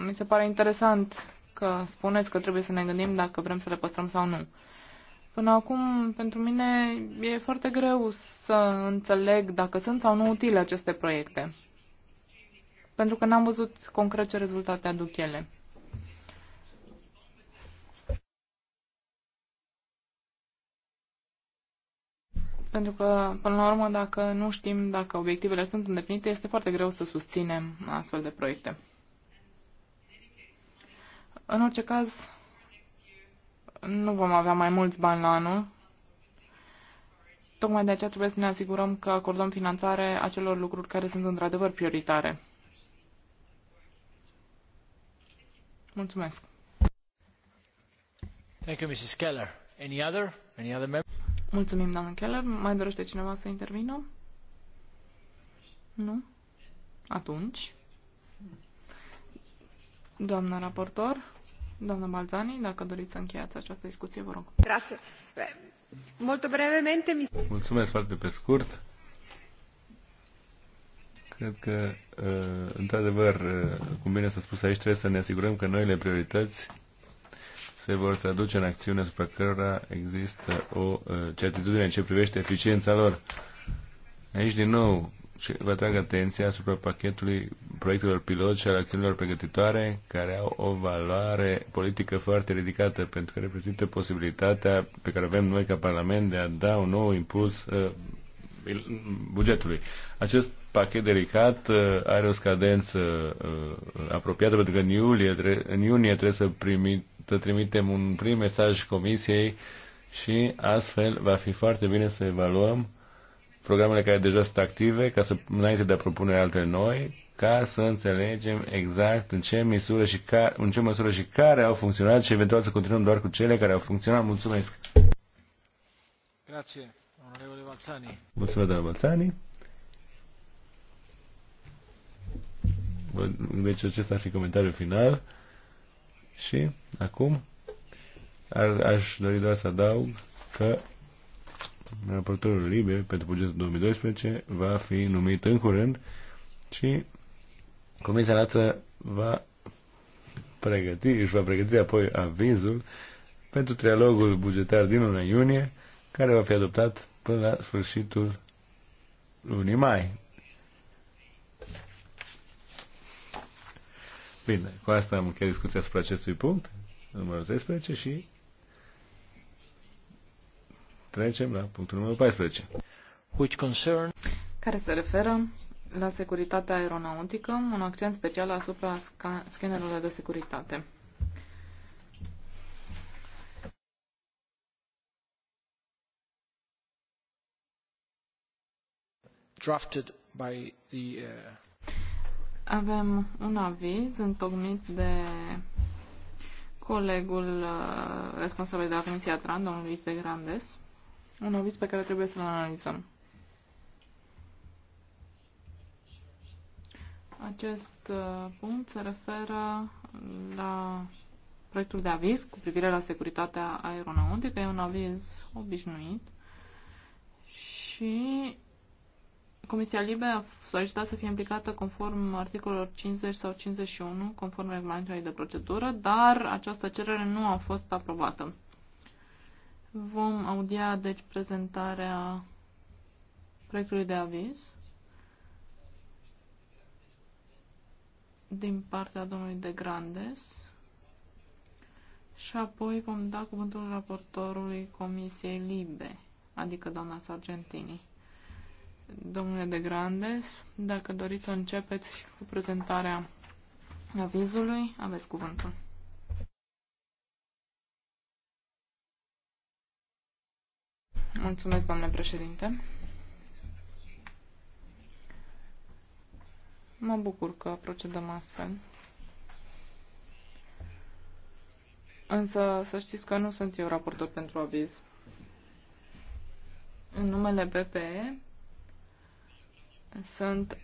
mi se pare interesant că spuneți că trebuie să ne gândim dacă vrem să le păstrăm sau nu. Până acum, pentru mine, e foarte greu să înțeleg dacă sunt sau nu utile aceste proiecte pentru că n-am văzut concret ce rezultate aduc ele. Pentru că, până la urmă, dacă nu știm dacă obiectivele sunt îndeplinite, este foarte greu să susținem astfel de proiecte. În orice caz, nu vom avea mai mulți bani la anul. Tocmai de aceea trebuie să ne asigurăm că acordăm finanțare acelor lucruri care sunt într-adevăr prioritare. Mulțumesc. Thank you, Mrs. Keller. Any other? Any other member? Mulțumim, doamnă Keller. Mai dorește cineva să intervină? Nu? Atunci. Doamna raportor, doamna Balzani, dacă doriți să încheiați această discuție, vă rog. Grazie. Molto brevemente mi... Mulțumesc foarte pe scurt. Cred că, uh, într-adevăr, uh, cum bine s-a spus aici, trebuie să ne asigurăm că noile priorități se vor traduce în acțiune asupra cărora există o uh, certitudine în ce privește eficiența lor. Aici, din nou, vă atrag atenția asupra pachetului proiectelor pilot și al acțiunilor pregătitoare care au o valoare politică foarte ridicată pentru că reprezintă posibilitatea pe care avem noi ca Parlament de a da un nou impuls bugetului. Acest pachet delicat uh, are o scadență uh, apropiată pentru că în, iulie, în iunie trebuie să, primi, să trimitem un prim mesaj comisiei și astfel va fi foarte bine să evaluăm programele care deja sunt active, ca să, înainte de a propune alte noi, ca să înțelegem exact în ce, măsură și ca, în ce măsură și care au funcționat și eventual să continuăm doar cu cele care au funcționat. Mulțumesc! Grazie. Balzani. Mulțumesc, domnul Balzani. Deci acesta ar fi comentariul final. Și acum ar, aș dori doar să adaug că raportorul Libe pentru bugetul 2012 va fi numit în curând și Comisia Arată va pregăti, își va pregăti apoi avizul pentru trialogul bugetar din luna iunie, care va fi adoptat până la sfârșitul lunii mai. Bine, cu asta am încheiat discuția asupra acestui punct, numărul 13 și trecem la punctul numărul 14. Which concern... Care se referă la securitatea aeronautică, un accent special asupra scanerului de securitate. drafted by the uh, avem un aviz întocmit de colegul uh, responsabil de la Comisia Tran, domnul Luis de Grandes, un aviz pe care trebuie să-l analizăm. Acest uh, punct se referă la proiectul de aviz cu privire la securitatea aeronautică. E un aviz obișnuit și Comisia Libe a solicitat să fie implicată conform articolelor 50 sau 51, conform regulamentului de procedură, dar această cerere nu a fost aprobată. Vom audia, deci, prezentarea proiectului de aviz din partea domnului de Grandes și apoi vom da cuvântul raportorului Comisiei Libe, adică doamna Sargentini domnule de Grandes, dacă doriți să începeți cu prezentarea avizului, aveți cuvântul. Mulțumesc, doamne președinte. Mă bucur că procedăm astfel. Însă să știți că nu sunt eu raportor pentru aviz. În numele BPE, sunt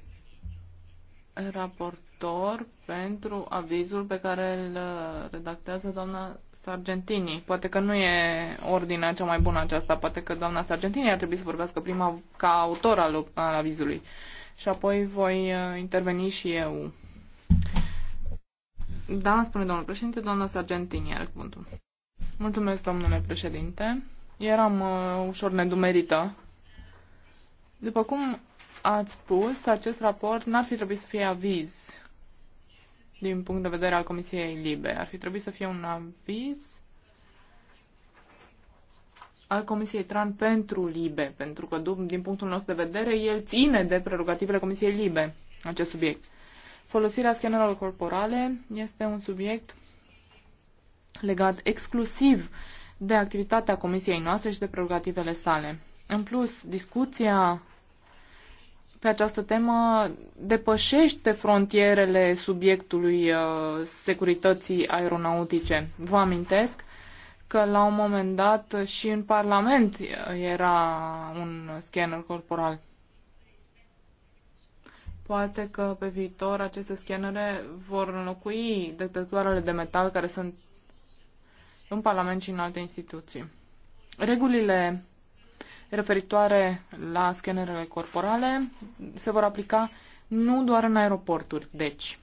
raportor pentru avizul pe care îl redactează doamna Sargentini. Poate că nu e ordinea cea mai bună aceasta, poate că doamna Sargentini ar trebui să vorbească prima ca autor al, al avizului și apoi voi uh, interveni și eu. Da, spune domnul președinte, doamna Sargentini are cuvântul. Mulțumesc, domnule președinte. Eram uh, ușor nedumerită. După cum ați spus, acest raport n-ar fi trebuit să fie aviz din punct de vedere al Comisiei Libe. Ar fi trebuit să fie un aviz al Comisiei Tran pentru Libe, pentru că, din punctul nostru de vedere, el ține de prerogativele Comisiei Libe, acest subiect. Folosirea scanerelor corporale este un subiect legat exclusiv de activitatea Comisiei noastre și de prerogativele sale. În plus, discuția pe această temă depășește frontierele subiectului uh, securității aeronautice. Vă amintesc că la un moment dat și în Parlament era un scanner corporal. Poate că pe viitor aceste scanere vor înlocui detectoarele de metal care sunt în Parlament și în alte instituții. Regulile referitoare la scanerele corporale se vor aplica nu doar în aeroporturi, deci,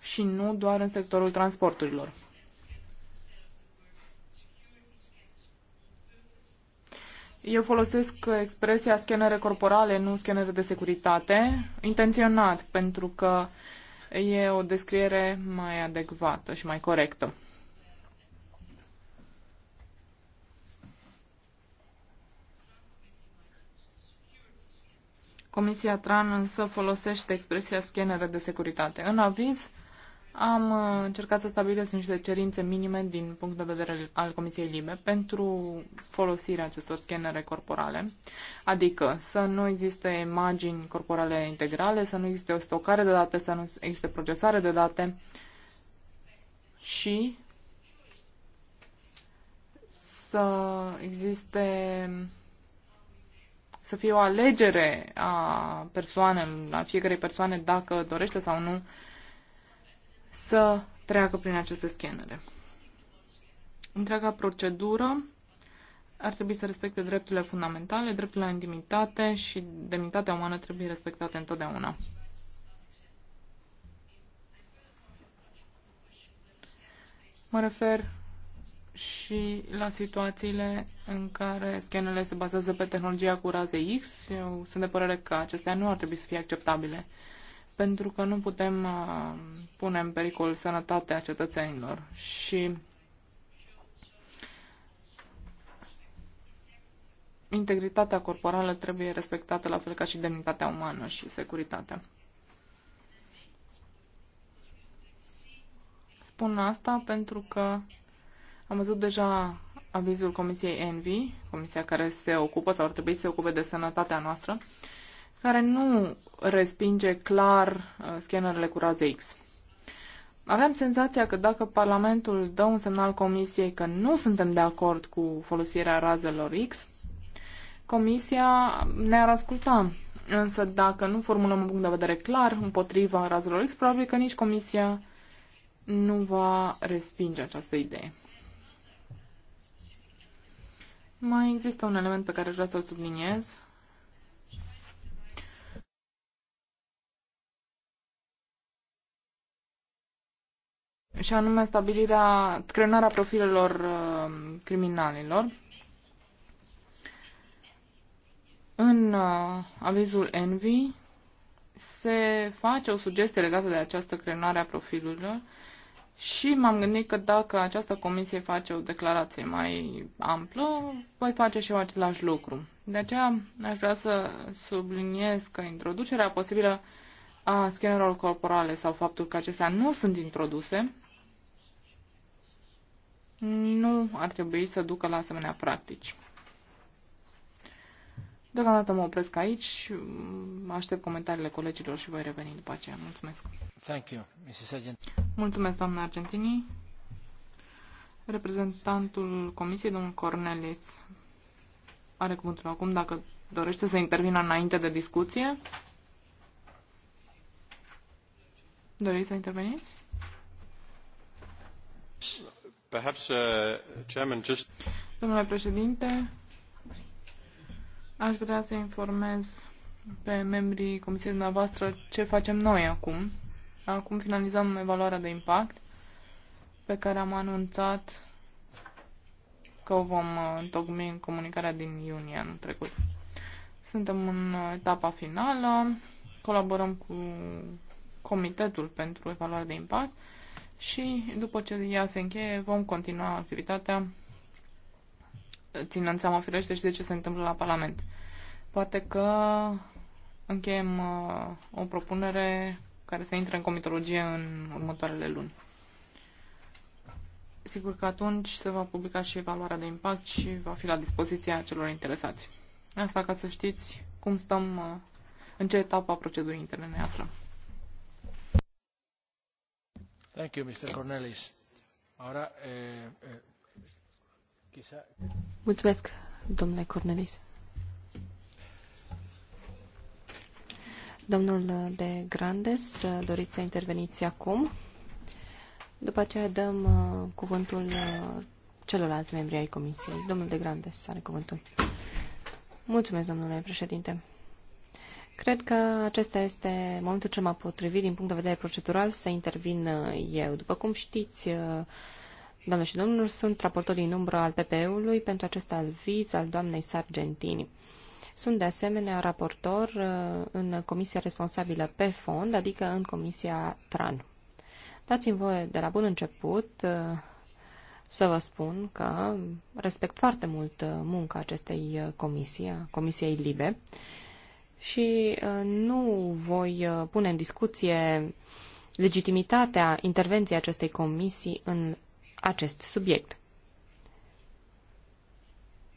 și nu doar în sectorul transporturilor. Eu folosesc expresia scanere corporale, nu scanere de securitate, intenționat, pentru că e o descriere mai adecvată și mai corectă. Comisia TRAN însă folosește expresia scanere de securitate. În aviz am uh, încercat să stabilesc niște cerințe minime din punct de vedere al Comisiei Libe pentru folosirea acestor scanere corporale, adică să nu existe imagini corporale integrale, să nu existe o stocare de date, să nu existe procesare de date și să existe să fie o alegere a persoanelor, a fiecarei persoane dacă dorește sau nu să treacă prin aceste scanere. Întreaga procedură ar trebui să respecte drepturile fundamentale, drepturile la intimitate și demnitatea umană trebuie respectate întotdeauna. Mă refer și la situațiile în care scanele se bazează pe tehnologia cu raze X, eu sunt de părere că acestea nu ar trebui să fie acceptabile, pentru că nu putem uh, pune în pericol sănătatea cetățenilor și integritatea corporală trebuie respectată la fel ca și demnitatea umană și securitatea. Spun asta pentru că am văzut deja avizul Comisiei Envi, comisia care se ocupă sau ar trebui să se ocupe de sănătatea noastră, care nu respinge clar uh, scanerele cu raze X. Aveam senzația că dacă Parlamentul dă un semnal Comisiei că nu suntem de acord cu folosirea razelor X, Comisia ne-ar asculta. Însă dacă nu formulăm un punct de vedere clar împotriva razelor X, probabil că nici Comisia nu va respinge această idee. Mai există un element pe care aș vrea să-l subliniez. Și anume stabilirea, crenarea profilelor uh, criminalilor. În uh, avizul Envy se face o sugestie legată de această crenare a profilurilor și m-am gândit că dacă această comisie face o declarație mai amplă, voi face și eu același lucru. De aceea aș vrea să subliniez că introducerea posibilă a scanerelor corporale sau faptul că acestea nu sunt introduse nu ar trebui să ducă la asemenea practici. Deocamdată mă opresc aici, mm, aștept comentariile colegilor și voi reveni după aceea. Mulțumesc. Thank you, Mrs. Mulțumesc, doamna Argentini. Reprezentantul Comisiei, domnul Cornelis, are cuvântul acum dacă dorește să intervină înainte de discuție. Doriți să interveniți? Perhaps, uh, chairman, just... Domnule președinte, Aș vrea să informez pe membrii comisiei dumneavoastră ce facem noi acum. Acum finalizăm evaluarea de impact pe care am anunțat că o vom uh, întocmi în comunicarea din iunie anul trecut. Suntem în etapa finală, colaborăm cu Comitetul pentru Evaluare de Impact și după ce ea se încheie vom continua activitatea ținând seama firește și de ce se întâmplă la Parlament. Poate că încheiem uh, o propunere care să intre în comitologie în următoarele luni. Sigur că atunci se va publica și evaluarea de impact și va fi la dispoziția celor interesați. Asta ca să știți cum stăm, uh, în ce etapă a procedurii interne ne aflăm. Thank you, Mr. Cornelis. Ahora, eh, eh, quizá... Mulțumesc, domnule Cornelis. Domnul de Grandes, doriți să interveniți acum? După aceea dăm uh, cuvântul uh, celorlalți membri ai Comisiei. Domnul de Grandes are cuvântul. Mulțumesc, domnule președinte. Cred că acesta este momentul cel mai potrivit din punct de vedere procedural să intervin uh, eu. După cum știți, doamne și domnilor, sunt raportor din umbră al PPE-ului pentru acest alviz al doamnei Sargentini. Sunt de asemenea raportor uh, în comisia responsabilă pe fond, adică în comisia TRAN. Dați-mi voie de la bun început uh, să vă spun că respect foarte mult uh, munca acestei comisii, a Comisiei Libe, și nu voi pune în discuție legitimitatea intervenției acestei comisii în acest subiect.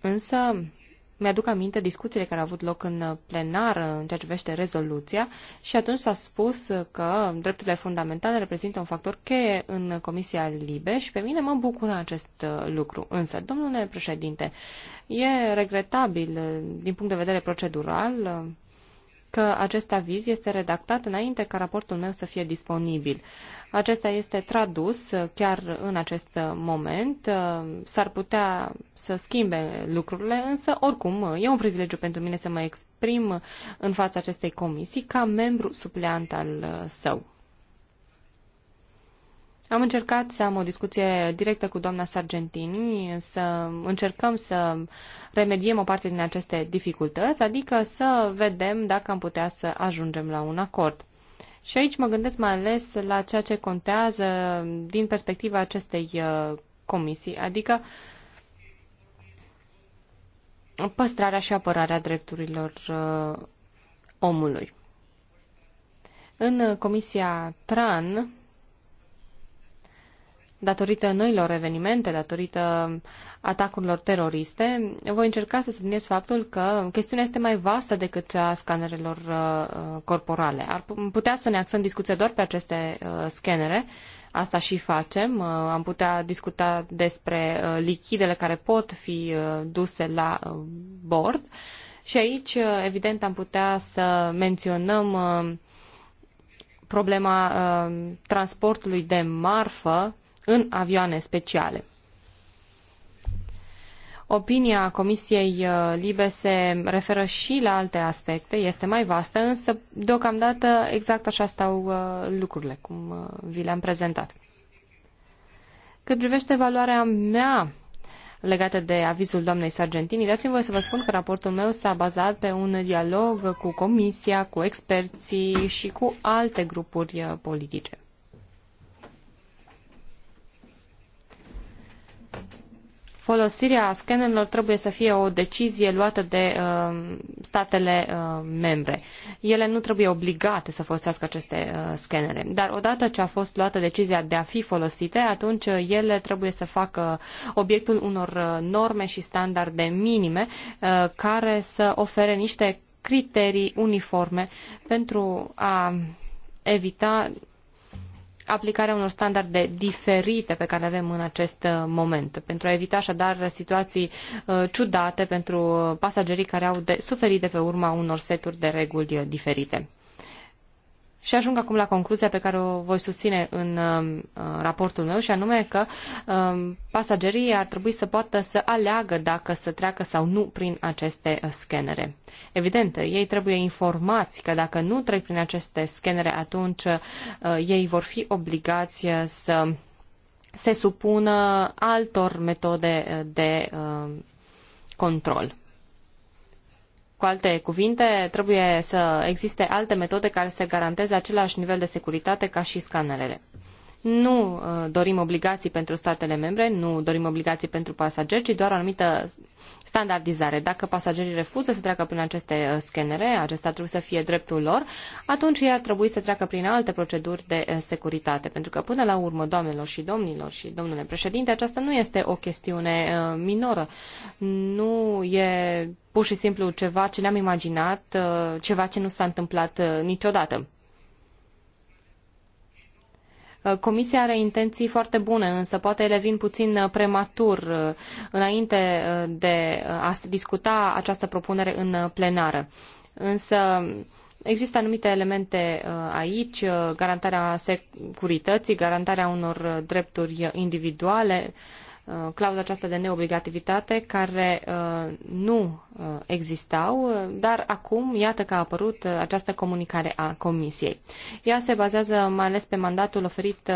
Însă, mi-aduc aminte discuțiile care au avut loc în uh, plenar în ceea ce privește rezoluția și atunci s-a spus uh, că drepturile fundamentale reprezintă un factor cheie în Comisia Libe și pe mine mă bucură acest uh, lucru. Însă, domnule președinte, e regretabil din punct de vedere procedural că acest aviz este redactat înainte ca raportul meu să fie disponibil. Acesta este tradus chiar în acest moment. S-ar putea să schimbe lucrurile, însă oricum e un privilegiu pentru mine să mă exprim în fața acestei comisii ca membru supleant al său. Am încercat să am o discuție directă cu doamna Sargentini, să încercăm să remediem o parte din aceste dificultăți, adică să vedem dacă am putea să ajungem la un acord. Și aici mă gândesc mai ales la ceea ce contează din perspectiva acestei uh, comisii, adică păstrarea și apărarea drepturilor uh, omului. În uh, comisia TRAN, datorită noilor evenimente, datorită atacurilor teroriste, voi încerca să subliniez faptul că chestiunea este mai vastă decât cea a scanerelor uh, uh corporale. Ar putea să ne axăm discuția doar pe aceste uh, scanere, asta și facem. Uh, am putea discuta despre uh, lichidele care pot fi uh, duse la uh, bord și aici, uh, evident, am putea să menționăm uh, problema uh, transportului de marfă în avioane speciale. Opinia Comisiei uh, Libe se referă și la alte aspecte, este mai vastă, însă deocamdată exact așa stau uh, lucrurile, cum uh, vi le-am prezentat. Cât privește valoarea mea legată de avizul doamnei Sargentini, dați-mi voie să vă spun că raportul meu s-a bazat pe un dialog cu Comisia, cu experții și cu alte grupuri politice. folosirea scanerilor trebuie să fie o decizie luată de uh, statele uh, membre. Ele nu trebuie obligate să folosească aceste uh, scanere, dar odată ce a fost luată decizia de a fi folosite, atunci uh, ele trebuie să facă obiectul unor uh, norme și standarde minime uh, care să ofere niște criterii uniforme pentru a evita aplicarea unor standarde diferite pe care le avem în acest uh, moment, pentru a evita așadar situații uh, ciudate pentru uh, pasagerii care au de suferit de pe urma unor seturi de reguli diferite. Și ajung acum la concluzia pe care o voi susține în um, uh, raportul meu și anume că um, pasagerii ar trebui să poată să aleagă dacă să treacă sau nu prin aceste uh, scanere. Evident, ei trebuie informați că dacă nu trec prin aceste scanere, atunci uh, ei vor fi obligați să se supună altor metode de control. Cu alte cuvinte, trebuie să existe alte metode care să garanteze același nivel de securitate ca și scanerele. Nu uh, dorim obligații pentru statele membre, nu dorim obligații pentru pasageri, ci doar o anumită standardizare. Dacă pasagerii refuză să treacă prin aceste uh, scanere, acesta trebuie să fie dreptul lor, atunci ei ar trebui să treacă prin alte proceduri de uh, securitate. Pentru că, până la urmă, doamnelor și domnilor și domnule președinte, aceasta nu este o chestiune minoră. Nu e pur și simplu ceva ce ne-am imaginat, ceva ce nu s-a întâmplat niciodată. Uh, comisia are intenții foarte bune, însă poate ele vin puțin uh, prematur uh, înainte de a se discuta această propunere în plenară. Însă Există anumite elemente aici, garantarea securității, garantarea unor drepturi individuale, Uh, clauza aceasta de neobligativitate care uh, nu uh, existau, dar acum iată că a apărut această comunicare a Comisiei. Ea se bazează mai ales pe mandatul oferit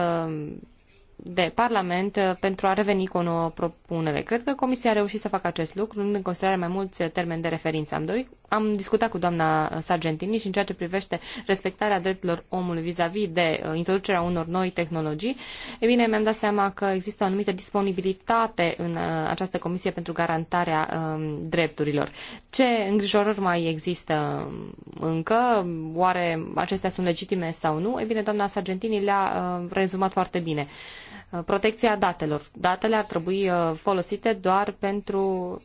de Parlament pentru a reveni cu o nouă propunere. Cred că Comisia a reușit să facă acest lucru, luând în considerare mai mulți termeni de referință. Am dorit am discutat cu doamna Sargentini și în ceea ce privește respectarea drepturilor omului vis-a-vis -vis de uh, introducerea unor noi tehnologii, e bine, mi-am dat seama că există o anumită disponibilitate în uh, această comisie pentru garantarea um, drepturilor. Ce îngrijorări mai există um, încă? Oare acestea sunt legitime sau nu? E bine, doamna Sargentini le-a uh, rezumat foarte bine. protecția datelor. Datele ar trebui folosite doar pentru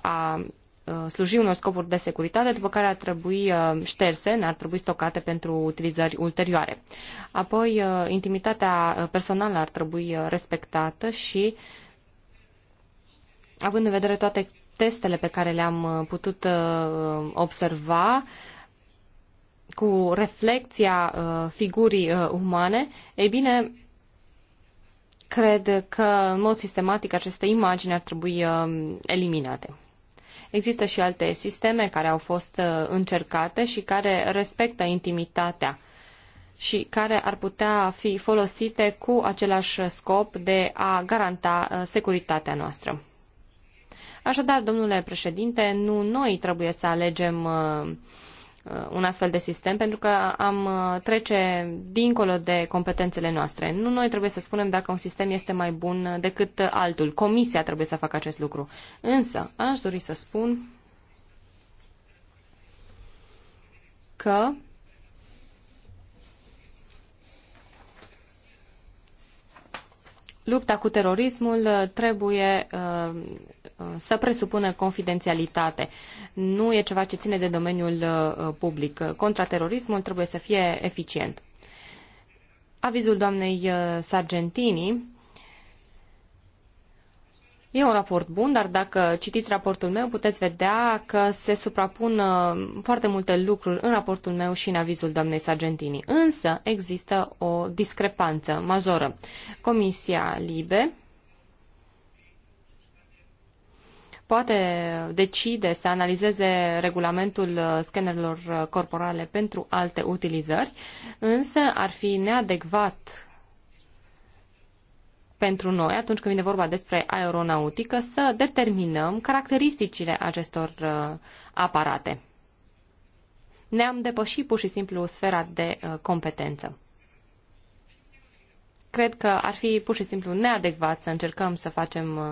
a Uh, sluji unor scopuri de securitate, după care ar trebui uh, șterse, ar trebui stocate pentru utilizări ulterioare. Apoi, uh, intimitatea personală ar trebui respectată și, având în vedere toate testele pe care le-am putut observa, cu reflecția figurii umane, ei bine, cred că în mod sistematic aceste imagini ar trebui eliminate. Există și alte sisteme care au fost uh, încercate și care respectă intimitatea și care ar putea fi folosite cu același scop de a garanta uh, securitatea noastră. Așadar, domnule președinte, nu noi trebuie să alegem uh, Uh, un astfel de sistem, pentru că am uh, trece dincolo de competențele noastre. Nu noi trebuie să spunem dacă un sistem este mai bun decât altul. Comisia trebuie să facă acest lucru. Însă, aș dori să spun că Lupta cu terorismul uh, trebuie uh, uh, să presupună confidențialitate. Nu e ceva ce ține de domeniul public. Contraterorismul trebuie să fie eficient. Avizul doamnei Sargentini E un raport bun, dar dacă citiți raportul meu puteți vedea că se suprapun uh, foarte multe lucruri în raportul meu și în avizul doamnei Sargentini. Însă există o discrepanță majoră. Comisia Libe poate decide să analizeze regulamentul uh, scanerelor uh, corporale pentru alte utilizări, însă ar fi neadecvat pentru noi, atunci când vine vorba despre aeronautică, să determinăm caracteristicile acestor uh, aparate. Ne-am depășit pur și simplu sfera de uh, competență. Cred că ar fi pur și simplu neadecvat să încercăm să facem uh,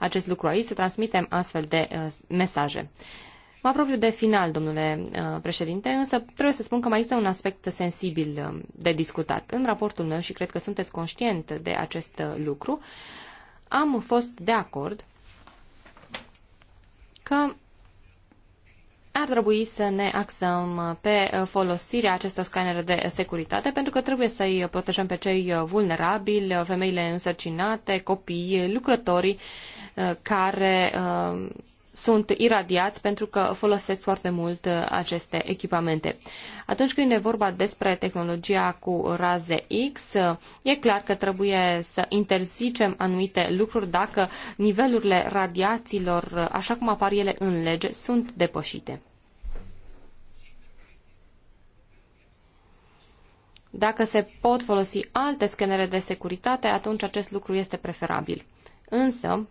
acest lucru aici, să transmitem astfel de mesaje. Mă apropiu de final, domnule uh, președinte, însă trebuie să spun că mai este un aspect sensibil uh, de discutat. În raportul meu, și cred că sunteți conștient de acest uh, lucru, am fost de acord că ar trebui să ne axăm pe folosirea acestor scanere de securitate, pentru că trebuie să-i protejăm pe cei vulnerabili, femeile însărcinate, copiii, lucrătorii care sunt iradiați pentru că folosesc foarte mult uh, aceste echipamente. Atunci când e vorba despre tehnologia cu raze X, uh, e clar că trebuie să interzicem anumite lucruri dacă nivelurile radiațiilor, uh, așa cum apar ele în lege, sunt depășite. Dacă se pot folosi alte scanere de securitate, atunci acest lucru este preferabil. Însă,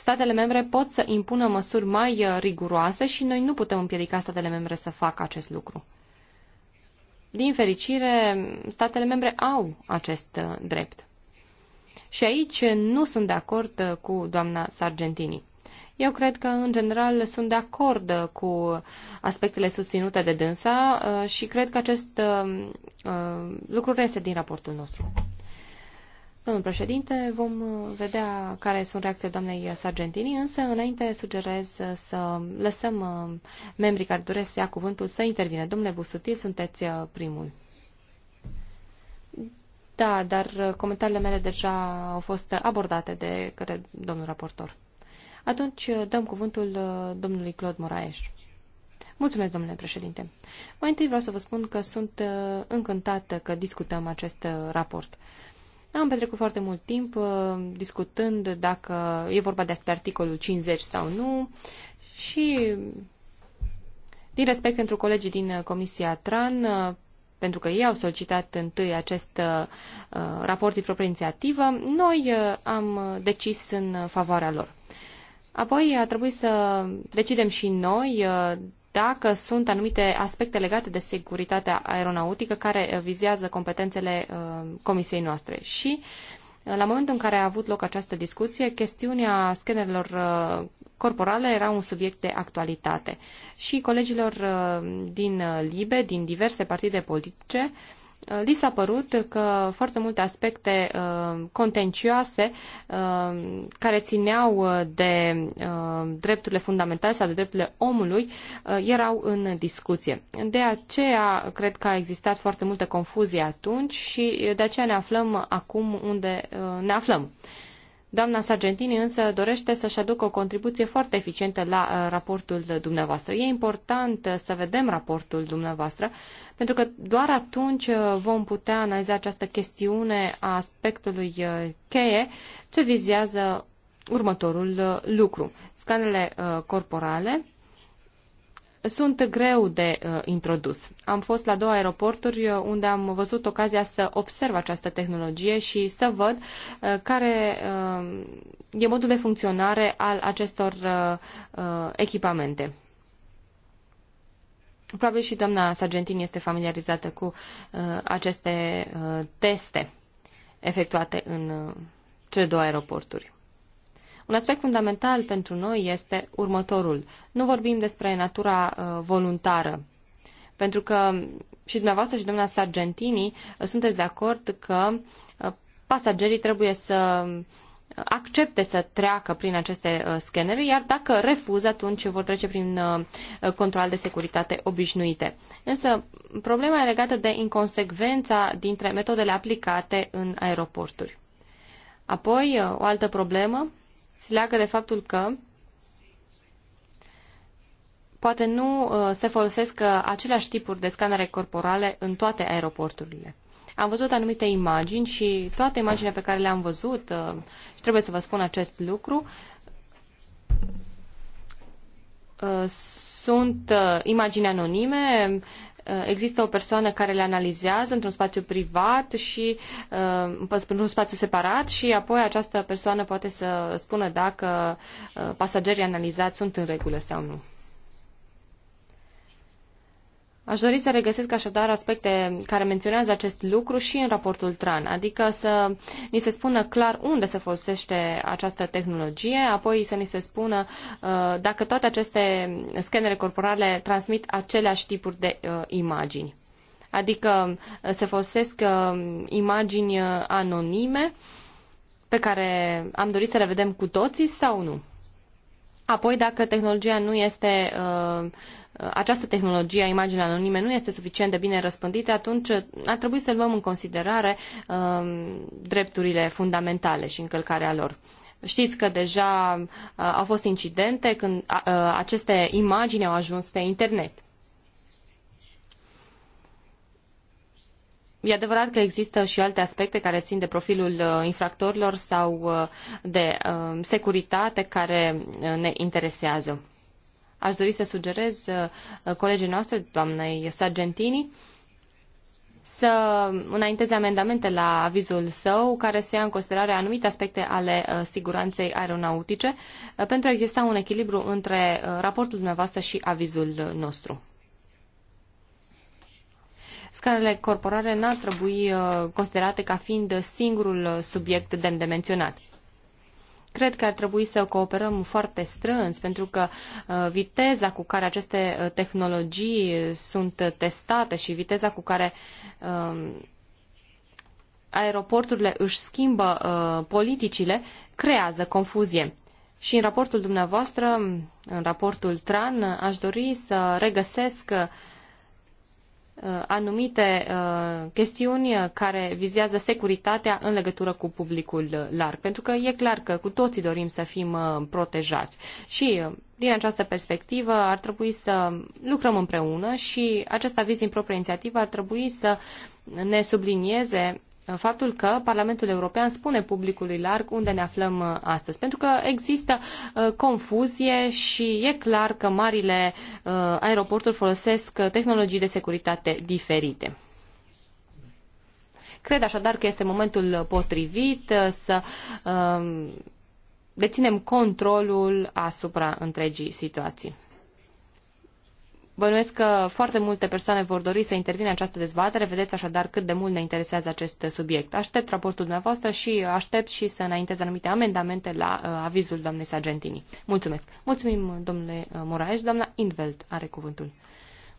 statele membre pot să impună măsuri mai uh, riguroase și noi nu putem împiedica statele membre să facă acest lucru. Din fericire, statele membre au acest uh, drept. Și aici uh, nu sunt de acord cu doamna Sargentini. Eu cred că, în general, sunt de acord cu aspectele susținute de dânsa și cred că acest lucru reiese din raportul nostru. Domnul președinte, vom uh, vedea care sunt reacțiile doamnei Sargentini, însă înainte sugerez uh, să lăsăm uh, membrii care doresc să ia cuvântul să intervine. Domnule Busutil, sunteți primul. Da, dar comentariile mele deja au fost abordate de către domnul raportor. Atunci dăm cuvântul domnului Claude Moraes. Mulțumesc, domnule președinte. Mai întâi vreau să vă spun că sunt încântată că discutăm acest raport. Am petrecut foarte mult timp uh, discutând dacă e vorba despre articolul 50 sau nu și din respect pentru colegii din Comisia TRAN, uh, pentru că ei au solicitat întâi acest uh, raport din proprie inițiativă, noi uh, am decis în favoarea lor. Apoi a trebuit să decidem și noi uh, dacă sunt anumite aspecte legate de securitatea aeronautică care uh, vizează competențele uh, comisiei noastre. Și uh, la momentul în care a avut loc această discuție, chestiunea scanerelor corporale era un subiect de actualitate. Și colegilor din LIBE, din diverse partide politice, uh, Uh, li s-a părut că foarte multe aspecte uh, contencioase uh, care țineau de drepturile fundamentale sau de drepturile omului erau în discuție. De aceea cred că a existat foarte multă confuzie atunci și de aceea ne aflăm acum unde ne aflăm. Doamna Sargentini însă dorește să-și aducă o contribuție foarte eficientă la uh, raportul dumneavoastră. E important uh, să vedem raportul dumneavoastră, pentru că doar atunci uh, vom putea analiza această chestiune a aspectului cheie ce vizează următorul lucru. Scanele corporale sunt greu de uh, introdus. Am fost la două aeroporturi uh, unde am văzut ocazia să observ această tehnologie și să văd uh, care uh, e modul de funcționare al acestor uh, uh, echipamente. Probabil și doamna Sargentin este familiarizată cu uh, aceste uh, teste efectuate în uh, cele două aeroporturi. Un aspect fundamental pentru noi este următorul. Nu vorbim despre natura uh, voluntară, pentru că și dumneavoastră și doamna Sargentini uh, sunteți de acord că uh, pasagerii trebuie să accepte să treacă prin aceste scanere, iar dacă refuză, atunci vor trece prin control de securitate obișnuite. Însă, problema e legată de inconsecvența dintre metodele aplicate în aeroporturi. Apoi, o altă problemă se leagă de faptul că poate nu uh, se folosesc uh, aceleași tipuri de scanere corporale în toate aeroporturile. Am văzut anumite imagini și toate imaginile pe care le-am văzut, uh, și trebuie să vă spun acest lucru, sunt imagini anonime Uh, există o persoană care le analizează într-un spațiu privat și uh, într-un spațiu separat și apoi această persoană poate să spună dacă uh, pasagerii analizați sunt în regulă sau nu. Aș dori să regăsesc așadar aspecte care menționează acest lucru și în raportul TRAN, adică să ni se spună clar unde se folosește această tehnologie, apoi să ni se spună uh, dacă toate aceste scanere corporale transmit aceleași tipuri de uh, imagini. Adică uh, se folosesc imagini anonime pe care am dorit să le vedem cu toții sau nu. Apoi, dacă tehnologia nu este uh, această tehnologie a imaginii anonime nu este suficient de bine răspândită, atunci uh, ar trebui să luăm în considerare uh, drepturile fundamentale și încălcarea lor. Știți că deja au fost incidente când aceste imagini au ajuns pe internet. E adevărat că există și alte aspecte care țin de profilul uh, infractorilor sau uh, de uh, securitate care ne interesează. Aș dori să sugerez colegii noastre, doamnei Sargentini, să înainteze amendamente la avizul său care să ia în considerare anumite aspecte ale siguranței aeronautice pentru a exista un echilibru între raportul dumneavoastră și avizul nostru. Scarele corporale n-ar trebui uh, considerate ca fiind singurul subiect demn de menționat. Cred că ar trebui să cooperăm foarte strâns, pentru că uh, viteza cu care aceste uh, tehnologii sunt testate și viteza cu care um, aeroporturile își schimbă politicile creează confuzie. Și în raportul dumneavoastră, în raportul TRAN, aș dori să regăsesc Uh, anumite uh, chestiuni uh, care vizează securitatea în legătură cu publicul larg. Pentru că e clar că cu toții dorim să fim protejați. Și din această perspectivă ar trebui să lucrăm împreună și acest aviz din proprie inițiativă ar trebui să ne sublinieze faptul că Parlamentul European spune publicului larg unde ne aflăm uh, astăzi. Pentru că există uh, confuzie și e clar că marile uh, aeroporturi folosesc tehnologii de securitate diferite. Cred așadar că este momentul potrivit să deținem controlul asupra întregii situații. Bănuiesc că foarte multe persoane vor dori să intervină în această dezbatere. Vedeți așadar cât de mult ne interesează acest subiect. Aștept raportul dumneavoastră și aștept și să înaintez anumite amendamente la uh, avizul doamnei Sargentini. Mulțumesc. Mulțumim, domnule uh, Moraes. Doamna Invelt are cuvântul.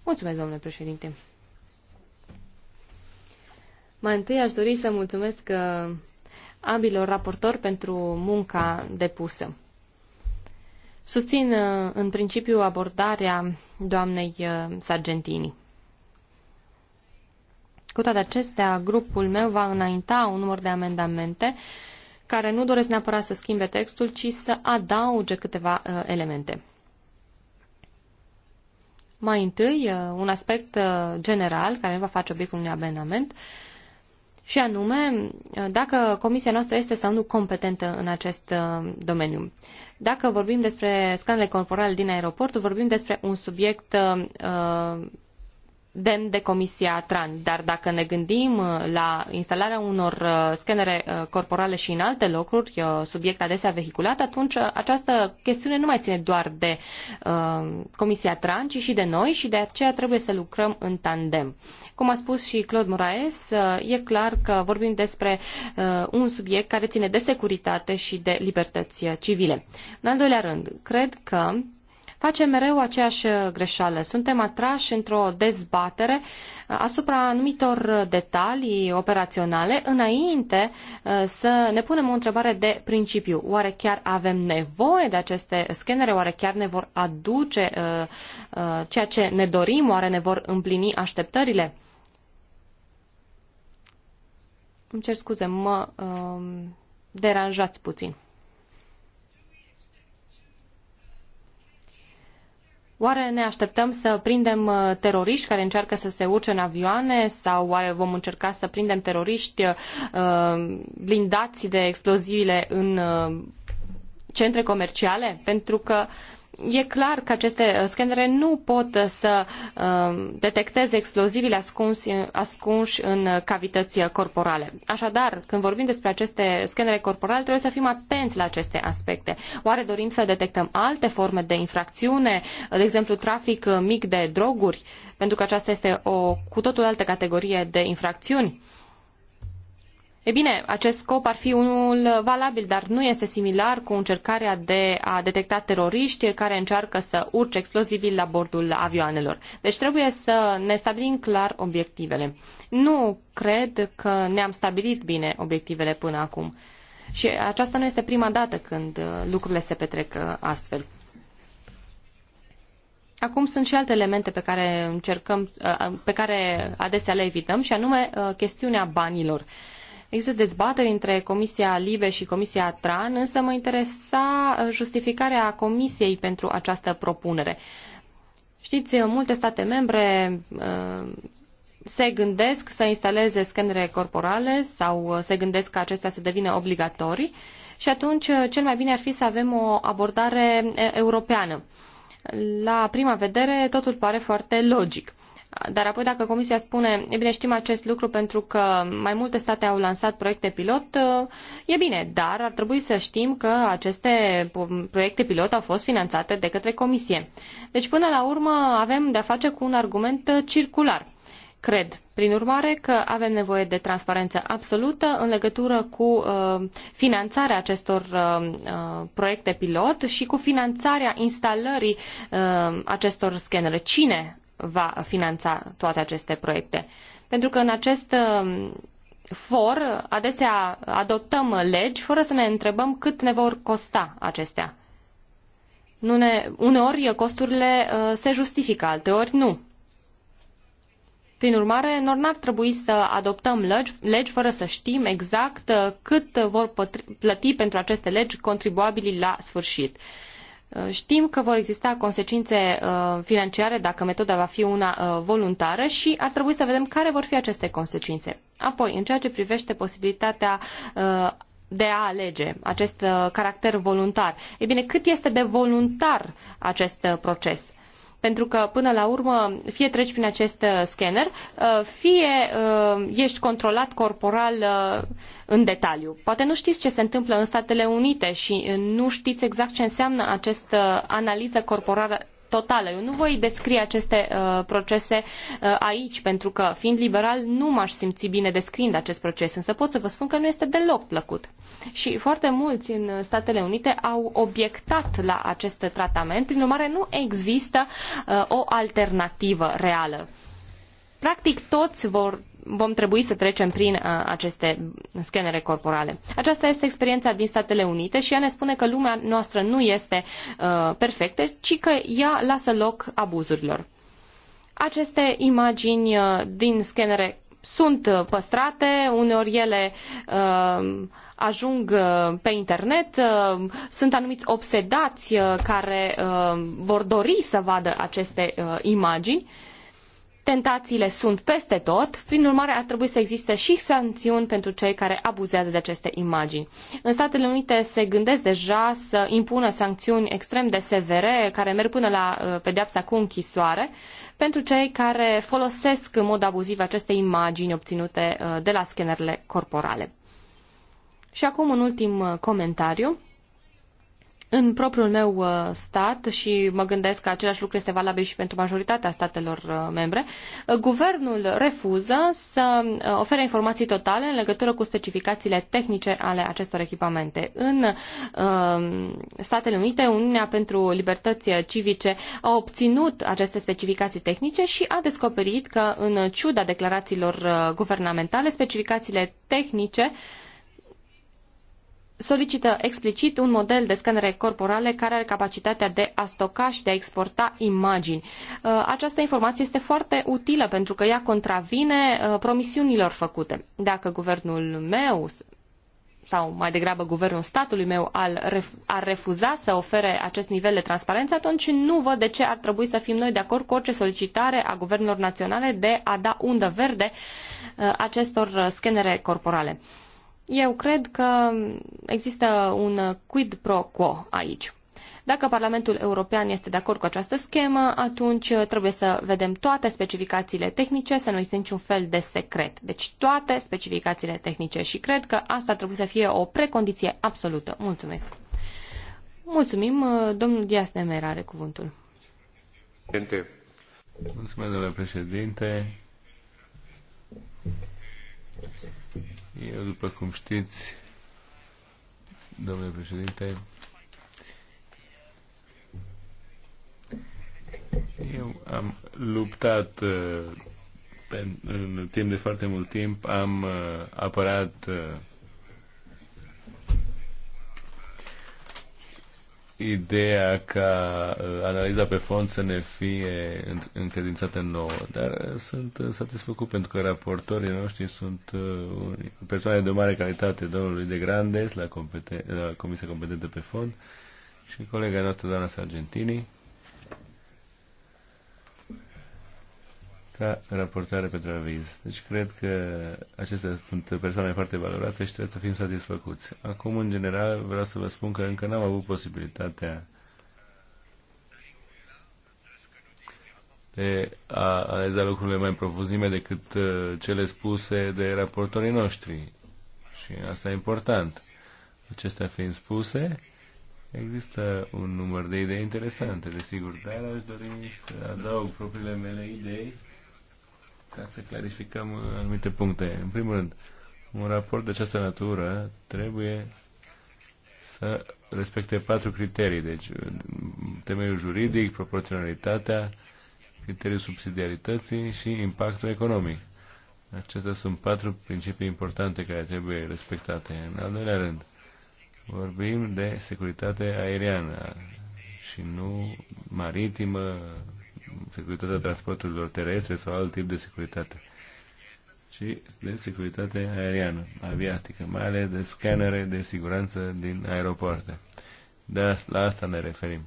Mulțumesc, domnule președinte. Mai întâi aș dori să mulțumesc uh, abilor raportori pentru munca depusă. Susțin uh, în principiu abordarea doamnei uh, Sargentini. Cu toate acestea, grupul meu va înainta un număr de amendamente care nu doresc neapărat să schimbe textul, ci să adauge câteva uh, elemente. Mai întâi, un aspect general care nu va face obiectul unui amendament și anume dacă comisia noastră este sau nu competentă în acest uh, domeniu. Dacă vorbim despre scanele corporale din aeroport, vorbim despre un subiect uh, uh, demn de Comisia TRAN, dar dacă ne gândim la instalarea unor scanere corporale și în alte locuri, subiect adesea vehiculat, atunci această chestiune nu mai ține doar de Comisia TRAN, ci și de noi și de aceea trebuie să lucrăm în tandem. Cum a spus și Claude Moraes, e clar că vorbim despre uh, un subiect care ține de securitate și de libertăți civile. În al doilea rând, cred că Facem mereu aceeași uh, greșeală. Suntem atrași într-o dezbatere uh, asupra anumitor uh, detalii operaționale înainte să ne punem o întrebare de principiu. Oare chiar avem nevoie de aceste scanere? Oare chiar ne vor aduce ceea ce ne dorim? Oare ne vor împlini așteptările? Îmi cer scuze, mă um, deranjați puțin. Oare ne așteptăm să prindem uh, teroriști care încearcă să se urce în avioane sau oare vom încerca să prindem teroriști uh, blindați de exploziile în uh, centre comerciale? Pentru că E clar că aceste uh, scanere nu pot să uh, detecteze explozivile ascunsi, ascunși în cavități corporale. Așadar, când vorbim despre aceste scanere corporale, trebuie să fim atenți la aceste aspecte. Oare dorim să detectăm alte forme de infracțiune, de exemplu trafic mic de droguri, pentru că aceasta este o cu totul altă categorie de infracțiuni? E bine, acest scop ar fi unul valabil, dar nu este similar cu încercarea de a detecta teroriști care încearcă să urce explozibil la bordul avioanelor. Deci trebuie să ne stabilim clar obiectivele. Nu cred că ne-am stabilit bine obiectivele până acum. Și aceasta nu este prima dată când uh, lucrurile se petrec uh, astfel. Acum sunt și alte elemente pe care încercăm, uh, pe care adesea le evităm, și anume chestiunea banilor. Există dezbateri între Comisia Libe și Comisia Tran, însă mă interesa uh, justificarea Comisiei pentru această propunere. Știți, uh, multe state membre uh, se gândesc să instaleze scanere corporale sau se gândesc ca acestea să devină obligatorii și atunci cel mai bine ar fi să avem o abordare europeană. La prima vedere, totul pare foarte logic. Dar apoi dacă Comisia spune, e bine știm acest lucru pentru că mai multe state au lansat proiecte pilot, e bine, dar ar trebui să știm că aceste proiecte pilot au fost finanțate de către Comisie. Deci până la urmă avem de-a face cu un argument uh, circular. Cred, prin urmare, că avem nevoie de transparență absolută în legătură cu uh, finanțarea acestor uh, uh proiecte pilot și cu finanțarea instalării uh, acestor scanere. Cine va finanța toate aceste proiecte. Pentru că în acest um, for, adesea adoptăm legi fără să ne întrebăm cât ne vor costa acestea. Nu ne, uneori costurile uh, se justifică, alteori nu. Prin urmare, noi n-ar trebui să adoptăm legi, legi fără să știm exact uh, cât vor plăti pentru aceste legi contribuabilii la sfârșit. Uh, Știm că vor exista consecințe uh, financiare dacă metoda va fi una uh, voluntară și ar trebui să vedem care vor fi aceste consecințe. Apoi, în ceea ce privește posibilitatea uh, de a alege acest caracter voluntar. E bine, cât este de voluntar acest proces? pentru că până la urmă fie treci prin acest uh, scanner, uh, fie uh, ești controlat corporal în detaliu. Poate nu știți ce se întâmplă în Statele Unite și nu știți exact ce înseamnă această analiză corporală totală. Eu nu voi descrie aceste uh, procese uh, aici, pentru că, fiind liberal, nu m-aș simți bine descriind acest proces, însă pot să vă spun că nu este deloc plăcut. Și foarte mulți în Statele Unite au obiectat la acest tratament, prin urmare nu există uh, o alternativă reală. Practic toți vor vom trebui să trecem prin aceste scanere corporale. Aceasta este experiența din Statele Unite și ea ne spune că lumea noastră nu este perfectă, ci că ea lasă loc abuzurilor. Aceste imagini din scanere sunt păstrate, uneori ele uh, ajung uh, pe internet, uh, sunt anumiți obsedați care vor dori să vadă aceste imagini uh, Tentațiile sunt peste tot, prin urmare ar trebui să existe și sancțiuni pentru cei care abuzează de aceste imagini. În Statele Unite se gândesc deja să impună sancțiuni extrem de severe, care merg până la uh, pedeapsa cu închisoare, pentru cei care folosesc în mod abuziv aceste imagini obținute uh, de la scanerele corporale. Și acum un ultim uh, comentariu în propriul meu uh, stat și mă gândesc că același lucru este valabil și pentru majoritatea statelor uh, membre, uh, guvernul refuză să ofere informații totale în legătură cu specificațiile tehnice ale acestor echipamente. În Statele Unite, Uniunea pentru Libertăți Civice a obținut aceste specificații tehnice și a descoperit că, în ciuda declarațiilor guvernamentale, specificațiile tehnice uh, solicită explicit un model de scanere corporale care are capacitatea de a stoca și de a exporta imagini. Uh, această informație este foarte utilă pentru că ea contravine uh, promisiunilor făcute. Dacă guvernul meu sau mai degrabă guvernul statului meu ar refuza să ofere acest nivel de transparență, atunci nu văd de ce ar trebui să fim noi de acord cu orice solicitare a guvernelor naționale de a da undă verde uh, acestor scanere corporale. Eu cred că există un quid pro quo aici. Dacă Parlamentul European este de acord cu această schemă, atunci trebuie să vedem toate specificațiile tehnice, să nu există niciun fel de secret. Deci toate specificațiile tehnice și cred că asta trebuie să fie o precondiție absolută. Mulțumesc! Mulțumim, domnul Dias Nemer are cuvântul. Mulțumesc, domnule președinte. Eu, după cum știți, domnule președinte, eu am luptat uh, în timp de foarte mult timp, am uh, apărat uh, ideea ca uh, analiza pe fond să ne fie încredințată nouă, dar uh, sunt uh, satisfăcut pentru că raportorii noștri sunt persoane de mare calitate, domnului de Grandes la, competen- la Comisia Competentă pe Fond și colega noastră, doamna Sargentini ca raportare pentru aviz. Deci cred că acestea sunt persoane foarte valorate și trebuie să fim satisfăcuți. Acum, în general, vreau să vă spun că încă n-am avut posibilitatea de a analiza lucrurile mai în profunzime decât uh, cele spuse de raportorii noștri. Și asta e important. Acestea fiind spuse, Există un număr de idei interesante, desigur, dar aș dori să adaug propriile mele idei ca să clarificăm anumite puncte. În primul rând, un raport de această natură trebuie să respecte patru criterii, deci temeiul juridic, proporționalitatea, criteriul subsidiarității și impactul economic. Acestea sunt patru principii importante care trebuie respectate. În al doilea rând, vorbim de securitate aeriană și nu maritimă, securitatea transporturilor terestre sau alt tip de securitate, ci de securitate aeriană, aviatică, mai ales de scanere de siguranță din aeroporte. De da, la asta ne referim.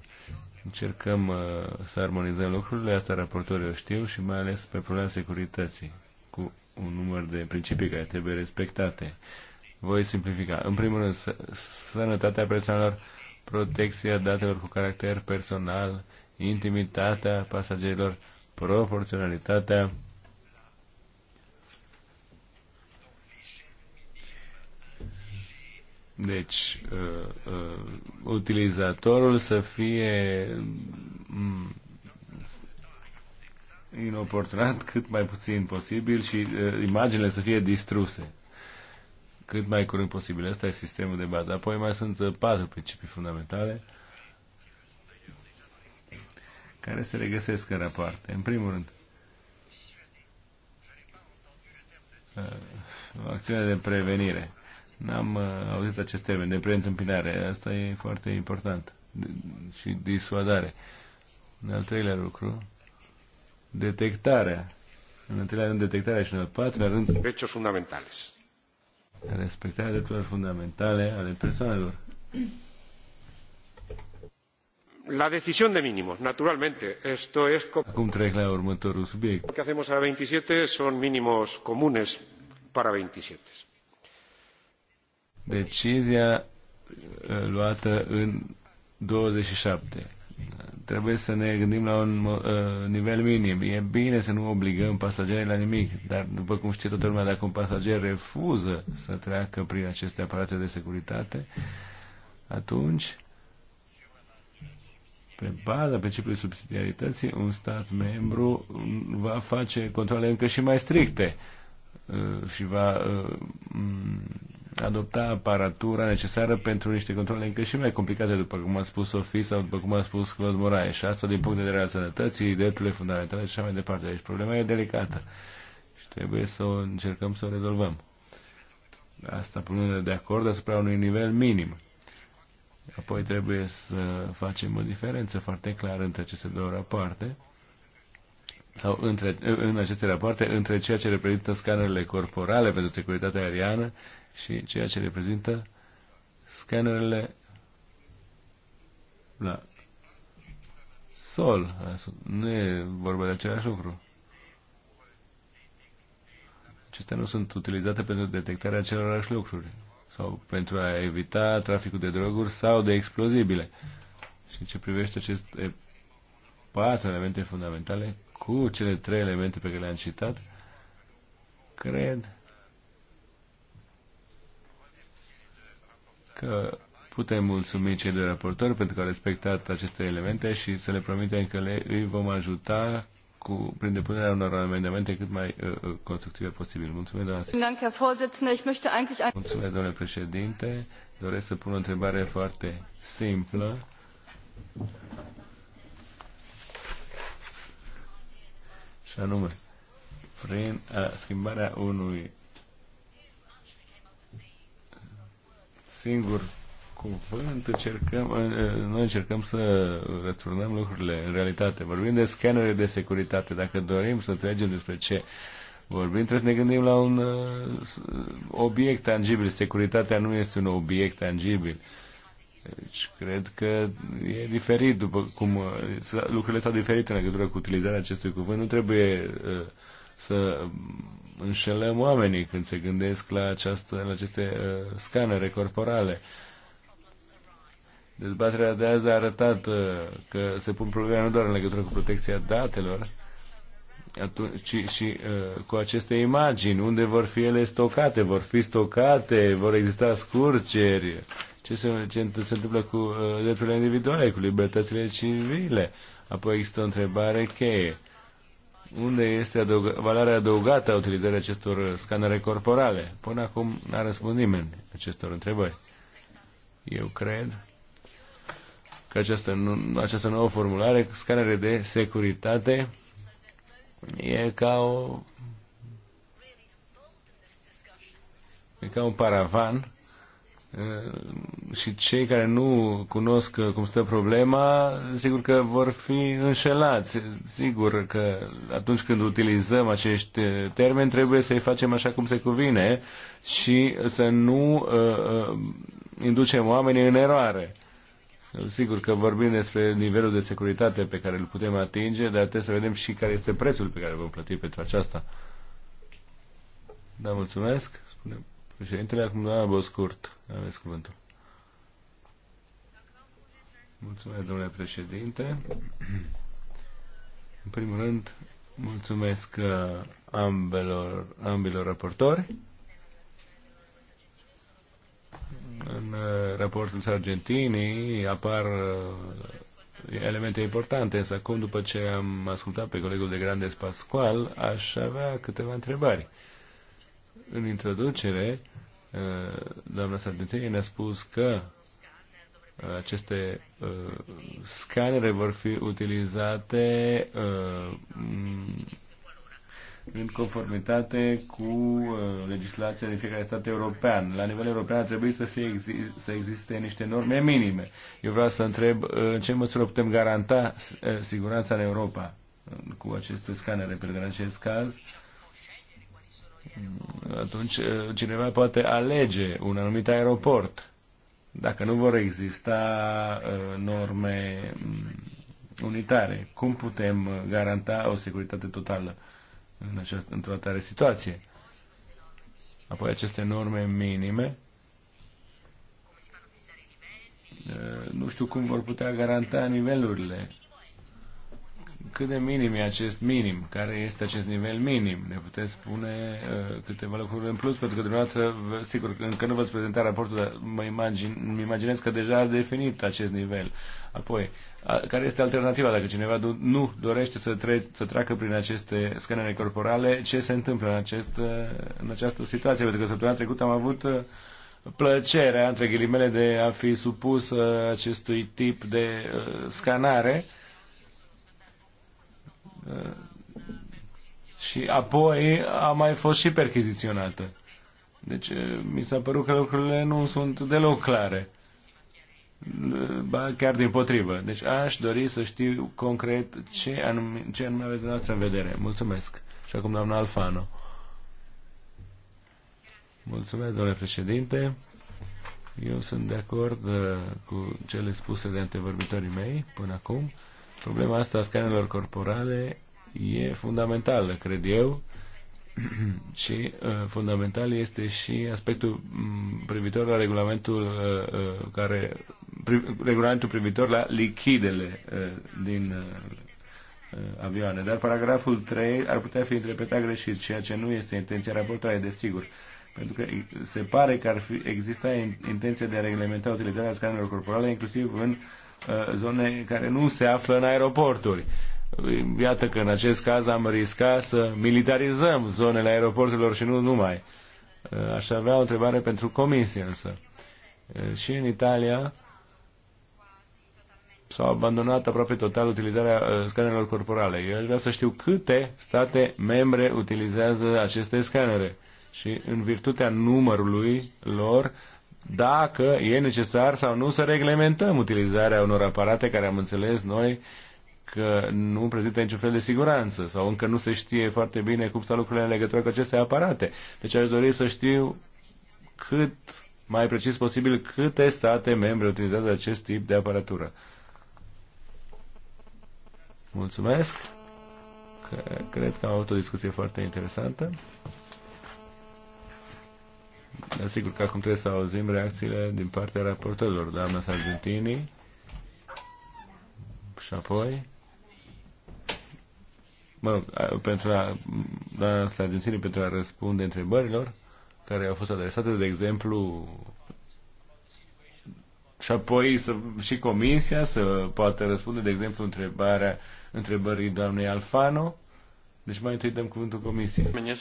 Încercăm uh, să armonizăm lucrurile, asta raportorii o știu și mai ales pe problema securității, cu un număr de principii care trebuie respectate. Voi simplifica. În primul rând, sănătatea persoanelor, protecția datelor cu caracter personal, intimitatea pasagerilor, proporționalitatea. Deci, uh, uh, utilizatorul să fie um, inoportunat cât mai puțin posibil și uh, imaginele să fie distruse cât mai curând posibil. Asta e sistemul de bază. Apoi mai sunt uh, patru principii fundamentale care se regăsesc în rapoarte. În primul rând, uh, acțiunea de prevenire. N-am uh, auzit acest termen de preîntâmpinare. Asta e foarte important. Și disuadare. În al treilea lucru, detectarea. În al treilea rând, detectarea și în al patrulea rând... Drepturi fundamentale. Respectarea drepturilor fundamentale ale persoanelor la decisión de mínimos, naturalmente. Esto es. Acum trec la următorul subiect. que hacemos a veintisiete son mínimos comunes para veintisiete Decizia eh, luată în 27. Trebuie să ne gândim la un eh, nivel minim. E bine să nu obligăm pasagerii la nimic, dar după cum știe toată lumea, dacă un pasager refuză să treacă prin aceste aparate de securitate, atunci pe baza principiului subsidiarității, un stat membru va face controle încă și mai stricte uh, și va uh, mm, adopta aparatura necesară pentru niște controle încă și mai complicate, după cum a spus Sofie sau după cum a spus Claude Moraes. Și asta din punct de vedere al sănătății, drepturile fundamentale și așa mai departe. Deci problema e delicată și trebuie să o încercăm să o rezolvăm. Asta punând de acord asupra unui nivel minim. Apoi trebuie să facem o diferență foarte clară între aceste două rapoarte sau între, în aceste rapoarte între ceea ce reprezintă scanerele corporale pentru securitatea aeriană și ceea ce reprezintă scanerele la sol. Nu e vorba de același lucru. Acestea nu sunt utilizate pentru detectarea acelorași lucruri sau pentru a evita traficul de droguri sau de explozibile. Și în ce privește aceste patru elemente fundamentale, cu cele trei elemente pe care le-am citat, cred că putem mulțumi cei de raportori pentru că au respectat aceste elemente și să le promitem că le, îi vom ajuta cu, prin depunerea unor amendamente cât mai uh, uh constructive posibil. Mulțumesc, doamna. Mulțumesc, domnule președinte. Doresc să pun o întrebare foarte simplă. Și anume, prin uh, schimbarea unui singur cuvânt, încercăm, noi încercăm să returnăm lucrurile în realitate. Vorbim de scanere de securitate. Dacă dorim să înțelegem despre ce vorbim, trebuie să ne gândim la un uh, obiect tangibil. Securitatea nu este un obiect tangibil. Deci cred că e diferit după cum uh, lucrurile s-au diferit în legătură cu utilizarea acestui cuvânt. Nu trebuie uh, să înșelăm oamenii când se gândesc la, această, la aceste uh, scanere corporale. Uh, Dezbaterea de azi a arătat uh, că se pun probleme nu doar în legătură cu protecția datelor, atunci, ci și uh, cu aceste imagini, unde vor fi ele stocate, vor fi stocate, vor exista scurgeri, ce se, ce se întâmplă cu uh, drepturile individuale, cu libertățile civile. Apoi există o întrebare cheie. Unde este adăug- valoarea adăugată a utilizării acestor scanere corporale? Până acum n-a răspuns nimeni acestor întrebări. Eu cred că această, această nouă formulare, scanere de securitate, e ca o e ca un paravan și cei care nu cunosc cum stă problema, sigur că vor fi înșelați. Sigur că atunci când utilizăm acești termeni, trebuie să-i facem așa cum se cuvine și să nu uh, inducem oamenii în eroare. Sigur că vorbim despre nivelul de securitate pe care îl putem atinge, dar trebuie să vedem și care este prețul pe care vom plăti pentru aceasta. Da, mulțumesc. Spune președintele, acum doamna scurt. aveți cuvântul. Mulțumesc, domnule președinte. În primul rând, mulțumesc uh, ambelor, ambilor raportori. În uh, raportul Argentinii apar uh, elemente importante, însă acum, după ce am ascultat pe colegul de Grandes Pascual, aș avea câteva întrebări. În introducere, uh, doamna Sargentini ne-a spus că aceste scanere vor fi utilizate în conformitate cu uh, legislația din fiecare stat european. La nivel european ar trebui să, fie, să existe niște norme minime. Eu vreau să întreb uh, în ce măsură putem garanta uh, siguranța în Europa cu aceste scanere, pentru că în acest caz mm, atunci cineva poate alege un anumit aeroport. Dacă nu vor exista norme mm, unitare, cum putem garanta o securitate totală? în această, într-o atare situație. Apoi aceste norme minime, eh, nu știu cum vor putea garanta nivelurile. Cât de minim e acest minim? Care este acest nivel minim? Ne puteți spune eh, câteva lucruri în plus, pentru că dumneavoastră, sigur, încă nu v-ați prezentat raportul, dar mă imagine, îmi imaginez că deja ați definit acest nivel. Apoi, care este alternativa dacă cineva nu dorește să, tre- să treacă prin aceste scanere corporale, ce se întâmplă în, acest, uh, în această situație? Pentru că săptămâna trecută am avut uh, plăcerea, între ghilimele, de a fi supus uh, acestui tip de scanare și apoi a mai fost și percheziționată. Deci mi s-a părut că lucrurile nu sunt deloc clare ba chiar din potrivă. Deci aș dori să știu concret ce anume, ce anume aveți dumneavoastră în vedere. Mulțumesc. Și acum doamna Alfano. Mulțumesc, domnule președinte. Eu sunt de acord uh, cu cele spuse de antevorbitorii mei până acum. Problema asta a scanelor corporale e fundamentală, cred eu, și uh, fundamental este și aspectul mm, privitor la regulamentul uh, uh, care regulamentul privitor la lichidele din avioane. Dar paragraful 3 ar putea fi interpretat greșit, ceea ce nu este intenția raportului, desigur. Pentru că se pare că ar fi, exista intenția de a reglementa utilizarea scanerelor corporale, inclusiv în zone care nu se află în aeroporturi. Uh, Iată că în acest caz am riscat să militarizăm zonele aeroporturilor și nu numai. Uh, aș avea o întrebare pentru comisie însă. Uh, și în Italia s-au abandonat aproape total utilizarea uh, scanerelor corporale. Eu aș vrea să știu câte state membre utilizează aceste scanere și în virtutea numărului lor dacă e necesar sau nu să reglementăm utilizarea unor aparate care am înțeles noi că nu prezintă niciun fel de siguranță sau încă nu se știe foarte bine cum stau lucrurile în legătură cu aceste aparate. Deci aș dori să știu cât mai precis posibil câte state membre utilizează acest tip de aparatură. Mulțumesc! Cred că am avut o discuție foarte interesantă. Sigur că acum trebuie să auzim reacțiile din partea raportorilor, doamna Sargentini și apoi mă rog, pentru a da agențiile pentru a răspunde întrebărilor care au fost adresate, de exemplu, și apoi să, și comisia să poată răspunde, de exemplu, întrebarea întrebării doamnei Alfano. Deci mai întâi dăm cuvântul comisiei.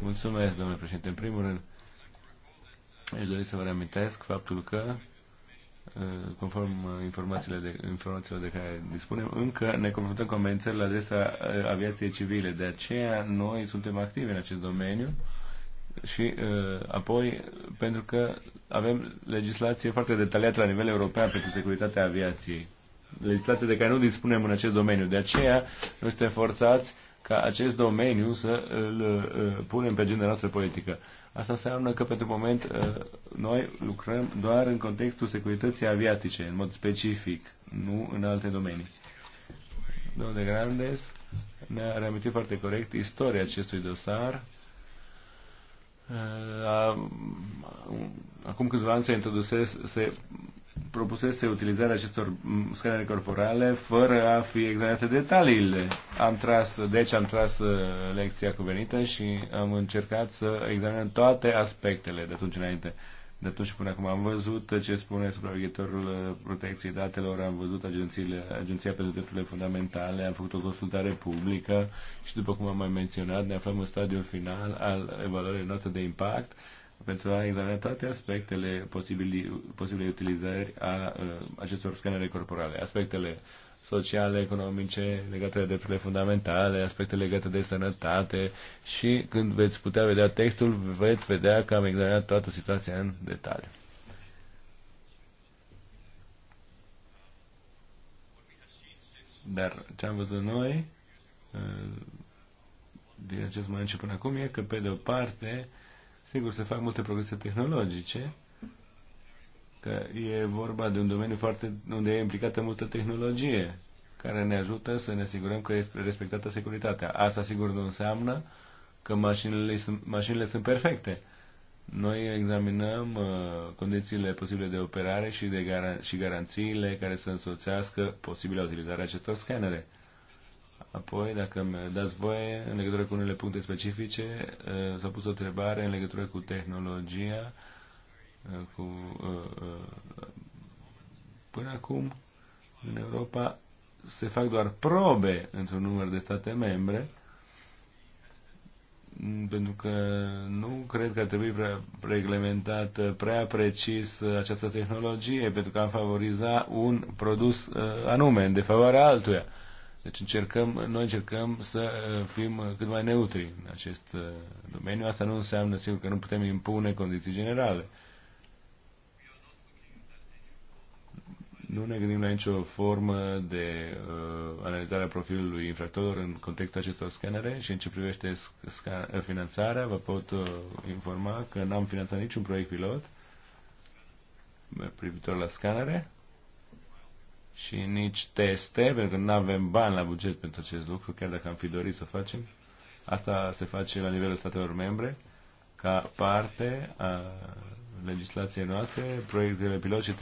Mulțumesc, domnule președinte. În primul rând, aș dori să vă reamintesc faptul că Uh, conform uh, informațiilor de, informațiilor de care dispunem, încă ne confruntăm cu amenințări la adresa uh, aviației civile. De aceea noi suntem activi în acest domeniu și apoi pentru că avem legislație foarte detaliată la nivel european pentru securitatea aviației. Legislație de care nu dispunem în acest domeniu. De aceea noi suntem forțați ca acest domeniu să îl punem pe agenda noastră politică. Asta înseamnă că pentru moment uh, noi lucrăm doar în contextul securității aviatice, în mod specific, nu în alte domenii. Domnul de Grandes ne-a reamintit foarte corect istoria acestui dosar. Uh, acum câțiva ani se, se propusese utilizarea acestor scanere corporale fără a fi examinate detaliile. Am tras, deci am tras uh, lecția cuvenită și am încercat să examinăm toate aspectele de atunci înainte. De atunci până acum am văzut ce spune supraveghetorul uh, protecției datelor, am văzut agențiile, Agenția pentru Drepturile Fundamentale, am făcut o consultare publică și, după cum am mai menționat, ne aflăm în stadiul final al evaluării noastre de impact pentru a examina toate aspectele posibile utilizări a acestor scanere corporale, aspectele sociale, economice, legate de drepturile fundamentale, aspecte legate de sănătate și când veți putea vedea textul, veți vedea că am examinat toată situația în detaliu. Dar ce am văzut noi uh, din acest moment și până acum e că, pe de o parte, uh, Sigur, se fac multe progrese tehnologice, că e vorba de un domeniu foarte, unde e implicată multă tehnologie care ne ajută să ne asigurăm că este respectată securitatea. Asta sigur nu înseamnă că mașinile sunt, mașinile sunt perfecte. Noi examinăm uh, condițiile posibile de operare și, de garan- și garanțiile care să însoțească posibilă utilizarea acestor scanere. Apoi, dacă îmi dați voie, în legătură cu unele puncte specifice, eh, s-a pus o întrebare în legătură cu tehnologia, eh, cu, eh, până acum, în Europa, se fac doar probe într-un număr de state membre, mm, pentru că nu cred că ar trebui prea reglementat prea precis această tehnologie, pentru că am favoriza un produs anume, în defavoarea altuia. Deci încercăm, noi încercăm să uh, fim uh, cât mai neutri în acest uh, domeniu. Asta nu înseamnă, sigur, că nu putem impune condiții generale. Nu ne gândim la nicio formă de uh, analizare a profilului infractor în contextul acestor scanere și în ce privește finanțarea, vă pot uh, informa că n-am finanțat niciun proiect pilot privitor la scanere și nici teste, pentru că nu avem bani la buget pentru acest lucru, chiar dacă am fi dorit să facem. Asta se face la nivelul statelor membre, ca parte a legislației noastre, proiectele pilot și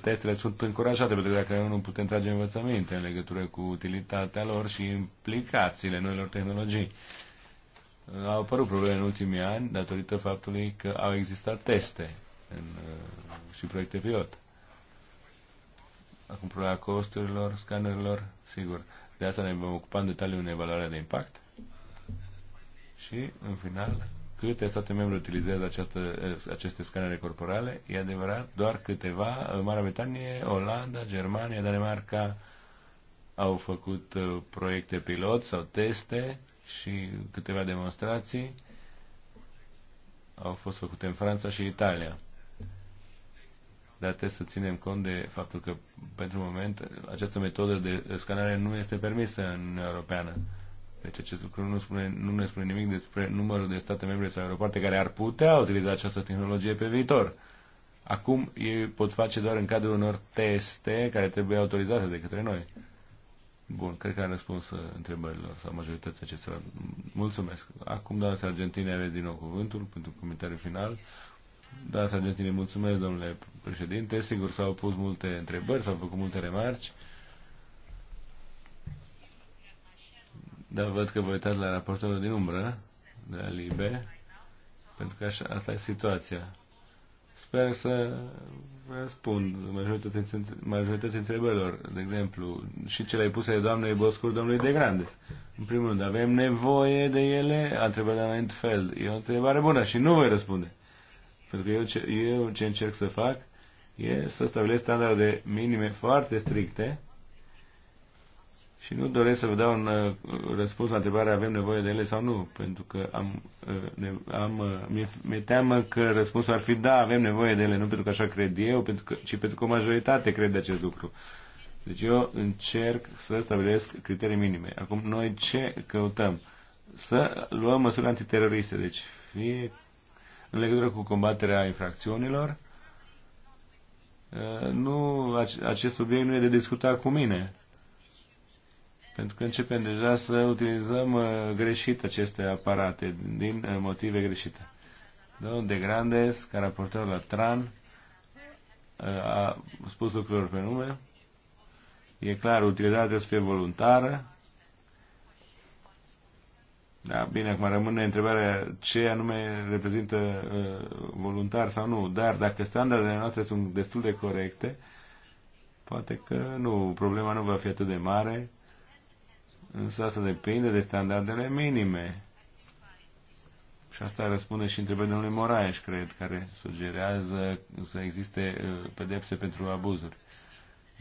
testele sunt încurajate, pentru că dacă nu putem trage învățăminte în legătură cu utilitatea lor și implicațiile noilor tehnologii. Au apărut probleme în ultimii ani datorită faptului că au existat teste în, și proiecte pilot. Acum problema costurilor, scanerilor, sigur. De asta ne vom ocupa în detaliu în evaluarea de impact. Și, în final, câte state membre utilizează această, aceste scanere corporale? E adevărat, doar câteva. Marea Britanie, Olanda, Germania, Danemarca au făcut uh, proiecte pilot sau teste și câteva demonstrații au fost făcute în Franța și Italia dar trebuie să ținem cont de faptul că, pentru moment, această metodă de scanare nu este permisă în Uniunea Europeană. Deci acest lucru nu, spune, nu ne spune nimic despre numărul de state membre sau aeroporte care ar putea utiliza această tehnologie pe viitor. Acum ei pot face doar în cadrul unor teste care trebuie autorizate de către noi. Bun, cred că am răspuns uh, întrebărilor sau majoritatea acestora. Mulțumesc. Acum, doamna Argentina, aveți din nou cuvântul pentru comentariu final. Da, Sargentini, mulțumesc, domnule președinte. Sigur, s-au pus multe întrebări, s-au făcut multe remarci. Dar văd că vă uitați la raportorul din umbră, de la Libe, pentru că așa, asta e situația. Sper să răspund majoritatea, majoritatea întrebărilor, de exemplu, și cele puse de doamnei Boscur, domnului de Grande. În primul rând, avem nevoie de ele? A întrebat doamna fel. E o întrebare bună și nu voi răspunde. Pentru că eu ce, eu ce încerc să fac e să stabilesc standarde minime foarte stricte și nu doresc să vă dau un uh, răspuns la întrebarea avem nevoie de ele sau nu, pentru că am, uh, ne, am, uh, mi-e, mi-e teamă că răspunsul ar fi da, avem nevoie de ele, nu pentru că așa cred eu, pentru că, ci pentru că o majoritate crede acest lucru. Deci eu încerc să stabilesc criterii minime. Acum, noi ce căutăm? Să luăm măsuri antiteroriste. Deci, fie în legătură cu combaterea infracțiunilor, uh, nu, acest subiect nu e de discutat cu mine. Pentru că începem deja să utilizăm uh, greșit aceste aparate, din uh, motive greșite. Domnul De Grandes, ca raportor la TRAN, a spus lucruri pe nume. E clar, utilizarea trebuie să fie voluntară da, bine, acum rămâne întrebarea ce anume reprezintă uh, voluntar sau nu, dar dacă standardele noastre sunt destul de corecte, poate că nu, problema nu va fi atât de mare, însă asta depinde de standardele minime. Și asta răspunde și întrebarea domnului Moraes, cred, care sugerează să existe uh, pedepse pentru abuzuri.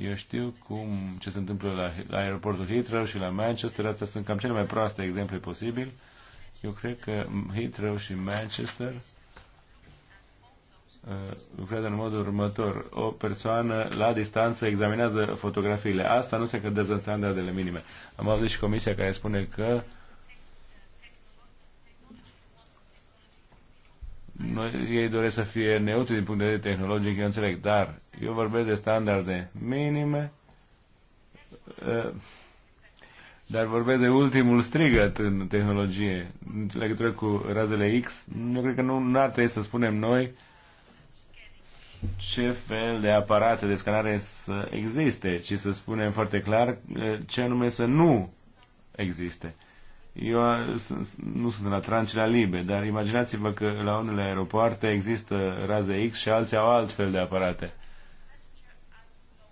Eu știu cum, ce se întâmplă la, la aeroportul Heathrow și la Manchester, astea sunt cam cele mai proaste exemple posibil. Eu cred că Heathrow și Manchester uh, lucrează în modul următor. O persoană la distanță examinează fotografiile. Asta nu se cădează în standardele minime. Am avut și comisia care spune că uh, Noi, ei doresc să fie neutri din punct de vedere tehnologic, eu înțeleg, dar eu vorbesc de standarde minime, ă, dar vorbesc de ultimul strigăt în tehnologie, în legătură cu razele X. Eu cred că nu ar trebui să spunem noi ce fel de aparate de scanare să existe, ci să spunem foarte clar ă, ce anume să nu existe. Eu nu sunt la trancile libe, dar imaginați-vă că la unele aeropoarte există raze X și alții au altfel de aparate.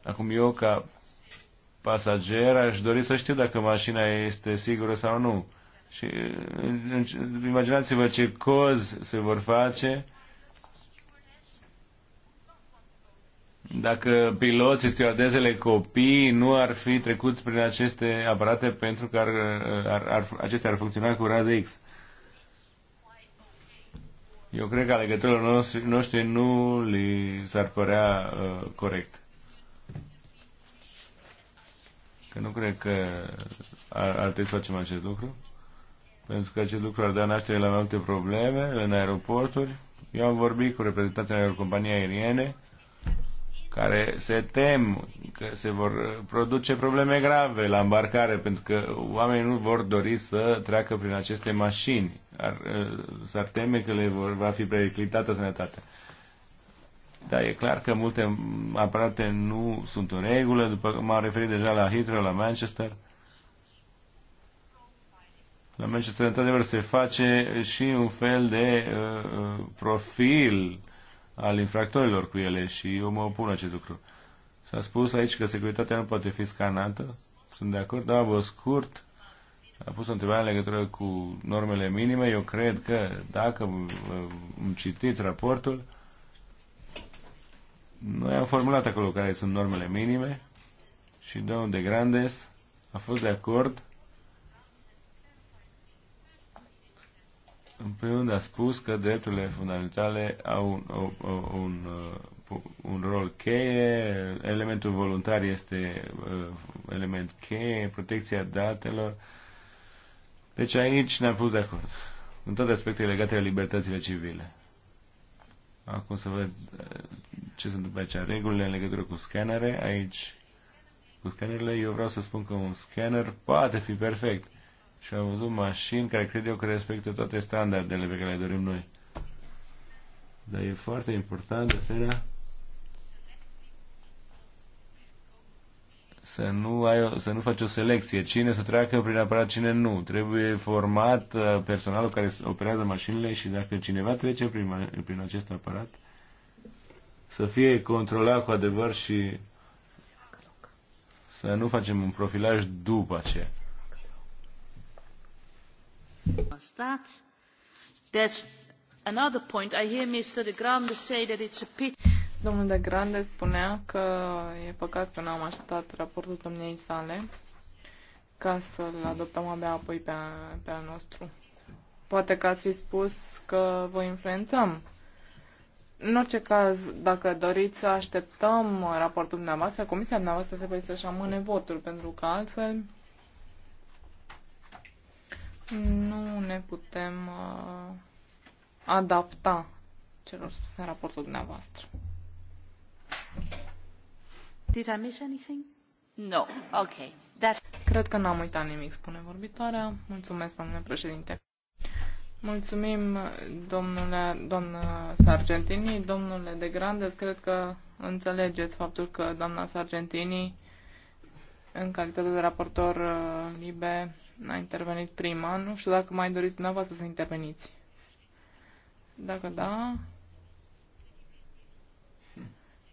Acum eu, ca pasager, aș dori să știu dacă mașina este sigură sau nu. Și imaginați-vă ce cozi se vor face uh, dacă piloții, stewardesele, copii nu ar fi trecut prin aceste aparate pentru că ar, ar, ar, acestea ar funcționa cu rază X. Eu cred că alegătorilor noștri, noștri nu li s-ar părea uh, corect. Că nu cred că ar, ar trebui să facem acest lucru. Pentru că acest lucru ar da naștere la mai multe probleme în aeroporturi. Eu am vorbit cu reprezentanții aerocompaniei aeriene care se tem că se vor produce probleme grave la îmbarcare, pentru că oamenii nu vor dori să treacă prin aceste mașini. Ar, eh, s-ar teme că le vor, va fi periclitată sănătatea. Da, e clar că multe aparate nu sunt în regulă, după cum m-am referit deja la Heathrow, la Manchester. La Manchester, într-adevăr, se face și un fel de uh, profil al infractorilor cu ele și eu mă opun acest lucru. S-a spus aici că securitatea nu poate fi scanată. Sunt de acord, dar vă scurt. A pus o întrebare în legătură cu normele minime. Eu cred că dacă uh, îmi citiți raportul, noi am formulat acolo care sunt normele minime și domnul de Grandes a fost de acord În primul rând a spus că drepturile fundamentale au un, un, un, uh, un rol cheie, elementul voluntar este uh, element cheie, protecția datelor. Deci aici ne-am pus de acord. În toate aspectele legate de libertățile civile. Acum să văd uh, ce se întâmplă aici. Regulile în legătură cu scanere, aici cu scanerele, eu vreau să spun că un scanner poate fi perfect și am văzut mașini care cred eu că respectă toate standardele pe care le dorim noi. Dar e foarte important, de asemenea, să nu, ai o, să nu faci o selecție. Cine să treacă prin aparat, cine nu. Trebuie format uh, personalul care operează mașinile și dacă cineva trece prin, prin acest aparat, să fie controlat cu adevăr și să nu facem un profilaj după aceea. That. There's another point. I hear Mr. De Grande say that it's a Domnul de Grande spunea că e păcat că nu am așteptat raportul domniei sale ca să-l adoptăm abia apoi pe, pe al nostru. Poate că ați fi spus că vă influențăm. În orice caz, dacă doriți să așteptăm raportul dumneavoastră, comisia dumneavoastră trebuie să-și amâne votul, pentru că altfel nu ne putem uh, adapta celor spuse în raportul dumneavoastră. Did I miss anything? No. Okay. That's... Cred că n-am uitat nimic, spune vorbitoarea. Mulțumesc, domnule președinte. Mulțumim, domnule, doamnă Sargentini. Domnule de Grandes, cred că înțelegeți faptul că doamna Sargentini în calitate de raportor uh, libe, a intervenit prima. Nu știu dacă mai doriți dumneavoastră să interveniți. Dacă da...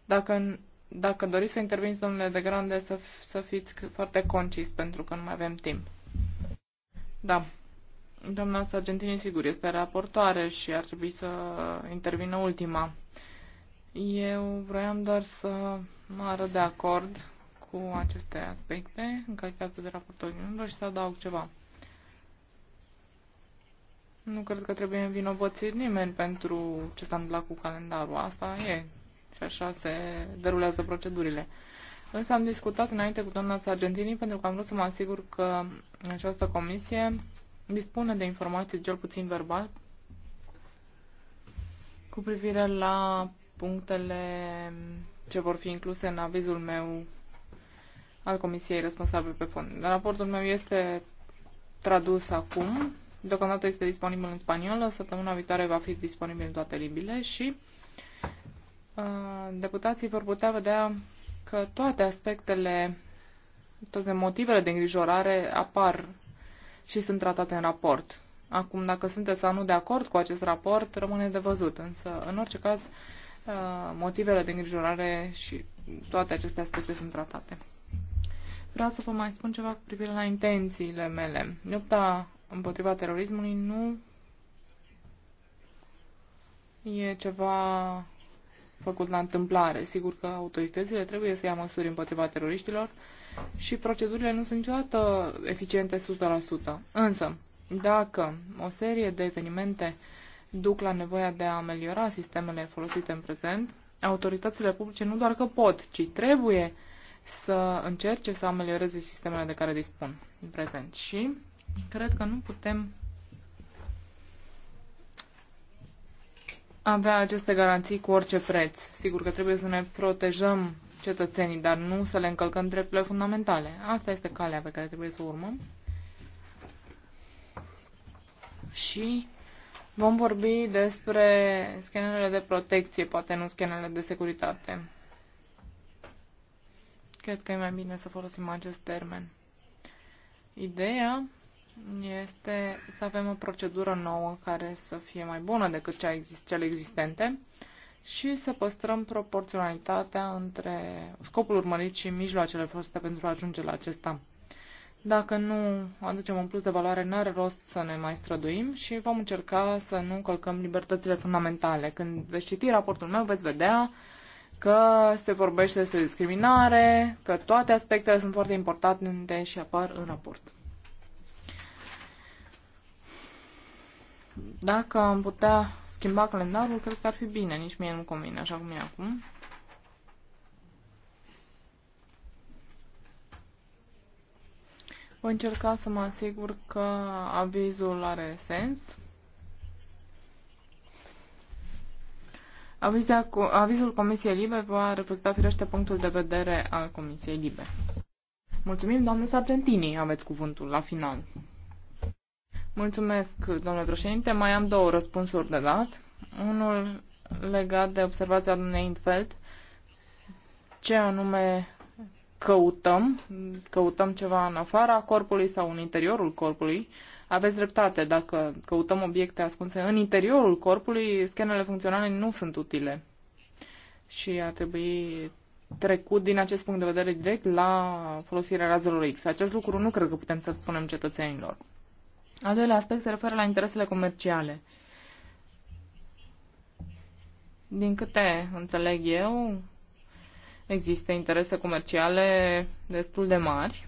Dacă, dacă doriți să interveniți, domnule de grande, să, să fiți foarte concis, pentru că nu mai avem timp. Da. Doamna Sargentini, sigur, este raportoare și ar trebui să intervină ultima. Eu vroiam doar să mă arăt de acord cu aceste aspecte în calitate de raportor din umbră și să adaug ceva. Nu cred că trebuie învinovățit nimeni pentru ce s-a întâmplat cu calendarul. Asta e. Și așa se derulează procedurile. Însă am discutat înainte cu doamna Sargentini pentru că am vrut să mă asigur că această comisie dispune de informații, cel puțin verbal, cu privire la punctele ce vor fi incluse în avizul meu al Comisiei responsabil pe fond. Raportul meu este tradus acum. Deocamdată este disponibil în spaniolă, săptămâna viitoare va fi disponibil în toate limbile și uh, deputații vor putea vedea că toate aspectele, toate motivele de îngrijorare apar și sunt tratate în raport. Acum, dacă sunteți sau nu de acord cu acest raport, rămâne de văzut. Însă, în orice caz, uh, motivele de îngrijorare și toate aceste aspecte sunt tratate. Vreau să vă mai spun ceva cu privire la intențiile mele. Lupta împotriva terorismului nu e ceva făcut la întâmplare. Sigur că autoritățile trebuie să ia măsuri împotriva teroriștilor și procedurile nu sunt niciodată eficiente 100%. Însă, dacă o serie de evenimente duc la nevoia de a ameliora sistemele folosite în prezent, autoritățile publice nu doar că pot, ci trebuie să încerce să amelioreze sistemele de care dispun în prezent. Și cred că nu putem avea aceste garanții cu orice preț. Sigur că trebuie să ne protejăm cetățenii, dar nu să le încălcăm drepturile fundamentale. Asta este calea pe care trebuie să o urmăm. Și vom vorbi despre scanerele de protecție, poate nu scanerele de securitate. Cred că e mai bine să folosim acest termen. Ideea este să avem o procedură nouă care să fie mai bună decât cea exist- cele existente și să păstrăm proporționalitatea între scopul urmărit și mijloacele folosite pentru a ajunge la acesta. Dacă nu aducem un plus de valoare, n-are rost să ne mai străduim și vom încerca să nu încălcăm libertățile fundamentale. Când veți citi raportul meu, veți vedea că se vorbește despre discriminare, că toate aspectele sunt foarte importante și apar în raport. Dacă am putea schimba calendarul, cred că ar fi bine. Nici mie nu convine așa cum e acum. Voi încerca să mă asigur că avizul are sens. avizul Comisiei Libe va reflecta firește punctul de vedere al Comisiei Libe. Mulțumim, doamne Sargentini, aveți cuvântul la final. Mulțumesc, domnule președinte. Mai am două răspunsuri de dat. Unul legat de observația lui Intfeld, ce anume căutăm, căutăm ceva în afara corpului sau în interiorul corpului, uh, aveți dreptate, dacă căutăm obiecte ascunse în interiorul corpului, scanele funcționale nu sunt utile și ar trebui trecut din acest punct de vedere direct la folosirea razelor X. Acest lucru nu cred că putem să spunem cetățenilor. Al doilea aspect se referă la interesele comerciale. Din câte înțeleg eu, există interese comerciale destul de mari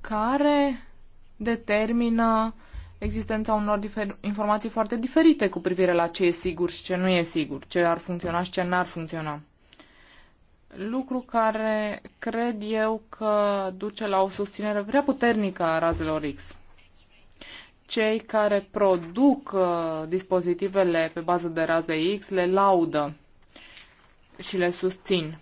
care determină existența unor informații foarte diferite cu privire la ce e sigur și ce nu e sigur, ce ar funcționa și ce n-ar funcționa. Lucru care cred eu că duce la o susținere prea puternică a razelor X. Cei care produc uh, dispozitivele pe bază de raze X le laudă și le susțin.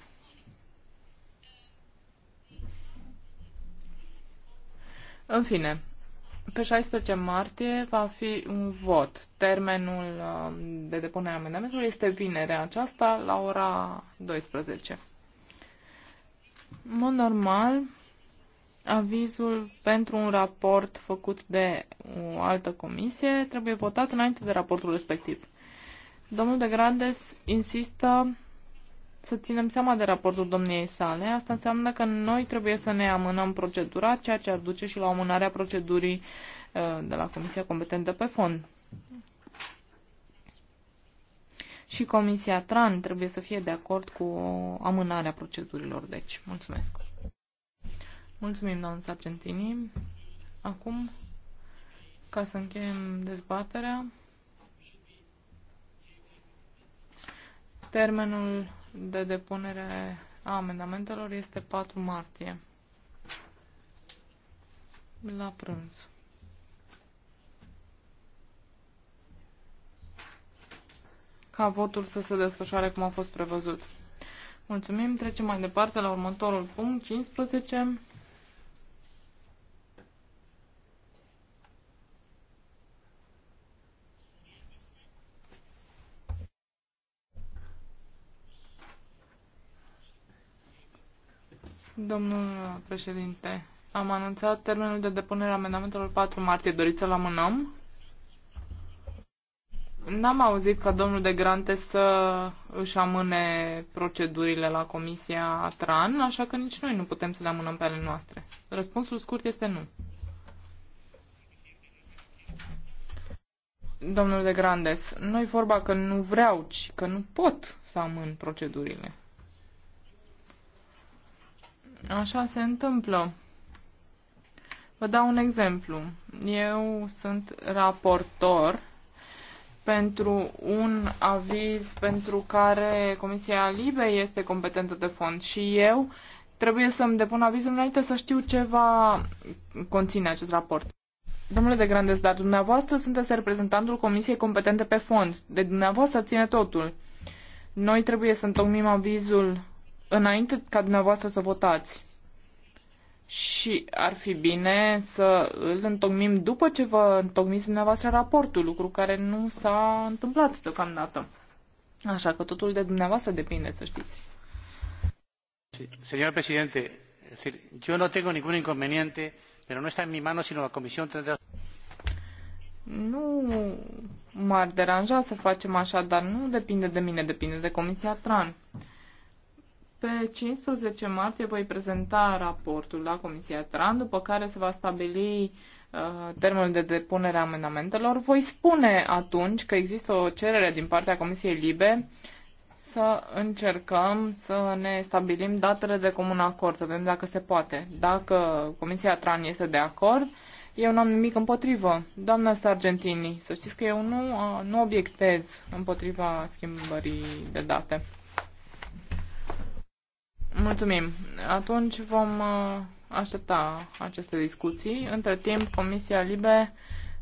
În fine, pe 16 martie va fi un vot. Termenul um, de depunere a amendamentului este vinerea aceasta la ora 12. În mod normal, avizul pentru un raport făcut de o altă comisie trebuie votat înainte de raportul respectiv. Domnul de Grandes insistă să ținem seama de raportul domniei sale. Asta înseamnă că noi trebuie să ne amânăm procedura, ceea ce ar duce și la amânarea procedurii uh, de la Comisia Competentă pe Fond. Și Comisia TRAN trebuie să fie de acord cu amânarea procedurilor. Deci, mulțumesc. Mulțumim, doamnă Sargentini. Acum, ca să încheiem dezbaterea, termenul de depunere a amendamentelor este 4 martie, la prânz. Ca votul să se desfășoare cum a fost prevăzut. Mulțumim, trecem mai departe la următorul punct, 15. Domnul președinte, am anunțat termenul de depunere a amendamentelor 4 martie. Doriți să-l amânăm? N-am auzit ca domnul de Grante să își amâne procedurile la Comisia TRAN, așa că nici noi nu putem să le amânăm pe ale noastre. Răspunsul scurt este nu. Domnul de Grandes, nu-i vorba că nu vreau, ci că nu pot să amân procedurile. Așa se întâmplă. Vă dau un exemplu. Eu sunt raportor pentru un aviz pentru care Comisia Libe este competentă de fond și eu trebuie să-mi depun avizul înainte să știu ce va conține acest raport. Domnule de Grandes, dar dumneavoastră sunteți reprezentantul Comisiei competente pe fond. De dumneavoastră ține totul. Noi trebuie să întocmim avizul înainte ca dumneavoastră să votați. Și ar fi bine să îl întocmim după ce vă întocmiți dumneavoastră raportul, lucru care nu s-a întâmplat deocamdată. Așa că totul de dumneavoastră depinde, să știți. Señor presidente, yo no tengo ningún inconveniente, pero no está en mi mano, sino la comisión tendrá... Nu m-ar deranja să facem așa, dar nu depinde de mine, depinde de Comisia Tran. Pe 15 martie voi prezenta raportul la Comisia TRAN, după care se va stabili uh, termenul de depunere a amendamentelor. Voi spune atunci că există o cerere din partea Comisiei Libe să încercăm să ne stabilim datele de comun acord, să vedem dacă se poate. Dacă Comisia Tran este de acord, eu n-am nimic împotrivă. Doamna Sargentini, să știți că eu nu, uh, nu obiectez împotriva schimbării de date. Mulțumim. Atunci vom uh, aștepta aceste discuții. Între timp, Comisia Libe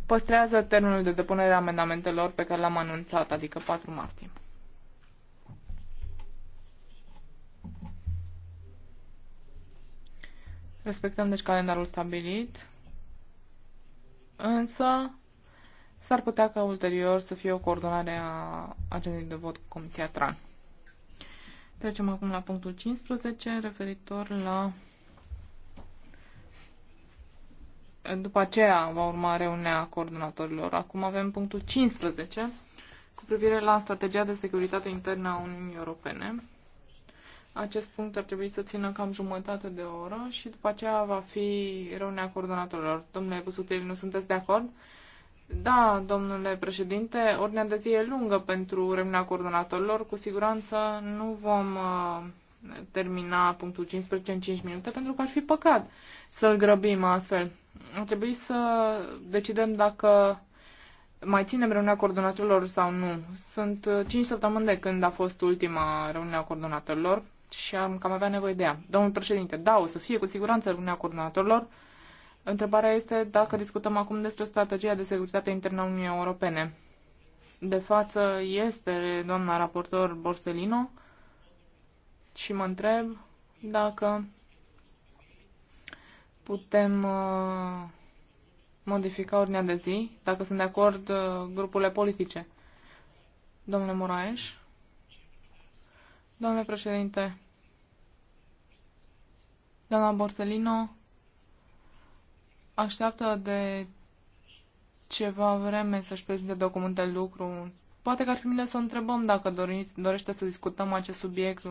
păstrează termenul de depunere a amendamentelor pe care l-am anunțat, adică 4 martie. Respectăm deci calendarul stabilit, însă s-ar putea ca ulterior să fie o coordonare a agendei de vot cu Comisia Tran. Trecem acum la punctul 15, referitor la... După aceea va urma reuniunea coordonatorilor. Acum avem punctul 15 cu privire la strategia de securitate internă a Uniunii Europene. Acest punct ar trebui să țină cam jumătate de oră și după aceea va fi reuniunea coordonatorilor. Domnule Busutil, nu sunteți de acord? Da, domnule președinte, ordinea de zi e lungă pentru reuniunea coordonatorilor. Cu siguranță nu vom uh, termina punctul 15 în 5 minute, pentru că ar fi păcat să-l grăbim astfel. Ar trebui să decidem dacă mai ținem reuniunea coordonatorilor sau nu. Sunt 5 uh, săptămâni de când a fost ultima reuniune coordonatorilor și am cam avea nevoie de ea. Domnul președinte, da, o să fie cu siguranță reuniunea coordonatorilor. Întrebarea este dacă discutăm acum despre strategia de securitate internă a Uniunii Europene. De față este doamna raportor Borsellino și mă întreb dacă putem uh, modifica ordinea de zi, dacă sunt de acord uh, grupurile politice. Domnule Moraes, domnule președinte, doamna Borsellino, așteaptă de ceva vreme să-și prezinte documente lucru. Poate că ar fi bine să o întrebăm dacă doriți, dorește să discutăm acest subiect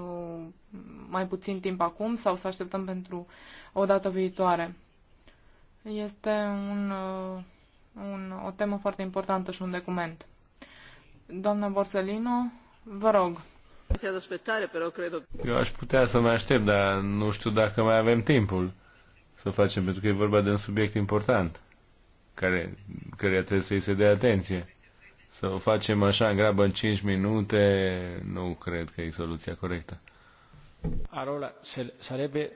mai puțin timp acum sau să așteptăm pentru o dată viitoare. Este un, uh, un, o temă foarte importantă și un document. Doamna Borsellino, vă rog. Eu aș putea să mă aștept, dar nu știu dacă mai avem timpul să o facem, pentru că e vorba de un subiect important, care, care trebuie să-i se dea atenție. Să o facem așa în grabă în 5 minute, nu cred că e soluția corectă. Arola, sarebbe...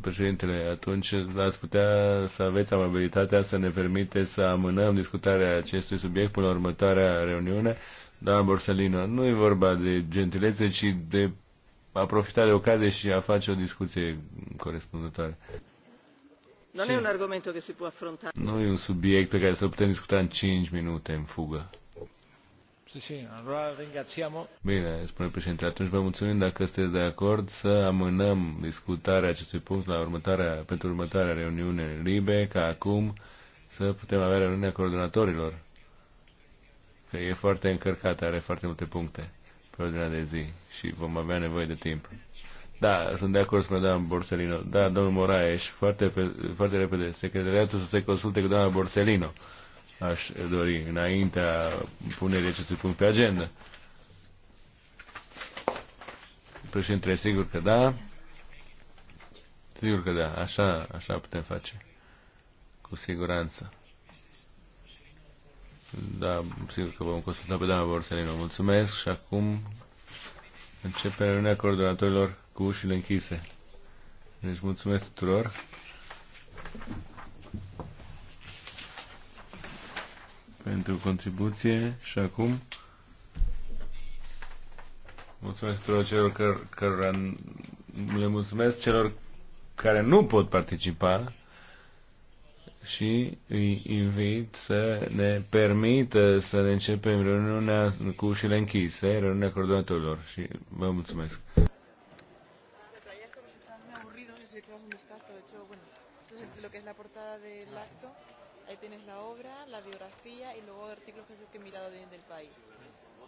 Președintele, atunci ați putea să aveți amabilitatea să ne permite să amânăm discutarea acestui subiect până la următoarea reuniune. Doamna Borsalino, nu e vorba de gentilețe, ci de a profita de ocazie și a face o discuție corespunzătoare. Nu sì. e un argomento che si può affrontare. un subiect pe care să-l putem discuta în 5 minute în fugă. Sì, sì, allora ringraziamo. Bine, spune președinte, atunci vă mulțumim dacă sunteți de acord să amânăm discutarea acestui punct la următoarea, pentru următoarea reuniune libe, ca acum să putem avea reuniunea coordonatorilor. Că e foarte încărcată, are foarte multe puncte pe ordinea de zi și vom avea nevoie de timp. Da, sunt de acord cu doamna Borsellino. Da, domnul Moraes, foarte, foarte repede, secretariatul să se consulte cu doamna Borsellino. Aș dori, înaintea punerii acestui punct pe agenda. Președinte, sigur că da. Sigur că da, așa, așa putem face. Cu siguranță. Da, sigur că vom consulta pe doamna Borsellino. Mulțumesc și acum începe reuniunea coordonatorilor cu ușile închise. Deci mulțumesc tuturor. pentru contribuție și acum mulțumesc tuturor celor care, care le mulțumesc celor care nu pot participa și îi invit să ne permită să ne începem reuniunea cu ușile închise, reuniunea coordonatorilor și vă mulțumesc. la portada del Gracias. Ah, acto, ahí tienes la obra, la biografía y luego artículos que he mirado de, del país. Sí,